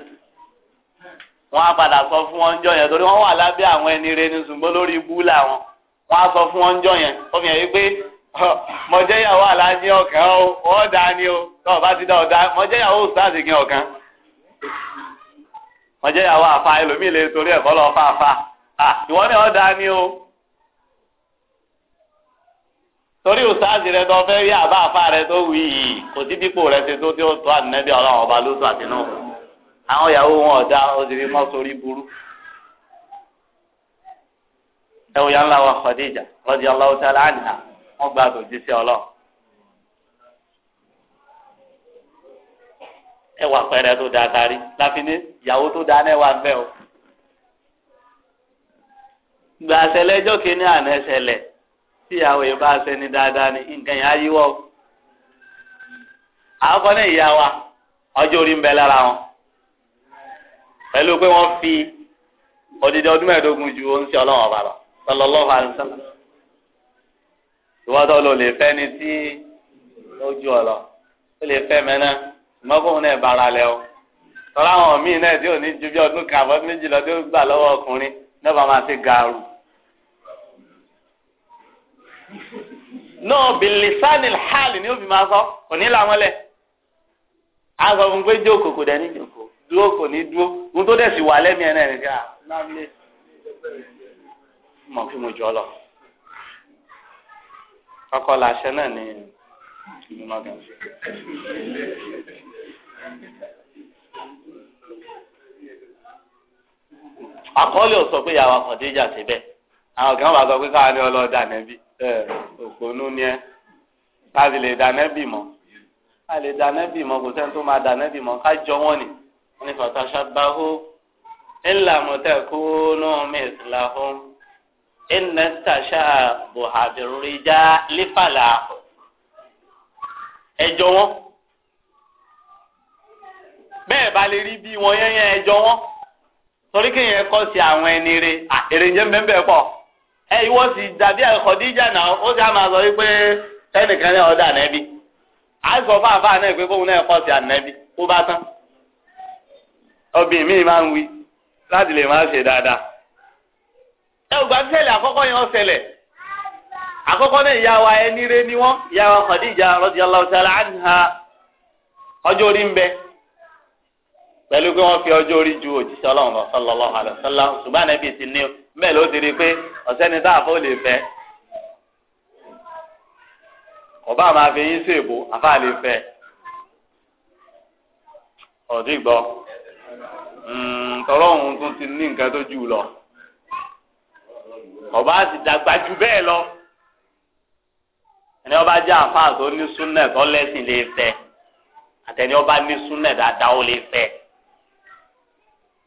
wọn á padà sọ fún wọn jọ yẹn torí wọn wà lábẹ́ àwọn ẹni rẹ ní ṣùgbọ́n lórí ibú làwọn wọn á sọ fún wọn jọ yẹn ó fi hàn yí pé mọ̀jẹ́yàwó aláàjì ọ̀kan ó ọ̀dà ni ó tọ́ọ̀ bá ti dá ọ̀dà mọ̀jẹ́yàwó òṣùtàṣì kí ọ̀kan mọ̀jẹ́yàwó àfa ẹlòmíì lè torí ẹ̀kọ́ lọ fà fà ìwọ ni ọ̀dà ni ó torí òṣùtàṣì rẹ tó fẹ́ rí àbá àfa rẹ tó wù yìí kò sí dípò rẹ ṣe tó tí tó ànínẹ́bí ọlọ́run ọba lóṣù àtinú. àwọn ìyàwó wọn ọ̀dà ọdịrị mọ́ sórí burú ẹwù yà ń la wa Khadija radiyallahu ta'ala anha wọ́n gba àtòjíṣẹ́ ọlọ́ ẹwà pẹrẹ tó dáa kárí láfi ní ìyàwó tó dáa náà wà ń o gbà kìíní àná tí ìyàwó yìí bá ṣe dáadáa nǹkan yẹn wa orí ń bẹ pẹ̀lú pé wọ́n fi odidi ọdún mẹ́ẹ̀ẹ́dógún ju oúnjẹ ọlọ́wọ́n ọba lọ sallallahu alaihi wasallam ìwádọ́ ló lè fẹ́ ni tí ó ju ọ̀lọ́ ó lè fẹ́ mẹ́ná ìmọ̀kùnrin náà bára lẹ o tọ́lá àwọn míì náà tí ò ní ju bí ọdún kan àbọ̀ méjì lọ tí ó gbà lọ́wọ́ ọkùnrin náà bá máa ṣe gàrú. náà bìlìsánil hàlì ni ó fi máa sọ kò ní làwọn lẹ̀ á pé jókòó kò dẹ̀ ní dúró kò ní dúró ohun tó dẹ̀ sì wà lẹ́mìí ẹ̀ náà nìkan ah, mọ̀ kí mo jọ lọ. kọ́kọ́ làṣẹ náà ni ìmúná gan ṣe. àkọọ́lẹ̀ ò sọ pé ìyàwó àkọ́déjà ṣe bẹ́ẹ̀ àwọn kan bá sọ pé káwọn ní ọlọ́ọ̀dà nẹ́bí òpònú ni ẹ ká sì lè dà nẹ́bí mọ́ ká lè dà nẹ́bí mọ́ kò sẹ́ni tó máa dà nẹ́bí mọ́ ká jọ wọ́n ni wọn ní fatashabahu illa mutakunu mislahum inna tashabuha birrijali falahu ẹjọ wọn bẹ́ẹ̀ bá lè rí bí wọn yẹn yẹn ẹjọ wọn torí kéèyàn kọ́ sí àwọn ẹni rẹ èrè ń jẹ́ mbẹ́mbẹ́ pọ̀ ẹ ìwọ sì dàbí Khadija náà ó sì á máa sọ wípé ẹnìkan náà ọ̀dà nẹ́bí àìsàn fáfáà náà pé kóun náà kọ́ sí ànẹ́bí kó bá tán. obìnrin míì máa ń wi láti lè máa ṣe dáadáa. ẹ ò gbà tí ṣẹlẹ̀ àkọ́kọ́ yẹn ó ṣẹlẹ̀ àkọ́kọ́ náà ìyá wa ẹni rẹ ni wọ́n ìyá wa Khadija radiyallahu ọjọ́ orí ń pẹ̀lú pé wọ́n fi ọjọ́ orí ju òjíṣẹ́ ọlọ́run lọ ṣùgbọ́n ti ní ló ti rí i pé lè fẹ́ ọba Hmm, tọrọ òun tún ti ní nǹkan tó jù lọ ọba ti dàgbà jù bẹ́ẹ̀ lọ ẹni ọba jẹ́ àfáà tó ní súnẹ̀ tó lẹ́sìn lè fẹ́ àtẹni ọba ní súnẹ̀ dáadáa ó lè fẹ́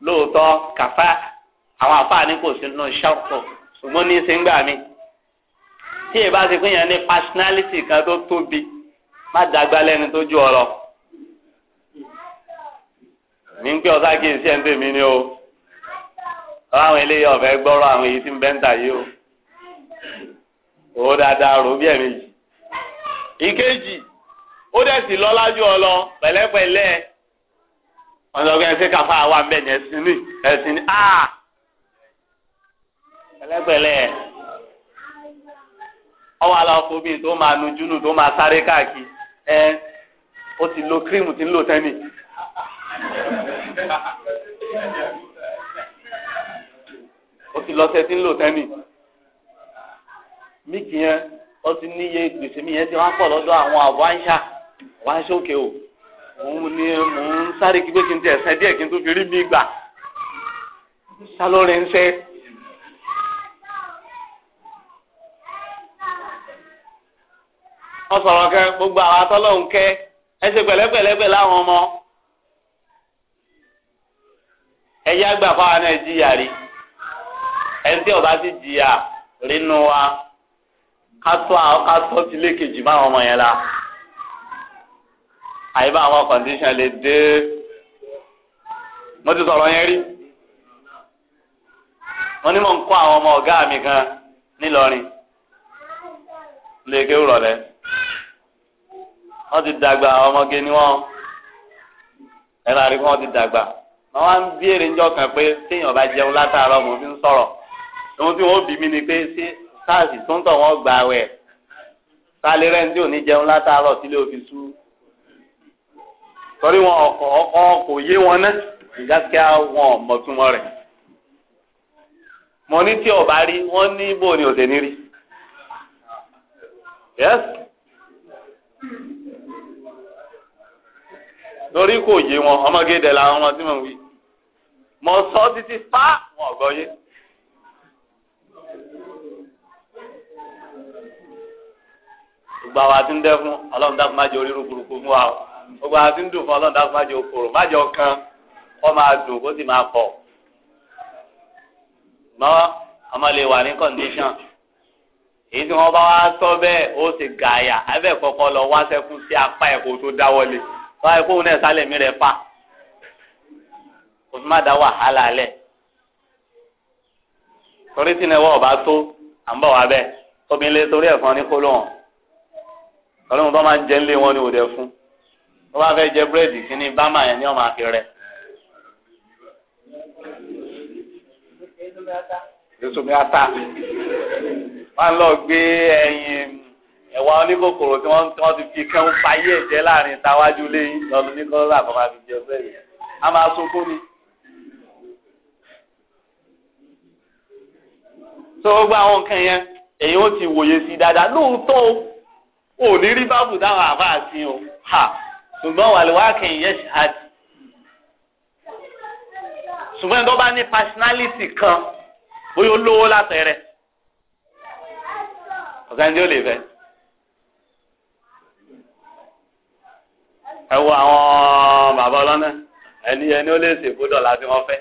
lóòótọ́ kàfá àwọn àfáà ní kò sí nínú ṣọ́ọ̀kọ̀ ṣùgbọ́n ní í ṣe ń gbà mí tí èèbá ti pín yẹn ní pásínálítì kan tó tóbi má dàgbà lẹ́ni tó jù ọ lọ. ní pé ọ̀sá kì í ṣe ń tèmi ni o àwọn eléyìí ọ̀fẹ́ gbọ́rọ̀ àwọn èyí tí ń bẹ́ńtà yìí o dáadáa rò bí ẹ̀mejì. ìkejì ó dẹ̀ sì lọ́lá jù ọ lọ pẹ̀lẹ́pẹ̀lẹ́ ọ̀nàgbẹ́ káfá wa ń bẹ̀ ní ẹ̀sìn ẹ̀sìn áà pẹ̀lẹ́pẹ̀lẹ́ ọwọ́ nu júnù tó máa sáré káàkiri ó lo kírímù tí ń o ti lọ sí ẹtí ń lò tẹ́nì míìkì yẹn ó ti níye gbèsè mi yẹn ti wá pọ̀ lọ́dọ̀ àwọn àbọ̀ àńṣà àbọ̀ àńṣà o òun ni mò ń sáré kí pé kí n ti ẹ̀sẹ̀ díẹ̀ kí n tó fi rí mi gbà sálọ́rin ń sẹ́. wọ́n sọ̀rọ̀ kẹ́ gbogbo àwọn atọ́lọ́hún kẹ́ ẹ ṣe pẹ̀lẹ́pẹ̀lẹ́ pẹ̀lú ọmọ. ẹyẹ àgbà fáwọn náà jìyà rí ẹni tí ọba ti jìyà rínú wa kátó kátó ti lékejì máa wọn mọ yẹn la àyíbá àwọn kọ̀ǹdíṣàn lè dé mo ti sọ̀rọ̀ yẹn rí mo ní mò ń kó àwọn ọmọ ọ̀gá mi kan nílọrin lè kéwù rọ̀lẹ́ wọ́n ti dàgbà ọmọge ni wọ́n ẹ̀rọ àríkú wọ́n ti dàgbà wọn wá ń béèrè ńjọ́ kan pé téèyàn bá jẹun látàárọ̀ mo fi ń sọ̀rọ̀ ohun tí wọn bí mi ni pé ṣé sars tó ń tọ̀ wọ́n gbà wẹ̀ sálẹ̀ rẹ̀ ń tí ò ní jẹun látàárọ̀ sílé òfin sú torí wọn ọkọ̀ ọkọ̀ kò yé wọn náà ìgbàsíkà wọn mọ̀túnmọ̀ rẹ̀ mọ ní tí ọba rí wọn ní bò ní òtẹ̀ ní rí lórí kò yé wọn ọmọge dẹ̀ làwọn ọmọ tí mò ń wí mọ sọ títí fá wọn ọ̀gọ́ yé. gbogbo àwọn àti ń dẹ́ fún ọlọ́run dákun má jẹ́ oríru burúkú fún wa gbogbo àwọn àti ń dùn fún ọlọ́run dákun má jẹ́ okòrò má jẹ́ ọkàn kọ́ máa dùn kó sì máa pọ̀ mọ́ ọmọ lè wà ní kọ́ndíṣàn èyí tí wọ́n bá wá tọ́ bẹ́ẹ̀ ó sì gààyà abẹ́ lọ wá sẹ́kún sí apá ẹ̀kọ́ tó dáwọ́lé wọ́n á yẹ kóhun náà sálẹ̀ mi rẹ̀ pa kò fi má da wàhálà lẹ̀ torí tí náà wọ́n ọba tó à ń bọ̀ wá bẹ́ẹ̀ obìnrin lè torí ẹ̀fọn ní kóló hàn ọlọ́run bá máa ń jẹ ńlé wọn ni òde fún wọ́n bá fẹ́ jẹ búrẹ́dì kí ni bámà yẹn ni wọ́n máa fi èso mi ata wọ́n lọ gbé ẹyin ẹ̀wà oníkòkòrò tí wọ́n tí wọ́n ti fi kẹ́hún fayé ẹ̀jẹ̀ láàrin tawájú léyìn lọ́dún ní kọ́lá fi jẹ ọ̀fẹ́ yẹn a máa sunkún ni. tó gbogbo àwọn nǹkan yẹn èyí ó ti wòye sí dáadáa lóòótọ́ o ò ní rí báàbù dáhùn àbá àti o ha ṣùgbọ́n wàlúwà kẹ́yìn yẹn ṣáàtì ṣùgbọ́n tó bá ní personality kan bóyá ó lówó látẹ̀rẹ̀ ọ̀gá ni ó lè fẹ́. ẹ wo àwọn bàbá ọlọ́nà ẹni ẹni ó lè ṣe èbó tí wọ́n fẹ́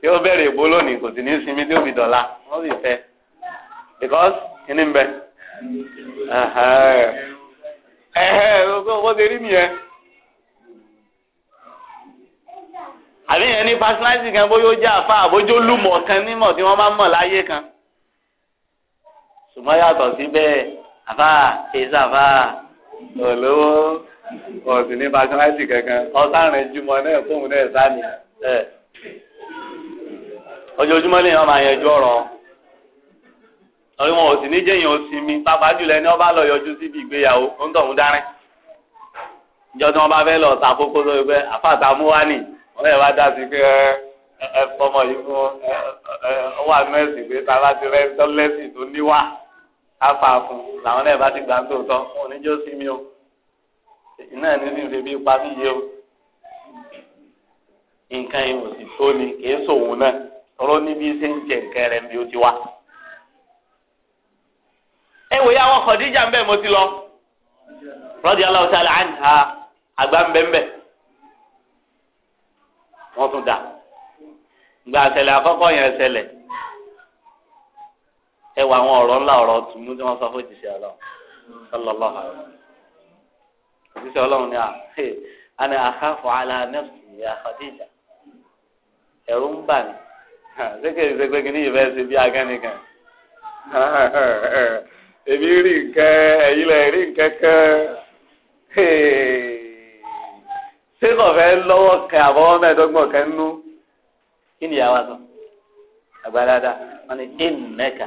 tí ó bẹ̀rẹ̀ èbó lónìí kò sì ní sinmi tí ó fi dọ̀la wọ́n sì fẹ́ because kíní ń bẹ ẹ̀hẹ́ ó ṣe rí nìyẹn. àbí yẹn ní personality kan bóyá ó jẹ́ àfa àbójó lùmọ̀ kan nímọ̀ tí wọ́n bá mọ̀ láyé kan ṣùgbọ́n yàtọ̀ síbẹ̀ àfa èsì àfa olówó ọ̀sìn ní personality kankan ọ̀sán jùmọ̀ náà fóun náà sáni ẹ̀. lè yàn máa yẹjú ọ̀rọ̀ ọ̀rẹ́ wọn ò sì ní jẹ́yìn osinmi pàápàá jùlọ ẹni ọba lọ yọjú síbi ìgbéyàwó ó ń tọ̀hún dárín. ìjọ tí wọ́n bá fẹ́ lọ sàkókó lórí pé àfàtà mú wá nì wọ́n lè wá dá sí pé ẹ yìí fún ọ wà nọ́ọ̀sì pé tá bá ti rẹ tọ́lẹ́sì tó níwà á làwọn náà bá ti gbà ń tòótọ́ òní jó sí mi o. iná ní sì ń fi pa o nǹkan yìí ò sì tó ni kì sòwò náà tọ́lọ́ níbi ṣe ń jẹ nǹkan bí ó ti wá. ẹ wòye àwọn ń mo ti lọ radiyallahu ta'ala anha àgbà ń bẹ̀ ń bẹ̀ tún dà gba yẹn ẹ àwọn ńlá tùmú tí sọ fún òṣìṣẹ Ọlọ́run ni à ana àkàfọ àlà nẹfù ìyá Khadija ẹrù ń bà mí ṣéke ìṣègbè kìíní ìfẹ́ ṣe bí agánni kan èmi rí nǹkan ẹ̀yin lẹ̀ rí nǹkan kan ṣé kò fẹ́ lọ́wọ́ kẹ àbọ̀wọ́ mẹ́ẹ̀ẹ́dọ́gbọ̀n kẹ nú kí ni ìyàwó àtọ̀ àgbàdàdà wọn ni dé mẹ́ka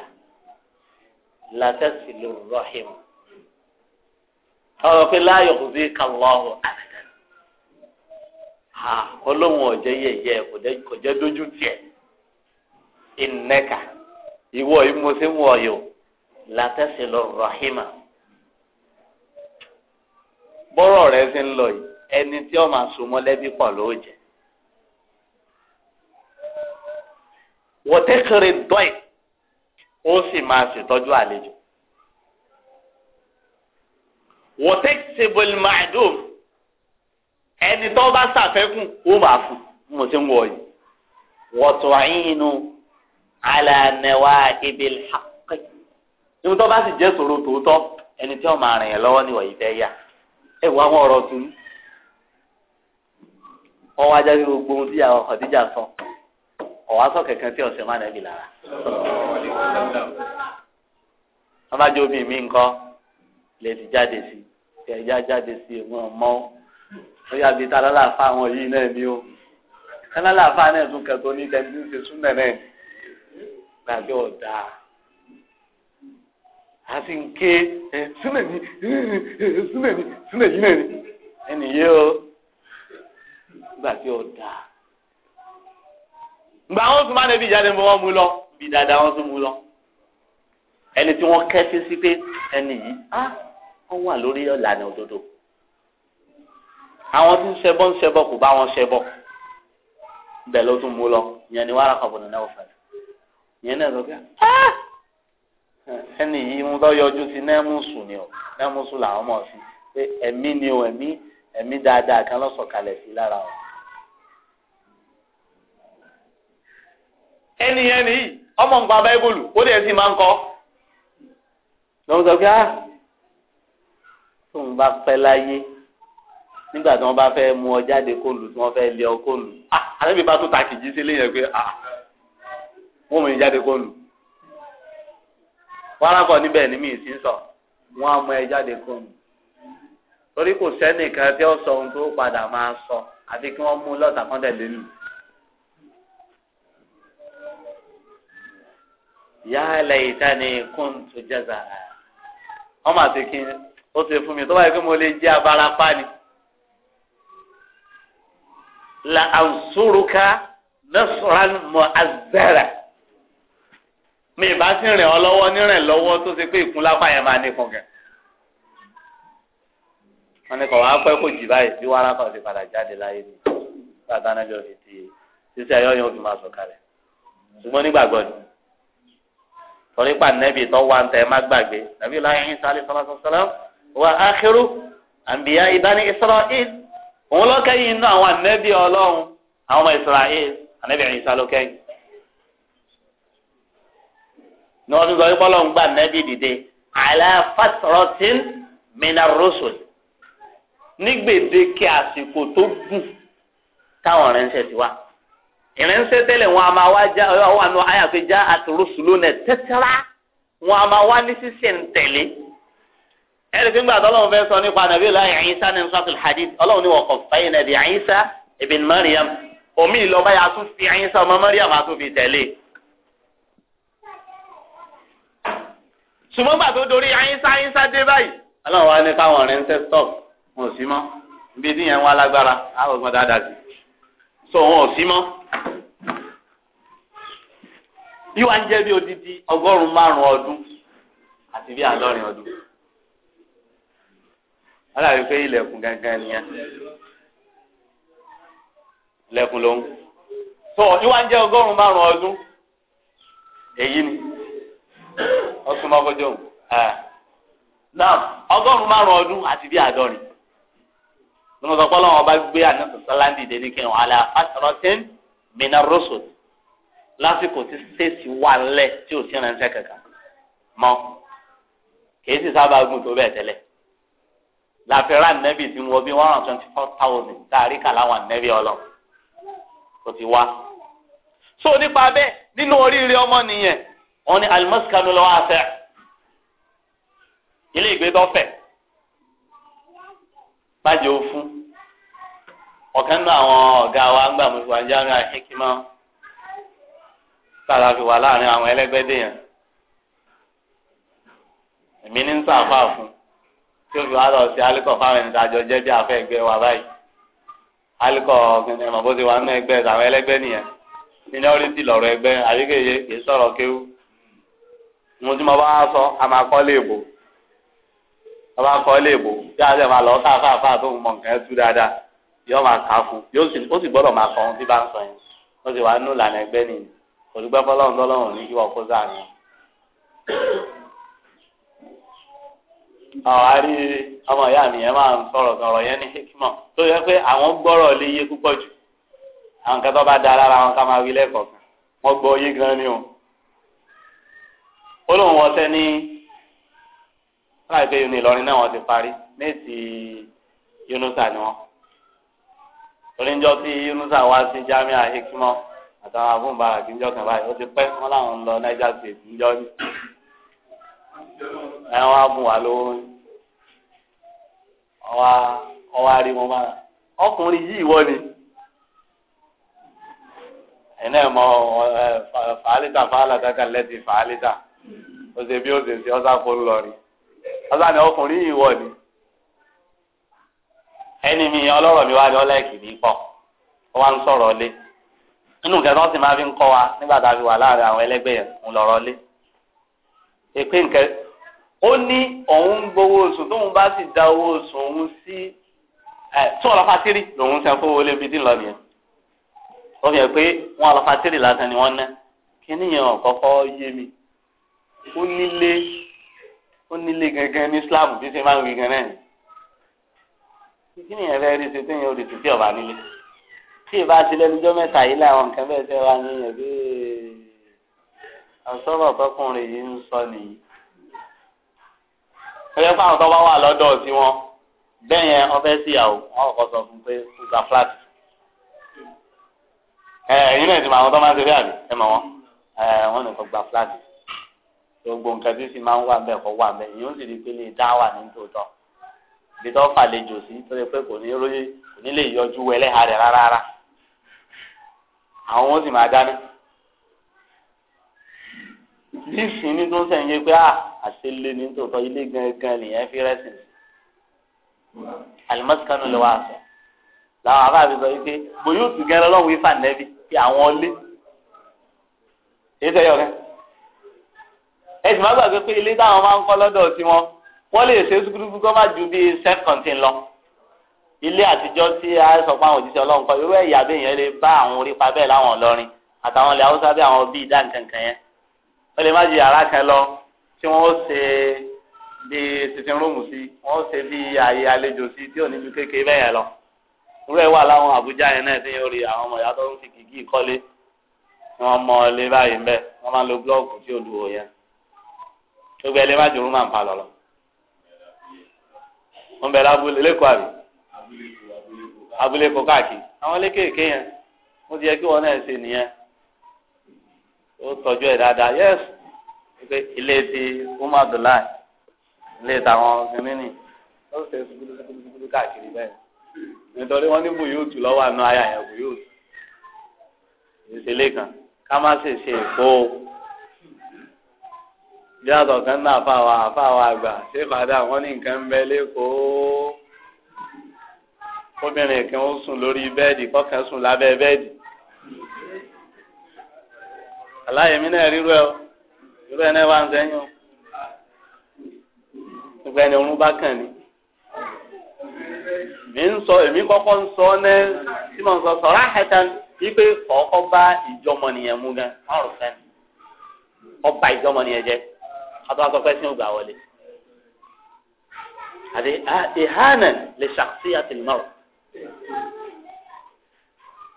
làtẹ́sílò ọ̀rọ̀ pé láàyò kò sí kàlọ́ọ̀hún àbẹ̀dẹ̀ ha ọlọ́run ọ̀jẹ́ yẹ̀yẹ́ kò jẹ́ dójú tiẹ̀ ìnẹ́ka ìwọ ìmọ̀sẹ́mu ọ̀yọ́ látẹ̀sẹ̀ lọ rọ̀hìmà bọ́rọ̀ rẹ̀ ṣe ń lọ yìí ẹni tí ó máa sùn mọ́lẹ́bí pọ̀ ló jẹ́ wọ́tẹ́kẹrẹ dọ́ì ó sì máa ṣètọ́jú àlejò. wọ́tẹ́kìtìbù màdùm ẹni tó bá sàfẹ́kùn ó máa fún mo ti ń wọ̀ yìí wọ́tọ̀ àyínú alànẹ̀wà ìbílẹ̀ hàpẹ́ níbi tó bá sì jẹ́ sòro tòótọ́ ẹni tí wọ́n máa rìn yẹn lọ́wọ́ níwọ̀ yìí fẹ́ yà ẹ wọ àwọn ọ̀rọ̀ tún wọ́n wá jáde gbogbo ohun tí àwọn sọ ọ̀wá sọ kẹ̀kẹ́ tí ọ̀sẹ̀ má lára wọ́n bá jẹ́ lè ti jáde sí ẹ̀yà jáde sí ìwọ̀n mọ́ ó yàgbé tá lálàáfà àwọn yìí náà ni ó lálàáfà náà tún kẹtọ ní kẹntì ń ṣe súnmẹ̀ náà gbàgbé ọ̀dà a sì ń ké súnmẹ̀ mi súnmẹ̀ mi súnmẹ̀ yìí náà ni ẹnì yé o gbàgbé ọ̀dà gbà wọn tún má lè bí jáde mọ́ wọn mú lọ bí dáadáa wọn tún mú lọ ẹni tí wọ́n kẹ́sí sí pé ẹni yìí á wọ́n wà lórí ìlànà òdodo àwọn tí ń ṣẹbọ ń ṣẹbọ kò bá wọn ṣẹbọ bẹ́ẹ̀ ló tún mú lọ ìyẹn ni wàhálà kan bọ̀dọ̀ náà wò fẹ́ẹ́ ìyẹn náà sọ pé ẹni yìí ń lọ yọjú sí nẹ́mùsù ni o nẹ́mùsù làwọn mọ̀ sí pé ẹ̀mí ni o ẹ̀mí ẹ̀mí dáadáa kan lọ́sọ̀kalẹ̀ sí lára o. ẹni yẹn nìyí ọmọ nǹkan abẹ́ bòlù ó dẹ̀ sì máa ń kọ́ lọ́wọ́ sọ pé ah tóun bá pẹ́ láyé nígbà tí wọ́n bá fẹ́ mú ọ jáde kó lù tí wọ́n fẹ́ lé ọ kó lù ah àlébí bá tún ta kìjí sí léyìn pé ah wọ́n mú mi jáde kó lù wọ́n arákọ̀ níbẹ̀ ní mi ì sí sọ wọ́n á mú ẹ jáde kó lù torí kò sẹ́nìkan tí ó sọ ohun tó padà máa sọ àti kí wọ́n mú lọ́tà kan tẹ̀lé lù. yàrá ìta ni kóńtù wọ́n máa ṣe kí n ó ṣe fún mi tó báyìí pé mo lè jẹ́ abarapá ni. la ansuruka nasran mu'azzara mi ìbá sì rìn ọ lọ́wọ́ nírìn lọ́wọ́ tó ṣe pé ìkúnlápá yẹn máa nípọn gẹ̀. wọ́n ní kọ̀ wá pẹ́ kó jì báyìí bí wàrà kan ṣe padà jáde láyé ni bàtà náà jọ ti ṣíṣe ayọ́yọ́ fi máa sọ̀kalẹ̀ ṣùgbọ́n nígbàgbọ́ ni torí pa nẹ́bí tó wà ń tẹ́ má gbàgbé nàbí ọlá yẹn sálẹ̀ sọ́lá wa akhiru àǹbíyá ìbáni Isra'il òun ló kẹ́yìn inú àwọn ànẹ́bí ọlọ́run àwọn ọmọ Isra'il ànẹ́bí ẹ̀yìn sálọ kẹ́yìn. ní wọ́n tún sọ wípé ọlọ́run gbà nẹ́bí dìde ala fatratin minar rusul nígbèdéke àsìkò tó gùn táwọn rẹ̀ ń ṣẹ̀ ti wá ìrìnsẹ̀ tẹ́lẹ̀ wọn a máa wá já ọ wà nù ayàfẹ́ já àtúrúsù lónà tẹ́tẹ́rá wọn a máa wá ní sísè ń tẹ̀lé ẹ̀rí fi ń gbà tọ́lọ́run fẹ́ sọ nípa nàbí ìlú ayé Ìsá ní sọ́tù hadith ọlọ́run ní wọ̀kọ̀ fẹ́yìn nàbí Ìsá ibn Maryam omi ìlọba yà tún fi Ìsá ọmọ Maryam a tún tẹ̀lé. ṣùgbọ́n gbà tó dorí Ìsá Ìsá dé báyìí ọlọ́run wá ní so wọn mọ́ yóò bi ń jẹ́ bí odidi ọgọ́rùn-ún márùn-ún ọdún àti bí àádọ́rin ọdún aláàbí pé ilẹ̀kùn gangan nìyẹn ilẹ̀kùn ló ń so yóò ń jẹ́ ọgọ́rùn-ún márùn-ún ni ọsùn mọ́kọ́jọ́ náà ọgọ́rùn-ún márùn-ún ọdún àti bí àádọ́rin. lọ́mọ sọ pé ọlọ́run ọba gbé ànábì sọ́lá dìde ní kẹwọn alẹ́ afásọ̀rọ̀tẹ́ mina rọ́sọ̀ lásìkò tí stéètì wà lẹ̀ tí ò sí ránṣẹ́ kankan mọ́ kìí sì sábà gùn tó bẹ́ẹ̀ tẹ́lẹ̀ làfẹ́rà nẹ́bì tí wọ́n bí one hundred twenty four thousand tààrí kà láwọn nẹ́bì ọlọ́run kò ti wá. so nípa bẹ́ẹ̀ nínú oríire ọmọ nìyẹn wọn ni alimọ́sìkanu lọ́wọ́ afẹ́ ilé ìgbé tó fẹ̀ májè ó fún nínú àwọn wa gbà mọ́tò wájú àwọn akíkímọ́ fi wà láàrin àwọn ẹlẹ́gbẹ́dẹ́ yẹn èmi ní ń fún tí o fi wá lọ sí alikọ̀ fáwọn jẹ́ bí afẹ́ ẹgbẹ́ wa báyìí alikọ̀ ọ̀gbìn ẹ̀mọ̀ bó ti wà nínú àwọn nìyẹn dáa lè máa lọ ká fáfá tó mọ nǹkan ẹ tú dáadáa yóò máa kà á fún yóò sì ó sì gbọ́dọ̀ máa sọ ohun tí bá ń sọ yẹn ó sì wá nù lànà ẹgbẹ́ nìyí olùgbẹ́ fọlọ́run tọ́lọ́run ní yíwọ́ kó sáànù. àwọn àrí ọmọ ìyá mi yẹn máa ń sọ̀rọ̀ sọ̀rọ̀ yẹn ní hikimọ̀ tó yẹ pé àwọn gbọ́rọ̀ lé yé púpọ̀ jù àwọn kan bá da lára wọn ká máa wí lẹ́kọ̀ọ̀kan wọ́n gbọ́ yé gan ni o. ó lóun wọ́n sẹ́ ní láìpẹ́ yìí ní Ìlọrin náà wọ́n ti parí méjì yunusa ni wọn oníjọ tí yunusa wá sí jamiu ahikimọ àtàwọn abúmbàrà kí n jọ kàn báyìí ó ti pẹ́ wọn làwọn ń lọ niger state níjọ ní ẹ wọn á mú wa ọwá ọwá rí wọn bára ọkùnrin yìí wọ ni ẹ náà mọ ẹ fàálítà fàálítà kan lẹ́tì fàálítà ó ṣe bí ó ṣe ṣe ọ́sà kó lọ ni ni ọkùnrin yìí wọ ni ẹni mi ọlọ́rọ̀ mi wá ní ọlẹ́ẹ̀kì mi pọ̀ ó wá ń sọ̀rọ̀ lé nínú nǹkan tí wọ́n sì máa fi ń kọ́ wa nígbà tá a fi wà láàrin àwọn ẹlẹ́gbẹ́ yẹn ń lọ́rọ̀ lé èpè nǹkan ó ní òun ń gbowó oṣù tóun bá sì da owó oṣù òun sí ẹ tún ọlọ́pàá tírì lòun ṣe fún owó lébi dín nìyẹn ó fi hàn pé wọn ọlọ́pàá tírì lásán ni wọ́n ná kí níyẹn kọ́kọ́ yé mi ó nílé ó nílé gangan ní Islam bí ṣe máa ń wí gan náà kí ni ẹ̀fẹ́ rí ṣe téèyàn ó di títí ọ̀bà nílé tí ìbá ti lẹ́nujọ́ mẹ́ta yìí láwọn nǹkan bẹ́ẹ̀ fẹ́ wá ní ẹ̀bí àsọ̀rọ̀ tọkùnrin yìí ń sọ nìyí. ó yẹ fáwọn tó bá wà lọ́dọ̀ sí wọn bẹ́ẹ̀ yẹn wọ́n fẹ́ síyàwó wọ́n kọ́kọ́ sọ fún pé kó gba fúláàtì. ẹ ẹ̀yin náà ti mọ àwọn tó máa ń ṣe bẹ́ẹ̀ àbí ẹ mọ̀ wọ́n ẹ wọ́n ní kó gba fúláàtì. gbogbo nǹkan tí sì máa ń wà bẹ́ẹ̀ kọ́ wà bẹ́ẹ̀ yìí sì rí pé lè dá wà ní tòótọ́ bí tó fàlejò sí tó yẹ pé kò ní róye kò ní lè yọjú wẹlẹ́ ha rẹ̀ rárá àwọn ó sì máa dáná nísìnyí tó ń sẹ̀yìn pé ah, àṣẹ lé ní tòótọ́ ilé gangan nìyẹn fi rẹ́sìn alimasikanu lè wá sọ làwọn afáàbí sọ wípé bóyá òtù gẹ́rẹ́ lọ́wọ́ ifá nẹ́bí pé àwọn ilé èyí tẹ̀yọ̀ kẹ́ ẹ sì má gbàgbé pé ilé táwọn máa ń kọ́ lọ́dọ̀ tiwọn wọ́n lè ṣe gúdúgúdú kọ́ má ju bíi sẹ́kọ̀ntìn lọ ilé àtijọ́ tí a sọ pé àwọn òjíṣẹ́ ọlọ́run kọ́ irú ẹ̀yà bẹ́ẹ̀ yẹn lè bá àwọn orí bẹ́ẹ̀ láwọn ọlọ́rin àtàwọn ilẹ̀ haúsá bí àwọn bíi dá nkankan yẹn wọ́n lè má ju yàrá kan lọ tí wọ́n ṣe bíi tuntun rúùmù sí wọ́n ṣe bíi ààyè àlejò sí tí ò ní kékeré bẹ́ẹ̀ yẹn lọ irú wà láwọn àbújá yẹn náà tí yóò rí àwọn ọmọ ìyá wọn bẹ̀rẹ̀ abúlé lẹ́kọ̀ọ́ àbí abúlé kọ káàkiri àwọn lékèké yẹn wọ́n ti yẹ kí wọ́n náà ṣe nìyẹn ó tọ́jú ẹ̀ dáadáa yẹ́s pé ilé ti umar abdullahi ilé tàwọn sinini ó ṣe gbúdúgbúdú káàkiri bẹ́ẹ̀ nítorí wọ́n ní bùyóòtù lọ́wọ́ àná ayà yẹn bùyóòtù ìṣẹ̀lẹ̀ kan ká má ṣe ṣe èkó bí àtọ̀kan náà fáwa fáwa àgbà ṣé padà wọ́n ní nǹkan bẹ lẹ́kọ̀ọ́ obìnrin kan ó sùn lórí bẹ́ẹ̀dì kọ́kàn sùn lábẹ́ bẹ́ẹ̀dì aláyẹ̀mí náà rírú ẹ o ẹ náà wà ń sẹ́yìn o gbogbo ẹni orun bá kàn ní. mi ń sọ èmi kọ́kọ́ ń sọ ní tí mo ń sọ sọ̀rọ̀ àhẹ́tàn wípé kọ́kọ́ bá kátó wá sọ pé sínú gbà wọlé àti ìhánà lè ṣàkóso àtìlímọ̀rọ̀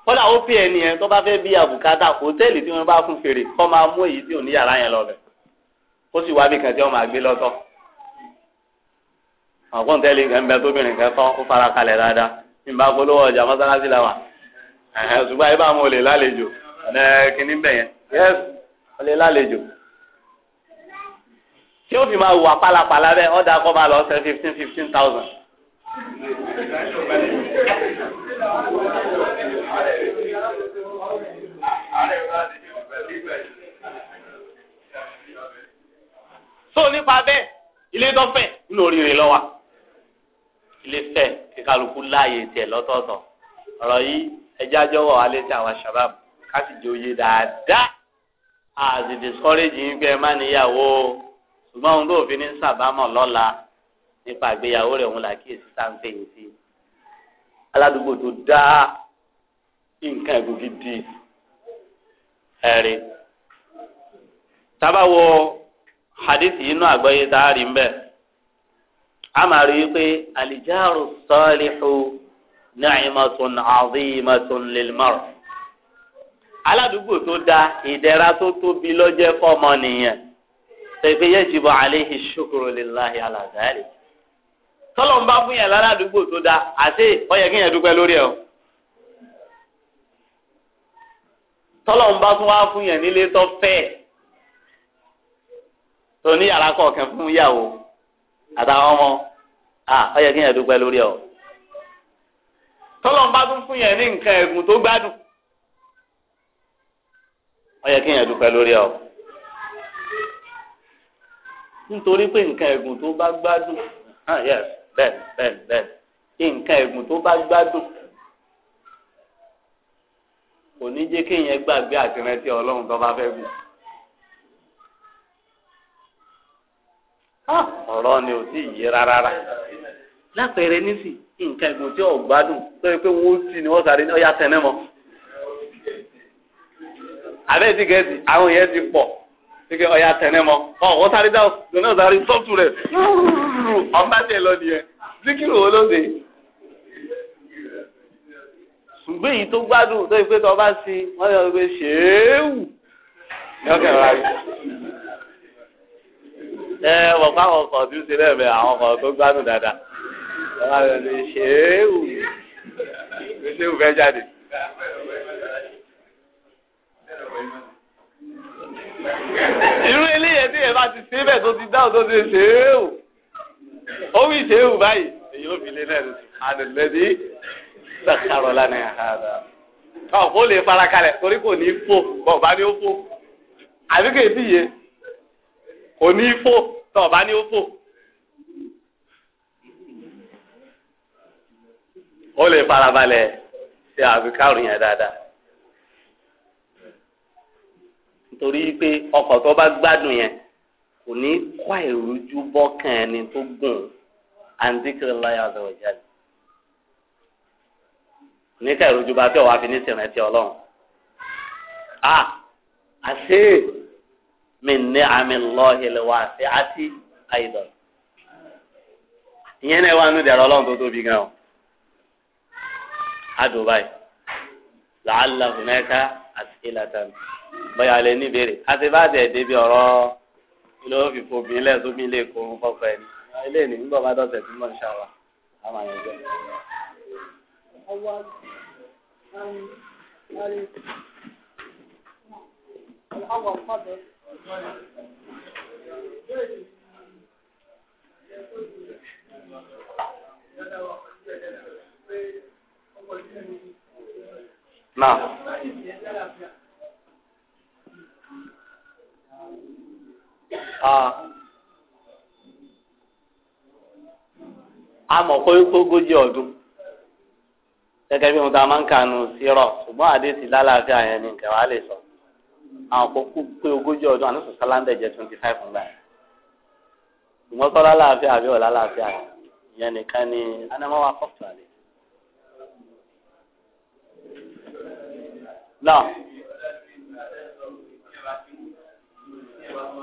kọ́lá ó pè é nìyẹn tó bá fẹ́ bí àbùkátà hòtẹ́ẹ̀lì tí wọ́n bá fún fèrè kọ́ máa mú èyí tí ò ní yàrá yẹn lọ bẹ̀ ó sì wá bí kan tí wọ́n máa gbé lọ́tọ̀ ọ̀gbọ́n tẹ́lẹ̀ nǹkan bẹ tóbìnrin kan tán ó fara kalẹ̀ dáadáa ní bá polówó ọjà mọ́sálásí làwà ṣùgbọ́n ayé bá mú olè lálejò ọ̀nà kìnní bẹ̀ yẹn yẹ́sì olè lálejò tí ó fi máa wà pálapàla bẹ́ẹ̀ ọ̀dà kọ́ máa lọ sẹ́ fifteen fifteen thousand. so nípa bẹ́ẹ̀ ilé dọ́fẹ̀ nínú oríire lọ́wọ́ ilé fẹ́ kíkálukú láàyè tiẹ̀ lọ́tọ̀ọ̀tọ̀ ọ̀rọ̀ yìí ẹja jọ̀wọ́ alẹ́ tí àwọn sábàbù ká sì jẹ́ oyè dáadáa àti discourage yín pé ẹ má níyàwó o ṣùgbọ́n òun tó fi ní sàbámọ̀ lọ́la nípa àgbéyàwó rẹ̀ òun là kíyèsí sáńpé yìí sí aládùúgbò tó dá nǹkan ẹ̀gùn gidi ẹ̀rí tábàwọ hadith yìí nù àgbọ́yé tá a rí ń bẹ̀ a máa rí i pé àlìjáàrú sọ́ọ́lìhù ni'matun 'azimatun lilmar aládùúgbò tó dá ìdẹ̀ra tó tóbi ló fọ́mọ nìyẹn tẹ̀gbé yẹ jìbọ̀ àléhi ṣukuru lillahi alazali. tọ́lọ̀ ń bá fún yẹn lára àdúgbò tó dáa àti ọyẹ kí yẹn dúpẹ́ lórí ẹ̀ o. tọ́lọ̀ ń bá fún wa fún yẹn nílé tó fẹ́ tó ní yàrá kọ̀ọ̀kan fún yàwó àtàwọn ọmọ ọyẹ kí yẹn dúpẹ́ lórí ẹ̀ o. tọ́lọ̀ bá tún fún yẹn ní nǹkan ẹ̀gùn tó gbádùn ọyẹ kí yẹn dúpẹ́ lórí ẹ̀ o nítorí pé nǹkan ẹ̀gùn tó bá gbádùn ah, yes bẹ́ẹ̀ bẹ́ẹ̀ bẹ́ẹ̀ nǹkan ẹ̀gùn tó bá gbádùn kò ní jẹ́ kéèyàn gbàgbé àtìrántí ọlọ́run tó bá fẹ́ gùn. Ah, ọ̀rọ̀ ni ò tí ì yé rárá rà lápẹẹrẹ nísì nǹkan ẹ̀gùn tí ò gbádùn tó yẹ pé wọ́n sì ni wọ́n sáré ní ọ̀yà tẹ̀lé mọ́. àbẹ́ẹ̀tì gẹ̀ẹ́sì àwọn yẹn ti pọ̀ pé ọ̀yà tẹ̀lé mọ́ sáré dá òṣèlú náà sáré sọ́ọ̀tù rẹ̀ ọ̀bá lọ nìyẹn zikiru wo ṣùgbọ́n èyí tó gbádùn tó yẹ tó bá sí wọ́n yọ pé ṣéèwù ẹ wọ̀ pa àwọn ọkọ̀ tí ó ṣe lẹ́ẹ̀mẹ́ àwọn ọkọ̀ tó gbádùn dáadáa wọ́n á yọ pé ṣéèwù ṣéèwù fẹ́ jáde irú eléyìí tí yẹn bá ti ṣe bẹ́ẹ̀ tó ti dáhùn tó ti ṣe é o ó wí ṣe é o báyìí èyí ó fi lé náà ní àdìlẹ́dì sàkàrọ̀ lánàá àdá. ọ̀pọ̀ lè fara kalẹ̀ torí kò ní fò bọ̀ọ̀bá ní ó fò àbí kò tí yé kò ní fò tọ̀ọ̀bá ní ó fò. ó lè farabalẹ̀ ṣe àbíkárù yẹn dáadáa. nítorí pé ọkọ̀ tó bá gbádùn yẹn kò ní kó àìrújú bọ́kàn ẹni tó gùn àǹdíkìrì láyà ọ̀dọ̀ ìjáde ní ká ìrújú bá fẹ́ wàá fi ní sìrìntì ọlọ́run a àṣé mi ní àmì lọ́hìlì wá sí àti àìdọ̀ ìyẹn náà wà nínú ìdẹ̀rọ ọlọ́run tó tóbi gan o a báyìí làálàá hùnẹ́ká àti ìlàtàn. bóyá lè ní ìbéèrè àti bá tẹ̀ ọ̀rọ̀ ló fi fòbí ilẹ̀ ilé ń fọ́fọ́ ilé nígbà bá dọ̀tẹ̀ tí ń ṣàwà yẹn jẹ́. Now. a amọ̀ pé ogójì ọdún gẹ́gẹ́ bí mo ta máa ń kànú sírọ̀ ṣùgbọ́n àdéhùn lálàáfíà yẹn ni nǹkan wàá lè sọ àwọn kan kú pé ogójì ọdún àná sọ sálándẹ̀ jẹ́ twenty five ńgbà yẹn ìwọ́n sọ lálàáfíà àbí ọ̀la lálàáfíà yẹn ìyẹn nìkan ni anamọ́ wa kọ́ọ̀tù àlè. náà.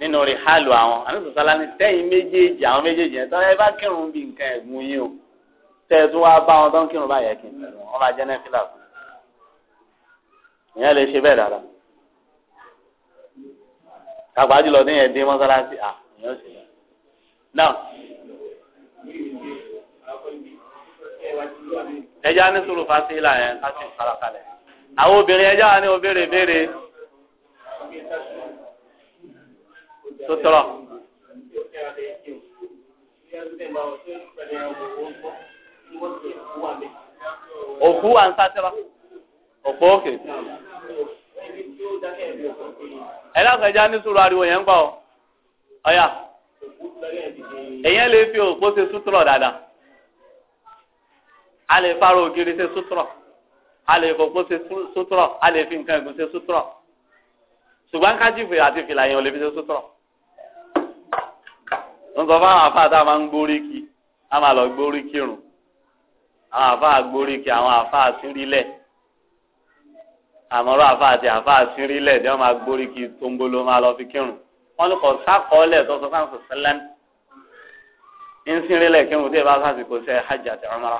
nínú rẹ̀ hálù àwọn àníṣòṣàlá ní tẹ́yìn méjèèjì àwọn méjèèjì yẹn tọ́lá ẹ bá kírun bí nǹkan ẹ̀gbọ́n yín o tẹ́ ẹ tún wá bá wọn tó ń kírun báyẹn kí n tẹ̀lé wọn máa jẹ́ nẹ́fìlà fún un ìyẹn lè ṣe bẹ́ẹ̀ dára kàgbá jùlọ ní ẹ̀ mọ́sálásí à ìyẹn ò ṣe bẹ́ẹ̀. náà ẹja ní sùúrù fásitì yẹn láti farakalẹ̀ àwọn obìnrin ẹja wa ní obìnrin béèrè sotọrọ. òkú wa ń sátẹrọ òkú òkè. ẹ lọ́kàn já ní sùúrù ariwo yẹn ń gbọ́ ọ ọ̀yà èyàn lè fi òpó ṣe sútúrọ̀ dáadáa a lè fara ògiri ṣe sútúrọ̀ a lè fòpó ṣe sútúrọ̀ a lè fi nǹkan ẹ̀gún ṣe sútúrọ̀ ṣùgbọ́n kájífì àti fìlà yẹn ò lè fi ṣe sútúrọ̀ wọ́n sọ fáwọn àfa tá a máa ń gbórí kí a máa lọ gbórí kírun àwọn àfa gbórí kí àwọn àfa sírílẹ̀ àmọ́rọ́ àfa àti àfa sírílẹ̀ tí wọ́n máa gbórí kí tóńgbóló máa lọ fi kírun wọ́n ní kò sákọọ́lẹ̀ tó sọ fáwọn sọ̀sẹ́ lẹ́nu ń sírílẹ̀ kírun tí ì bá sàsìkò sẹ́ hajj àti umra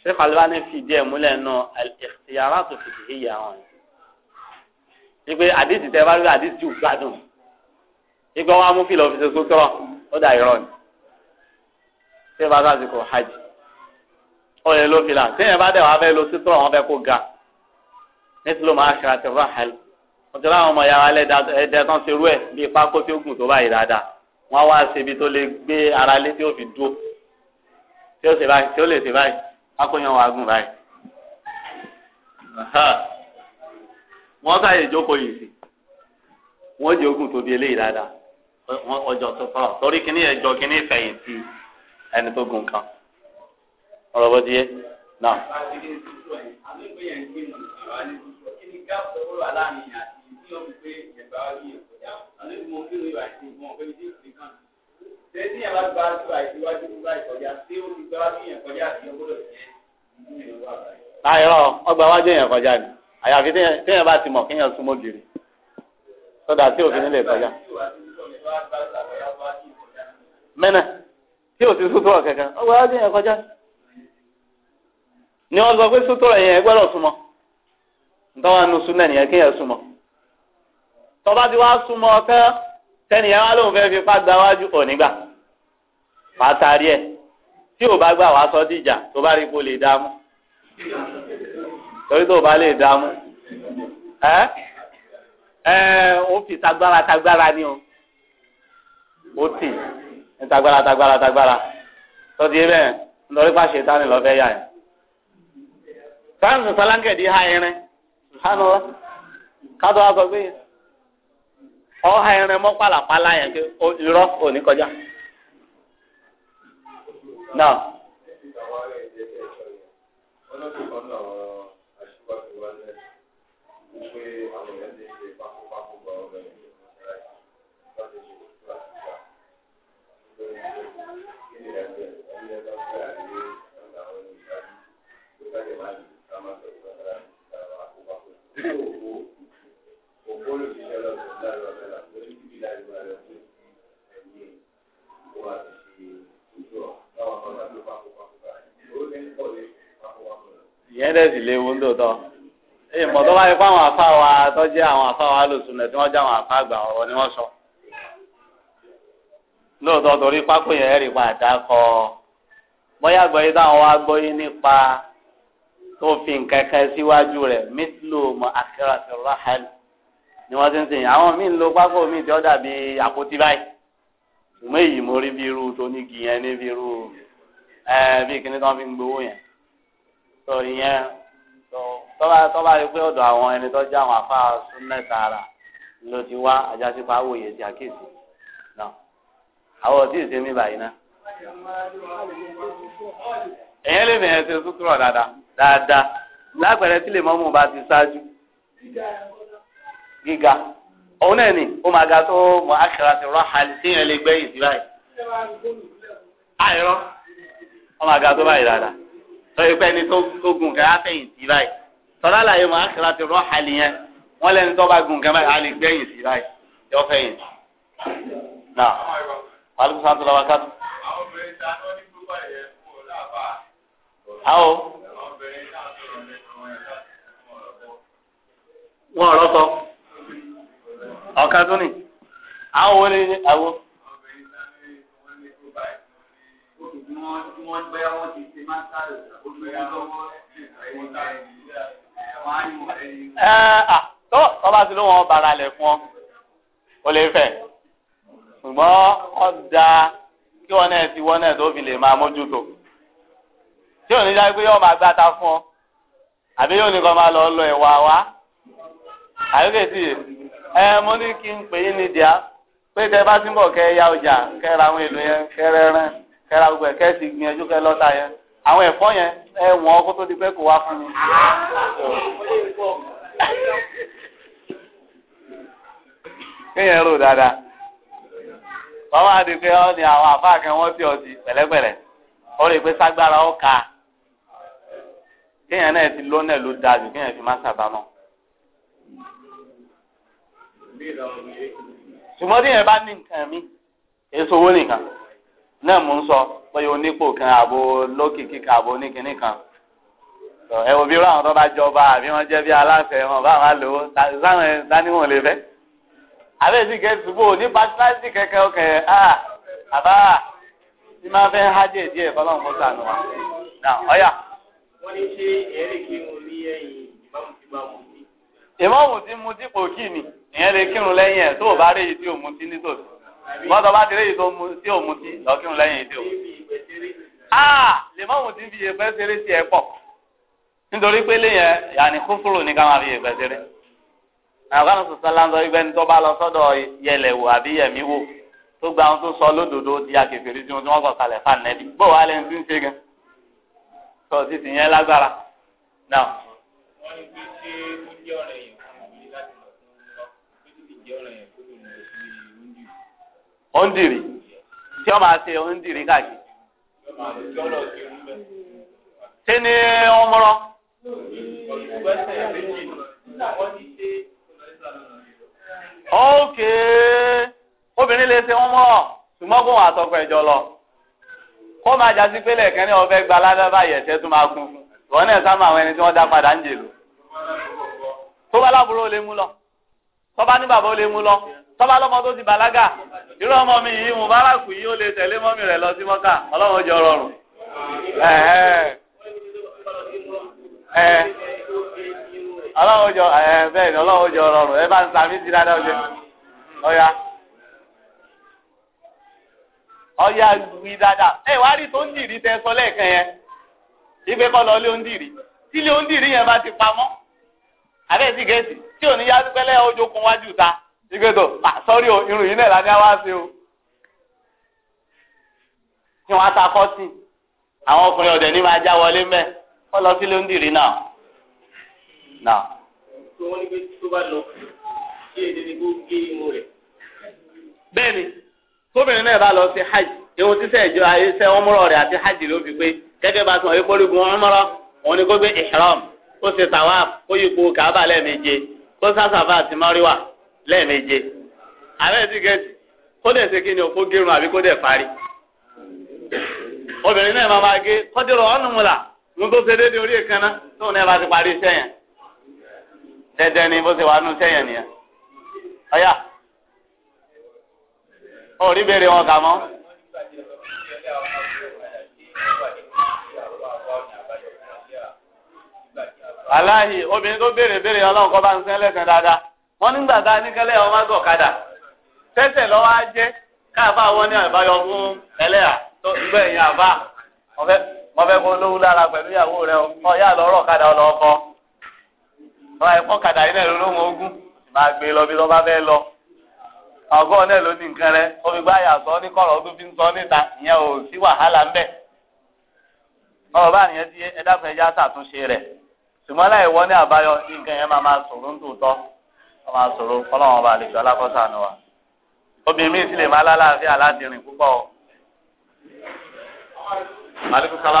sheikh albani fìdí ẹ̀ múlẹ̀ nù al-ikhtiyaratu fìdí ìyá wọn ìgbà wa amúfin lọ fi ṣe sókèrọ ó dà irọ́ ni ṣé bá sásìkò hajj ó lè ló fìlà téèyàn bá dẹ̀ wọ́n abẹ́ lo sísọ wọn fẹ́ kó ga nítorí màá ṣe àti rahel wọn ti láwọn ọmọ yàrá ẹ̀dẹ̀ tán ṣe rú ẹ̀ bíi pákó tí ó gùn tó báyìí dáadáa wọn wá ṣe tó lè gbé ara lé tí ó fi dúró tí ó ṣe báyìí tí ó lè ṣe báyìí pákó yẹn wàá gùn báyìí wọn káyè jókòó yìí sí wọn jẹ ogun tó eléyìí dáadáa. wọn ọjọ tó fáwọn torí kíní yẹn kíní ẹni tó gùn kan ọ̀rọ̀ di yé náà. Tẹ́tí ọgbà wájú kọjá ni, àyàfi téèyàn bá ti kéèyàn tí òfin kọjá. mẹ́nà tí o ti sútúrọ̀ kankan ọgbà á dìyàn kọjá ni wọ́n sọ pé sútúrọ̀ yẹn ẹgbẹ́rọ̀ súnmọ́ ntọ́wọ́n nu súnmọ́ nìyẹn kéèyàn súnmọ́ tọ́ba ti wá súnmọ́ ọ̀tán tẹ́nìyẹn wá lóun fẹ́ fi pàgbà wájú ònígbà pàtàrí ẹ̀ tí ò bá gbà wá sọ dìjà tó bá rí kó lè dààmú torí tó bá lè dààmú ẹ ẹ ó fi tagbára tagbára ni o. ó tì ní tagbára tagbára tagbára tọ́jú ẹ bẹ́ẹ̀ lórí pàṣẹ tani lọ́fẹ́ yá ẹ. sáyẹnsì sálánkẹ̀dì ha irin sánú wa kátó wa sọ ọ̀ha irin mọ́ pàlàpàlà yẹn kí irọ́ òní kọjá. náà. ọlọ́dún kan náà aṣíwájú wa lẹ́yìn wípé àwọn. ìyẹn sì léwu ń dòótọ́ èyí tó bá yẹ kó àwọn afá wa tó àwọn afá wa lòsùn náà wọ́n jẹ́ àwọn afá àgbà ọ̀rọ̀ ni wọ́n sọ lóòótọ́ torí pákó yẹn rí pa àdákọ bóyá gbọ́ yìí táwọn wá gbọ́ yìí nípa tó fi síwájú rẹ̀ mítlò mọ àkẹ́rọ̀tì ráhàlì ni wọ́n ti ń sìn àwọn míì ń lo pákó míì tí ó dàbí àpótí báyìí ṣùgbọ́n èyí mo rí bí irú tó ní gi yẹn ní bí irú bí kíní tó ń gbowó yẹn tó ìyẹn tọ́ba tọ́ba rí pé ọ̀dọ̀ àwọn ẹni tó jẹ́ àwọn afá súnmẹ́ta ara ló ti wá ajásípa àwòye ti àkíyèsí àwọn ọtí ìṣe ní báyìí náà. èèyàn lè mẹ̀yẹ́ ṣe sútúrọ̀ dáadáa dáadáa lápẹ̀rẹ̀ tí lè mọ́mú bá ti ṣáájú gíga òun náà ni ó máa ga tó mọ akẹ́rà ti rán àlè tí èèyàn lè gbẹ́yìn sí báyìí. àìrọ́ wọ́n máa ga tó báyìí dáadáa sọ ìpẹ́ ni tó gùn kẹ́ á fẹ̀yìn sí báyìí sọlá àlàyé mọ akẹ́rà ti rán àlè yẹn wọ́n lẹ́ni tó bá gùn kẹ́ báyìí á lè gbẹ́yìn sí báyìí yọ fẹ̀yìn wàlúùkù sáà tó lọ wá kátó. àwọn obìnrin ta ni wọ́n ní gbogbo ẹ̀yẹ fún ọ láàbà. àwọn. àwọn obìnrin náà sọ̀rọ̀ lẹ́nu wọn yẹn láti fún wọn ọ̀rọ̀ ọ̀ka tó nì. àwọn wo ni àwọn. wọ́n gbé wọn ti ṣe máa ń sáré olùyà lọ́wọ́ ẹ̀yìn táyì. ẹ ẹ tó tọ́ba ti ló wọn bara lẹ̀ fún ọ o lè fẹ́ ṣùgbọ́n ọ̀dà kí wọ́n náà ti wọ́n náà tó fi lè máa mójútó tí ò ní dájú pé yóò máa gbáta fún ọ àbí yóò ní kó máa lọ lọ ẹ̀wà wa àyókèsí ẹ mo ní kí n pè é ní dìá pé tẹ bá túbọ̀ kẹ ya ọjà kẹ ra àwọn èlò yẹn kẹ rẹrẹ kẹ ra gbogbo ẹ kẹ sì gbìyànjú kẹ lọ́ta yẹn àwọn ẹ̀fọ́ yẹn ẹ wọ́n kó tó di pé kò wá fún mi kéèyàn rò dáadáa wọ́n wá di pé ọ́ ni àwọn àfáà kan wọ́n ti ọtí pẹ̀lẹ́pẹ̀lẹ́ ó lè pé ságbára ó ka kéèyàn náà ti lónà ló dáa jù kéèyàn fi má sàbámọ̀. ṣùgbọ́n tí yẹn bá ní nǹkan mi èso owó nìkan náà mò ń sọ pé onípò kan àbò lókìkí kan àbò oníkìíní kan ẹ wo bí irú àwọn tó bá jọba àbí wọn jẹ bí aláṣẹ wọn bá wà lówó sáwọn ẹ sáníwọn lè fẹ́. àbẹ́ sì kẹ́ ṣùgbọ́n ní pàṣípàṣí kẹ̀kẹ́ ọkẹ̀ ah àbá tí máa fẹ́ hajj díẹ̀ fọlọ́n kó sànù wa. ọ̀yà. wọ́n ní ṣe ẹ̀rí ẹ̀yìn mú sí. ni ìyẹn lè kírun lẹ́yìn ẹ̀ tó o bá rí èyí tí ò mu sí nítòsí. wọ́n sọ bá ti rí èyí sí lọ kírun lẹ́yìn èyí tí tí ṣeré sí ẹ pọ̀ nítorí pé ẹ̀ yàní kúfúrú ní ká àwọn àwọn sọ̀sọ́lá ń sọ wípé ní tó bá lọ sọ́dọ̀ yẹlẹ̀wò àbí yẹ̀mí wò tó gba ohun tó sọ lódodo di akèfèrí tí wọ́n kọ̀ kalẹ̀ fà nẹ́bí bó wàá lẹ́yìn tí ń ṣe gan tó ti jẹ́ yẹn fún mi ondiri. tí ó máa ṣe ondiri káàkiri. ṣé ọmọ rọ? ókè obìnrin lè ṣe wọn mọ ọ kó wọn àtọkọ ẹjọ lọ kó máa jásí pé lẹ́ẹ̀kan ní ọ̀fẹ́ gba ládàbà yẹ̀ṣẹ́ tó máa kún fún wọn náà sábà àwọn ẹni tí wọn dá padà ń jèlò tó bá lábúrò lọ tó ní bàbá ó lè mú lọ tó bá tó ti bàlágà irú ọmọ mi ó lè tẹ̀lé lọ sí ó ọlọ́run ẹ bẹ́ẹ̀ ni ọlọ́run rọrùn ẹ bá ń sàmì sí dáadáa ọjọ́ ọ̀ya ọ̀ya wí dáadáa ẹ wá rí tó ń dìrí tẹ sọ lẹ́ẹ̀kan yẹn ìgbé kọ́ lọ lé ń dìrí tí lé ń dìrí yẹn bá ti pamọ́ àbẹ́sí gẹ̀ẹ́sì tí ò ní yá pẹ́lẹ́ ọjọ́ kún wájú ta ìgbé tó sọ́rí o irun yìí náà la ní a wá sí o tí wọ́n ta kọ́ sí àwọn ọkùnrin ọ̀dẹ̀ ní máa já wọlé mẹ́ kọ́ lọ sí lé ń dìrí náà náà. tó wọ́n ní pé tó bá lọ kí èdè ni kó gé imú rẹ̀. bẹ́ẹ̀ni tóbìnrin náà bá lọ sí hajj ihun tí sẹ́ẹ̀jọ ayé sẹ́ ọmọrọ̀ rẹ̀ àti hajj ló fi pé gẹ́gẹ́ bá a sọ wọ́n kó lóògùn ọmọrọ̀ òun ni kó gbé ihram kó ṣe tawaf kó yípo kàábà lẹ́ẹ̀méje kó sásàfà àti mọ́ríwà lẹ́ẹ̀méje. ààrẹ ti gẹ̀ẹ́sì kó dẹ̀ ṣe kí ni òkú gírun àbí kó dẹ̀ parí obìnrin náà máa máa gé kọ́dúrọ̀ ọ̀nùmùlà mú tó ṣe déédéé orí ìkànnà tóun náà bá ti parí iṣẹ́ dẹdẹ ni bó ṣe wà nù sẹ́yìn nìyẹn ọyà orí béèrè wọn kà mọ. aláhi obìnrin tó béèrè béèrè ọlọ́run kọ́ bá ń sẹ́ lẹ́sẹ̀ dáadáa wọ́n nígbà tá a ní kẹ́lẹ́ ọmọ àgọ́ kadà tẹ́sẹ̀ lọ́wọ́ á jẹ́ káàbá wọn ní àbáyọ ọ yà ọ̀rọ̀ ẹ̀kọ́ kàdà yìí náà ló lóun ogún máa gbé lọ bí bẹ́ẹ̀ lọ ọgọ́ náà ló ní nǹkan rẹ omi ní kọ̀rọ̀ ọdún fi sí wàhálà ń bẹ̀ ọ̀rọ̀ bá nìyẹn ti ẹja rẹ̀ ṣùgbọ́n láì wọ́n ní àbáyọ nǹkan yẹn máa ń tòótọ́ wọ́n máa fọlọ́wọn bá wa mi lè máa lálàáfíà láti rìn púpọ̀ o. àlékún kálá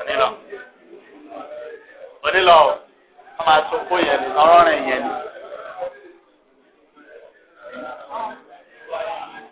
onílọ onílọ wọn máa tún kó yẹn ní ọrọrin yẹn ní.